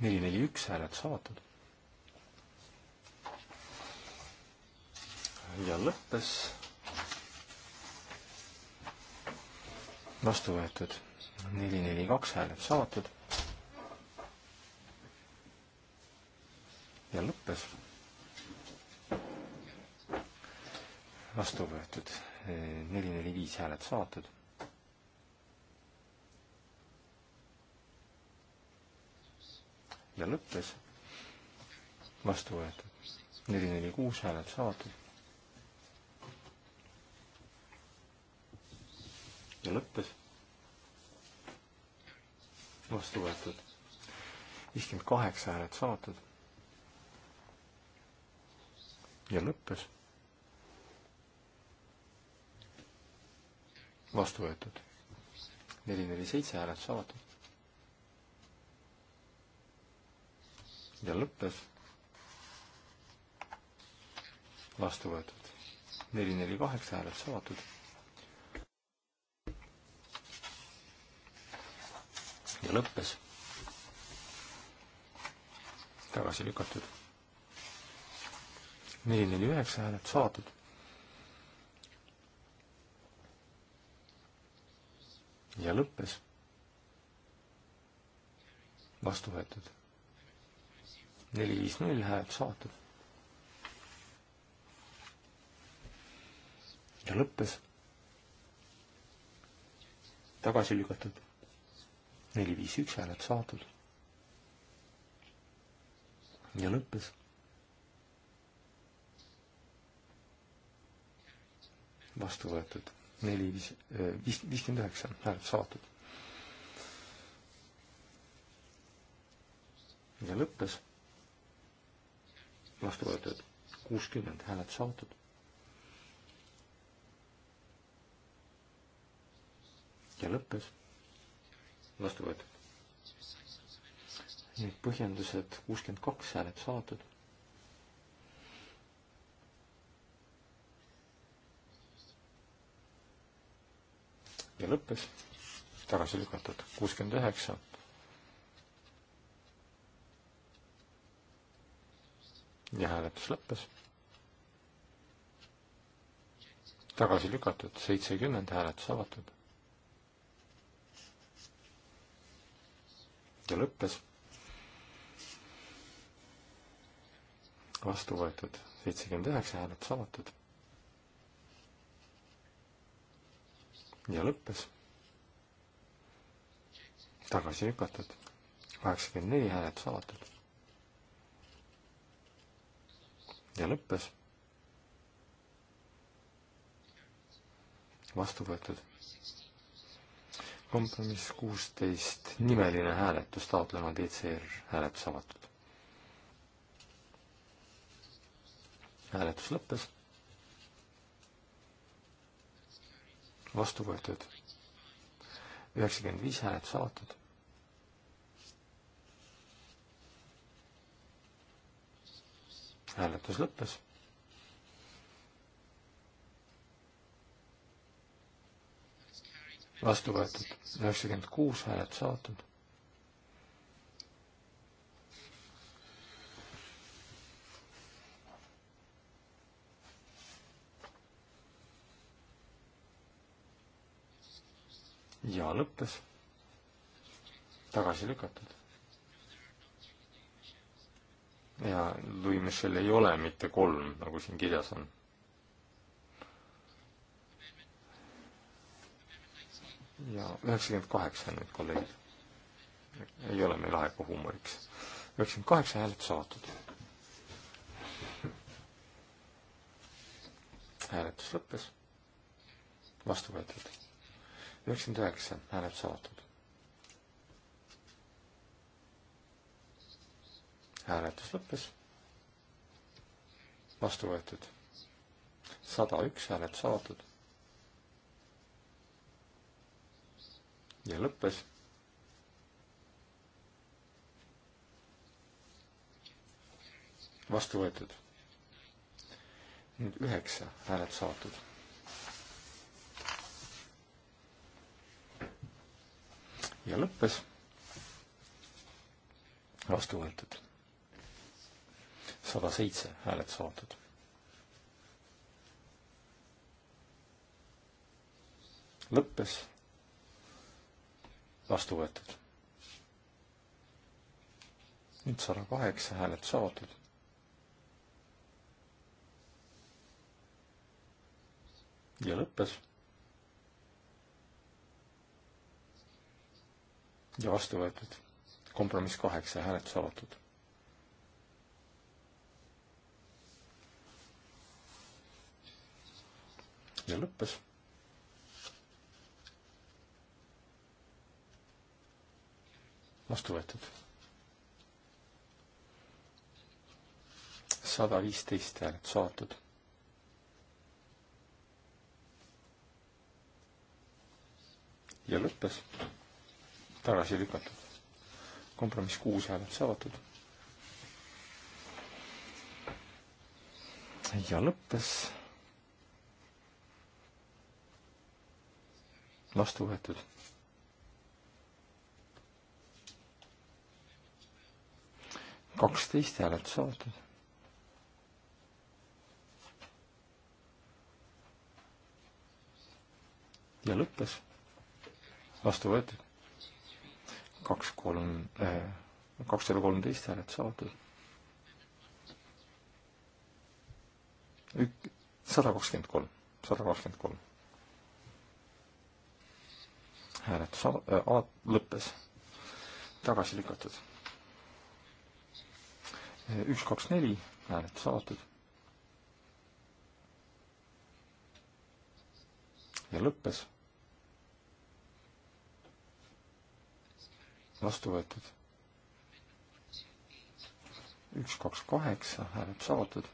neli, neli, üks, hääletus avatud. ja lõppes vastu võetud. neli, neli, kaks hääletus avatud. ja lõppes. vastu võetud. neli, neli, viis hääletus avatud. ja lõppes. vastu võetud. neli, neli, kuus hääletus avatud ja lõppes. vastu võetud. viiskümmend kaheksa häälet saadud. ja lõppes. vastu võetud. neli, neli, seitse häälet saadud. ja lõppes. vastu võetud. neli, neli, kaheksa häälet saadud ja lõppes. tagasi lükatud. neli, neli, üheksa häälet saadud. ja lõppes. vastu võetud. neli, viis, null häält saadud. ja lõppes. tagasi lükatud neli, viis, üks hääled saadud. ja lõppes. vastu võetud neli, viis, äh, viis, viiskümmend üheksa hääled saadud. ja lõppes. vastu võetud kuuskümmend hääled saadud. ja lõppes vastu võetud. nüüd põhjendused kuuskümmend kaks hääletus avatud. ja lõppes tagasi lükatud kuuskümmend üheksa. ja hääletus lõppes. tagasi lükatud seitsekümmend hääletus avatud. ja lõppes. vastu võetud seitsekümmend üheksa hääletus avatud. ja lõppes. tagasi lükatud kaheksakümmend neli hääletus avatud. ja lõppes. vastu võetud kompromiss kuusteist, nimeline hääletus taotlema DCR hääletus avatud. hääletus lõppes. vastu võetud üheksakümmend viis hääletus avatud. hääletus lõppes vastu võetud, üheksakümmend kuus häält saadud. ja lõppes, tagasi lükatud. ja Louis Michel ei ole mitte kolm, nagu siin kirjas on ja üheksakümmend kaheksa nüüd kolleegid. ei ole meil aega huumoriks. üheksakümmend kaheksa hääletus avatud. hääletus lõppes. vastu võetud. üheksakümmend üheksa hääletus avatud. hääletus lõppes. vastu võetud. sada üks hääletus avatud. ja lõppes. vastu võetud. nüüd üheksa hääled saadud. ja lõppes. vastu võetud. sada seitse hääled saadud. lõppes vastu võetud. nüüd sada kaheksa hääletus avatud. ja lõppes. ja vastu võetud. kompromiss kaheksa hääletus avatud. ja lõppes vastu võetud. sada viisteist häält saadud. ja lõppes, tagasi lükatud. kompromiss kuus häält saadud. ja lõppes, vastu võetud kaksteist hääletus avatud. ja lõppes, vastu võetud. kaks kolm eh,, äh, kakssada kolmteist hääletus avatud. ük-, sada kakskümmend kolm, sada kakskümmend kolm. hääletus ava- äh,, lõppes, tagasi lükatud üks, kaks, neli, hääletus avatud. ja lõppes. vastu võetud. üks, kaks, kaheksa, hääletus avatud.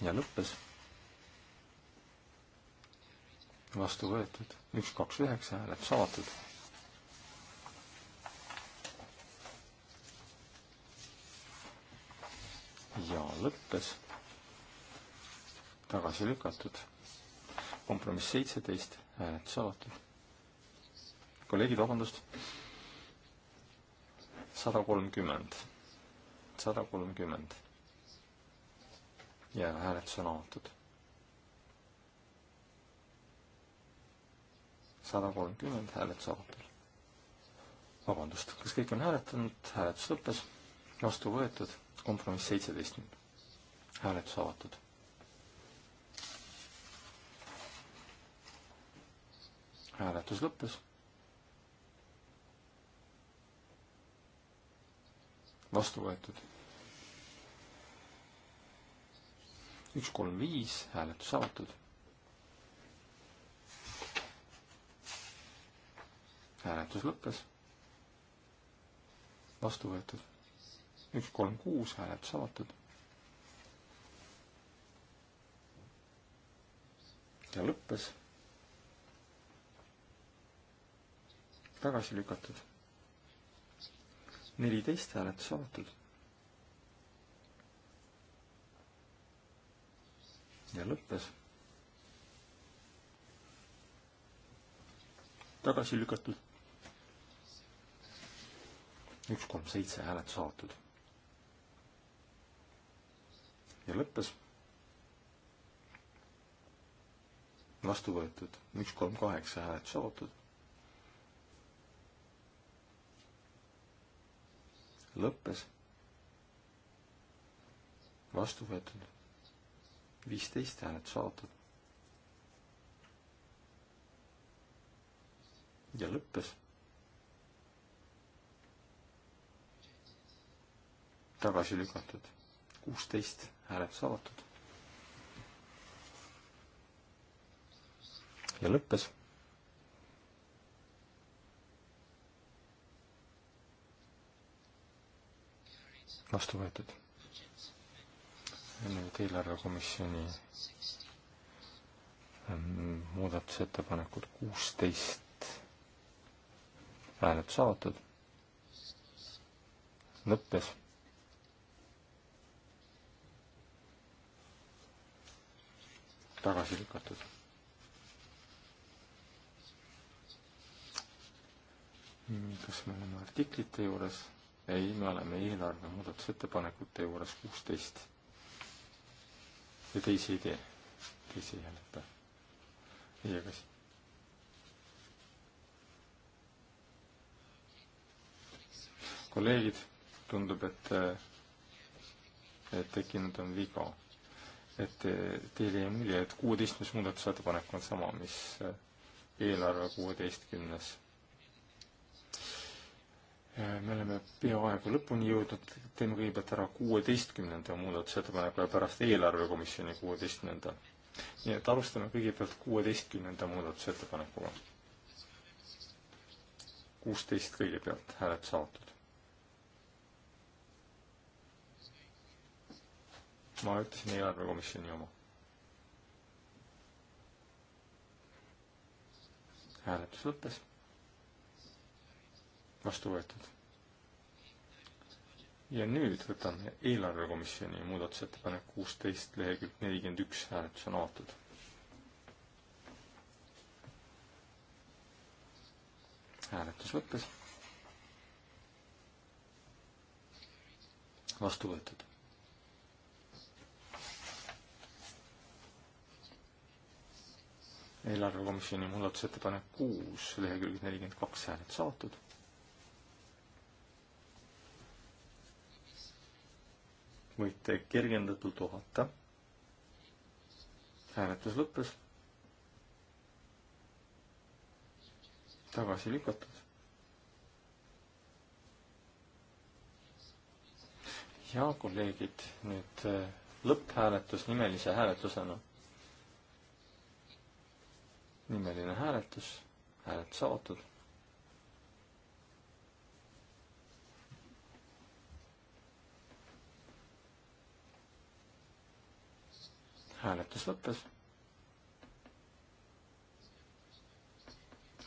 ja lõppes. vastu võetud. üks, kaks, üheksa, hääletus avatud ja lõppes tagasi lükatud. kompromiss seitseteist, hääletus avatud. kolleegid, vabandust. sada kolmkümmend, sada kolmkümmend. ja hääletus on avatud. sada kolmkümmend, hääletus avatud. vabandust, kas kõik on hääletanud, hääletus lõppes, vastu võetud kompromiss seitseteist nüüd, hääletus avatud. hääletus lõppes. vastu võetud. üks, kolm, viis, hääletus avatud. hääletus lõppes. vastu võetud üks, kolm, kuus hääletus avatud. ja lõppes. tagasi lükatud. neliteist hääletus avatud. ja lõppes. tagasi lükatud. üks, kolm, seitse hääletus avatud ja lõppes. vastu võetud, üks, kolm, kaheksa häält saadetud. lõppes. vastu võetud, viisteist häält saadetud. ja lõppes. tagasi lükatud kuusteist hääletus avatud. ja lõppes. vastu võetud. nüüd eelarvekomisjoni ähm, muudatusettepanekud kuusteist hääletus avatud. lõppes tagasi lükatud. Hmm, kas me oleme artiklite juures? ei, me oleme eelarve muudatusettepanekute juures kuusteist. ja teisi ei tee, teisi ei hääleta. ei, aga siis kolleegid, tundub, et, et tekkinud on viga et teile jäi mulje, et kuueteistkümnes muudatusettepanek on sama, mis äh, eelarve kuueteistkümnes. Äh, me oleme peaaegu lõpuni jõudnud, teeme kõigepealt ära kuueteistkümnenda muudatusettepaneku ja pärast eelarvekomisjoni kuueteistkümnenda. nii et alustame kõigepealt kuueteistkümnenda muudatusettepanekuga. kuusteist kõigepealt hääletus avatud. ma ütlesin eelarvekomisjoni oma. hääletus lõppes. vastu võetud. ja nüüd võtame eelarvekomisjoni muudatusettepanek kuusteist lehekülg nelikümmend üks, hääletus on avatud. hääletus lõppes. vastu võetud eelarvekomisjoni muudatusettepanek kuus, lehekülg nelikümmend kaks hääled saadud. võite kergendatult ohata. hääletus lõppes. tagasi lükatud. ja kolleegid, nüüd äh, lõpphääletus nimelise hääletusena nimeline hääletus, hääletus avatud. hääletus lõppes.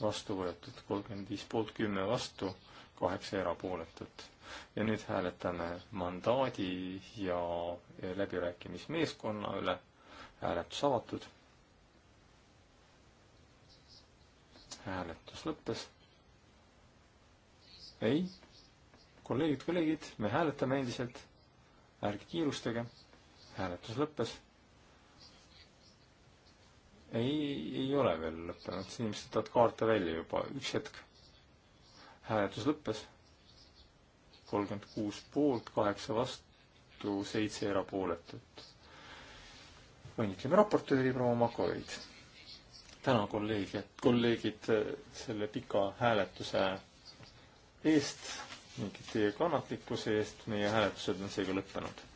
vastu võetud kolmkümmend viis poolt, kümme vastu, kaheksa erapooletut. ja nüüd hääletame mandaadi ja läbirääkimismeeskonna üle. hääletus avatud hääletus lõppes. ei, kolleegid, kolleegid, me hääletame endiselt, ärge kiirustage, hääletus lõppes. ei, ei ole veel lõppenud, siin inimesed võtavad kaarte välja juba, üks hetk. hääletus lõppes, kolmkümmend kuus poolt, kaheksa vastu, seitse erapooletut. õnnitleme raportööri proua Makoveid täna kolleegid, kolleegid eh, selle pika hääletuse eest, mingit teie kannatlikkuse eest, meie hääletused on seega lõppenud